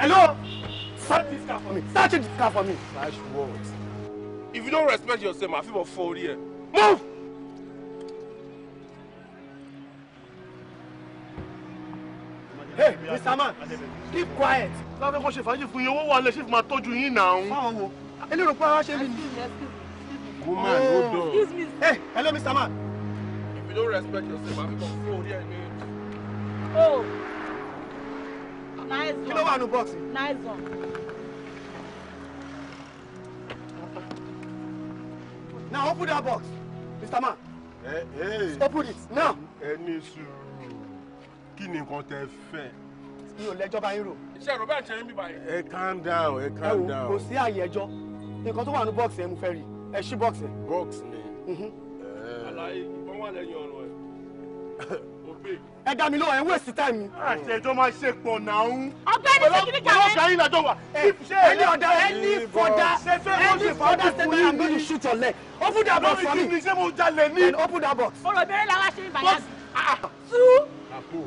S2: hello start this car for me start this car for me. Flash what. if you don't respect yourself ma fi bọ fọ orí move. Hey, Mr. Man, keep quiet. Láfẹ́ kan ṣe fàájì fún yín, owó wa lè ṣe fi máa tọ́jú yín náà. Fáwọn wo? Elérò pé ara
S3: ṣe mí ni woman hold on. Oh,
S2: excuse me. hey hello mr man. if you don't respect yourself àfi kàn fún orí ẹ ní. oh nice one. You know what I'm boxing? nice one. now open that box mr man. Hey, eh, eh. hey. open it now. Any sùúrù kí ni nǹkan tẹ fẹ́ mi ò lẹ́jọ́ bá yín calm down ẹ calm down. ẹ see how sí àyè ẹjọ́ nǹkan tó wà ní bọ́ọ̀sì ẹ ṣí box ẹ. box ni. aláì mhm. eh. ìbọn wà lẹ́yìn ọrùn ẹ ẹ dá mi lọ́wọ́ ẹ ń wẹ̀sì táìmù. àṣẹ ìjọ máa ṣe pọ̀ náà ń. ọ̀gbẹ́ni sẹkìrì kan ẹ. ọ̀gbẹ́ni làjọ wà. ẹni ọ̀dà ẹni fọdà ẹni fọdà sẹfẹ i'm gonna shoot your leg. open that box for me. lórí kí ni ṣé mo jalè ní. open that box. ọ̀rọ̀ ìbẹ̀rẹ̀ la wá ṣe ìbàyà. Ah, ah. okay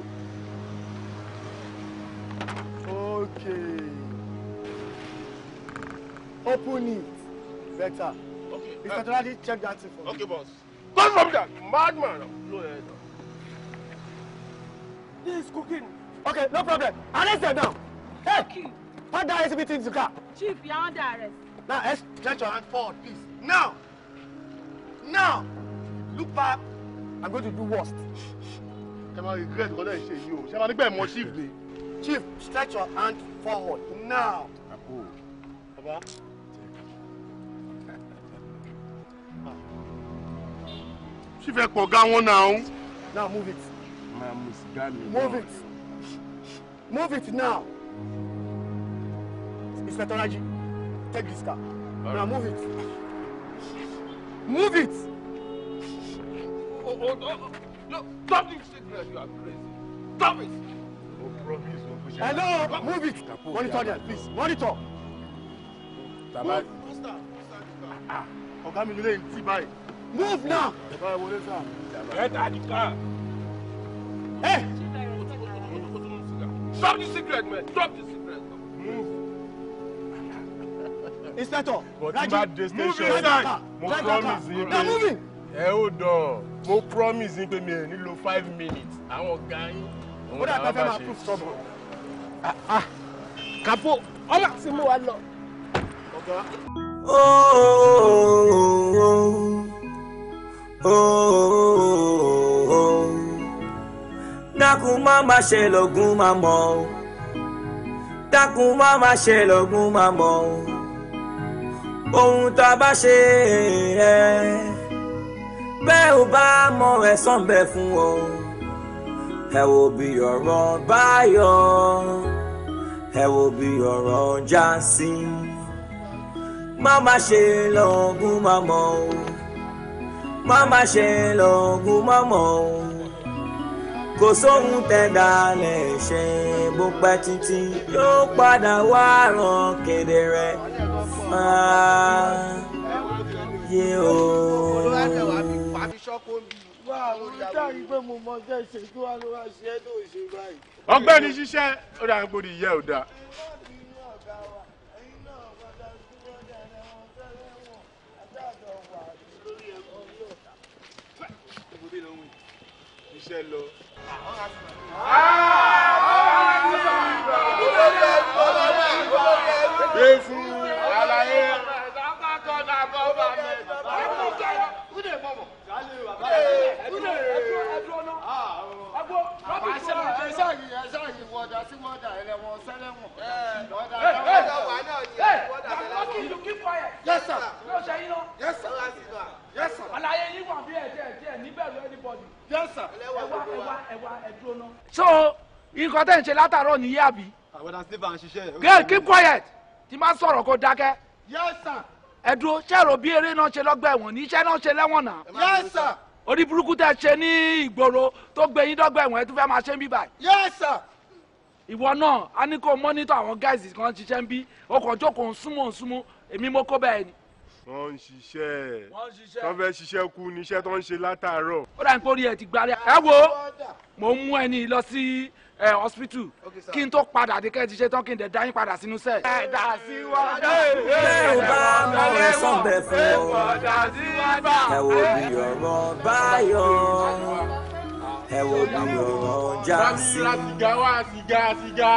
S2: open it better. Okay. Mr. Uh, Toladi, check that thing for me. Okay, boss. Go from there, madman. Blow your head off. This is cooking. Okay, no problem. Arrest them now. Hey, okay. what the hell in the car? Chief, are under arrest. Now, stretch eh, your hand forward, please. Now! Now! Look back. I'm going to do worst. Ṣé máa regret kọ́dọ̀ ìṣe yìí o? Ṣé máa nígbà ìmọ̀ chief ni? Chief, stretch your hand forward now. Àpò. She fẹ́ pọ̀gá wọn náà. Now move it.
S1: Máa mú sìgá
S2: mi náà. Move it. Move it now. Inspector Raji, take this car. All now move it.
S3: Move it. Oh, oh, oh, oh.
S2: no, stop this cigarette. You are crazy. Stop it. No
S3: promise. No push.
S2: Hello, move it. Monitor there, please. Monitor. Baba. Move. Ah, ọ̀gá mi Move now. Get out the car. Hey! Drop the secret, man. Drop the secret. Move.
S3: Inspector, but Raji, move inside. Mo promise yín pé
S2: Hey, hold on. Mo promise yín pé In ò five minutes. I ọ̀gá yín. What dà pé fẹ́ máa proof trouble. Kàpó, ọmọ àti mú wa lọ.
S3: Oh. oh, oh, oh. Oh,
S1: oh, oh, dákun má má ṣe lọ́gùn má mọ́ dákun má má ṣe lọ́gùn má mọ́ ohun tá a bá ṣe ẹ bẹ́ẹ̀ ò bá mọ ẹ̀san bẹ́ẹ̀ fún ọ ẹ wò bí ọ̀rọ̀ báyọ̀ ẹ wò bí ọ̀rọ̀ já sí má má ṣe lọ́gùn má mọ́ o má má ṣe lọ́gùn mọ́mọ́ o kò sóhun tẹ̀dá lè ṣe bó pẹ́ títí yóò padà wá ràn kedere
S3: máa yé o.
S1: ọ̀gbẹ́ni
S2: ṣiṣẹ́ ó dàgbò ní ìyá ò
S3: ṣiṣẹ́ lọ. gbé fún alaye.
S2: Yes sir. Yes sir. Yes sir. Alaye yìí wà bí ẹ̀ díẹ̀ díẹ̀ níbẹ̀rù anybody so nǹkan tẹ́ ń ṣe látàárọ̀ ní yàbí. àwọ̀dà girl keep quiet tí máa sọ̀rọ̀ kó dákẹ́. yes sir. ẹ dúró ṣẹ́rò bí eré náà ṣe lọ́gbà ẹ̀wọ̀n ní iṣẹ́ náà ṣe lẹ́wọ̀n náà. yes sir. orí burúkú tẹ́ ṣe ní ìgboro tó gbé yín dọ́gba ẹ̀wọ̀n ẹ tún fẹ́ máa ṣe ń bí báyìí. yes sir. ìwọ náà a ní kó mọ́nítọ̀ àwọn guys kan ṣiṣẹ́ ń bí ọkọ̀ jókòó ń súnmọ́ ń súnmọ́ èmi mo bẹ́ẹ̀ ni wọ́n ń ṣiṣẹ́ tó fẹ́ ṣiṣẹ́ kú níṣẹ́ tó ń ṣe látàárọ̀. ó dà ní kórìí ẹ ti gbalẹ̀ ẹ wo mò ń mú ẹni lọ sí hospital kí n tó padà dé kẹ́ ẹ ti ṣe tán kí n dẹ̀ dá yín padà sínú sẹ́ẹ̀. ẹ̀dá sí
S3: wa dé ìwé ìbá mọ̀lẹ́
S1: sọ̀bẹ̀ fún ọ ẹ wo bí ọ̀rọ̀ báyọ̀ ẹ wo bí ọ̀rọ̀ já sí.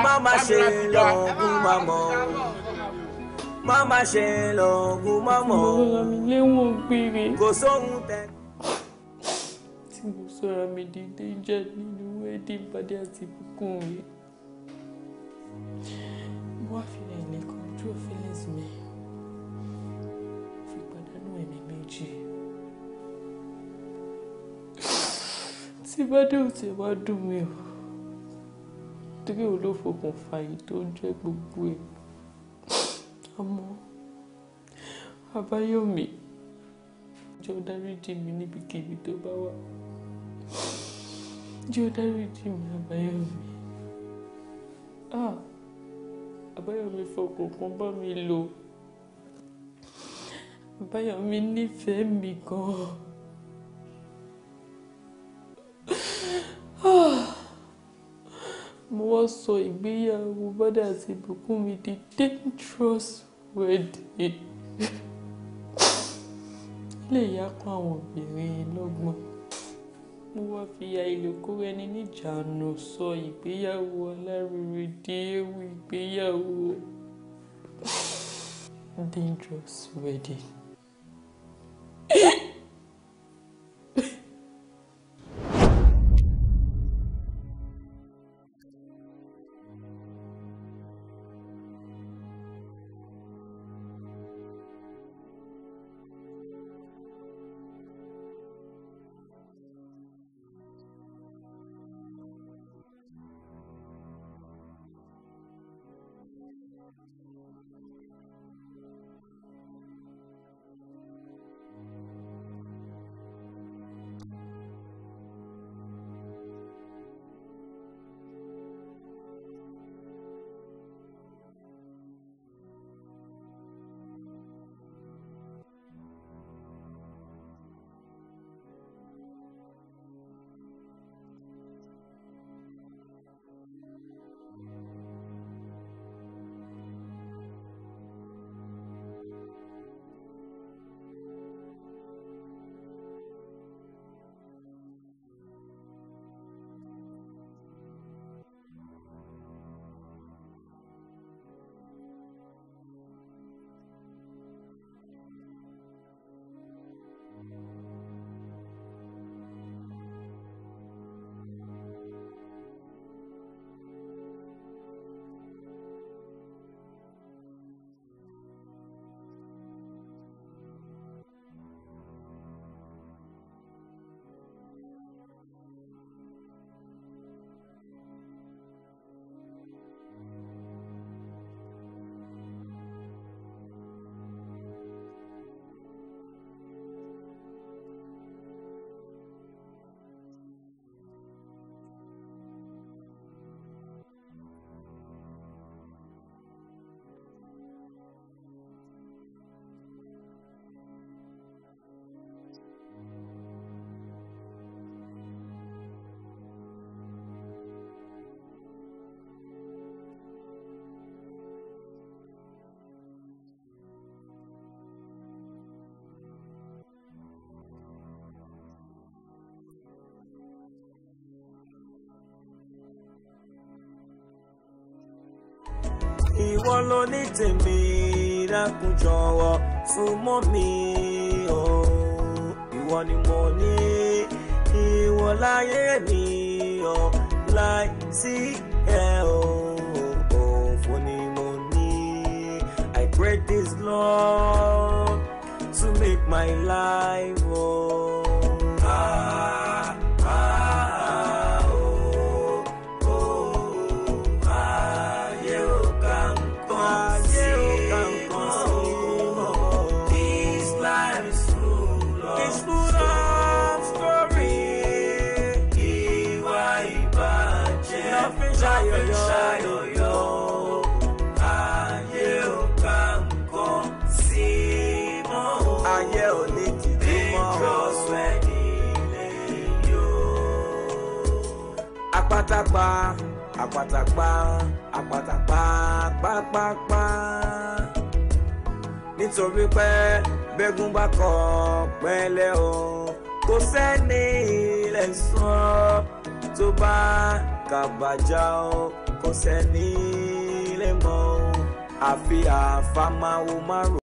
S1: má má ṣe lọ́ọ́ gún mamọ́ má má ṣe lọ́ọ̀gùn mọ́mọ́. ọlọ́run mi
S4: léwọ̀n gbére. kò sóhun tẹ. tí mo sọra mi di déjà nínú ẹdí ìpàdé àti ìbùkún mi. mo wá fi ẹ̀lẹ́ kọjú feelings mi fi pàdánù ẹ̀mí méjì. tí bá dé òtí wá dùn mí o torí òun ló fokùnfà èyí tó ń jẹ́ gbogbo èmi. Abayomi, Abáyọ̀mí jọ̀ọ́ dáríjì mi níbikíbi tó bá wà jọ̀ọ́ dáríjì mi Abáyọ̀mí ah Abayomi, fọkàn kan bá mi lò Abáyọ̀mí nífẹ̀ẹ́ mi gan ah, mo wá sọ ìgbéyàwó bọ́dà àti ìbùkún mi di dangerous wéde ilé ìyá kan àwọn obìnrin lọ́gbọ̀n mo wá fi ya ilé kóra ẹni níjànú sọ ìgbéyàwó alárinrin di ewu ìgbéyàwó dangerous wedding.
S1: ló ní tèmi dákun jọ̀wọ́ fún mọ́ mi o ìwọ ni mo ní ìwọ láyé mi o láì sí ẹ o òfò ni mo ní I pray this Lord to make my life. àpàtàpá àpàtàpá àpàtàpá pápápá nítorí pé bẹ́gùn bá kọ̀ pẹ́lẹ́ o kò sẹ́ni ilẹ̀ sàn tó bá kàbàjá o kò sẹ́ni ilẹ̀ mọ́ àfi àfàmáwo márùn.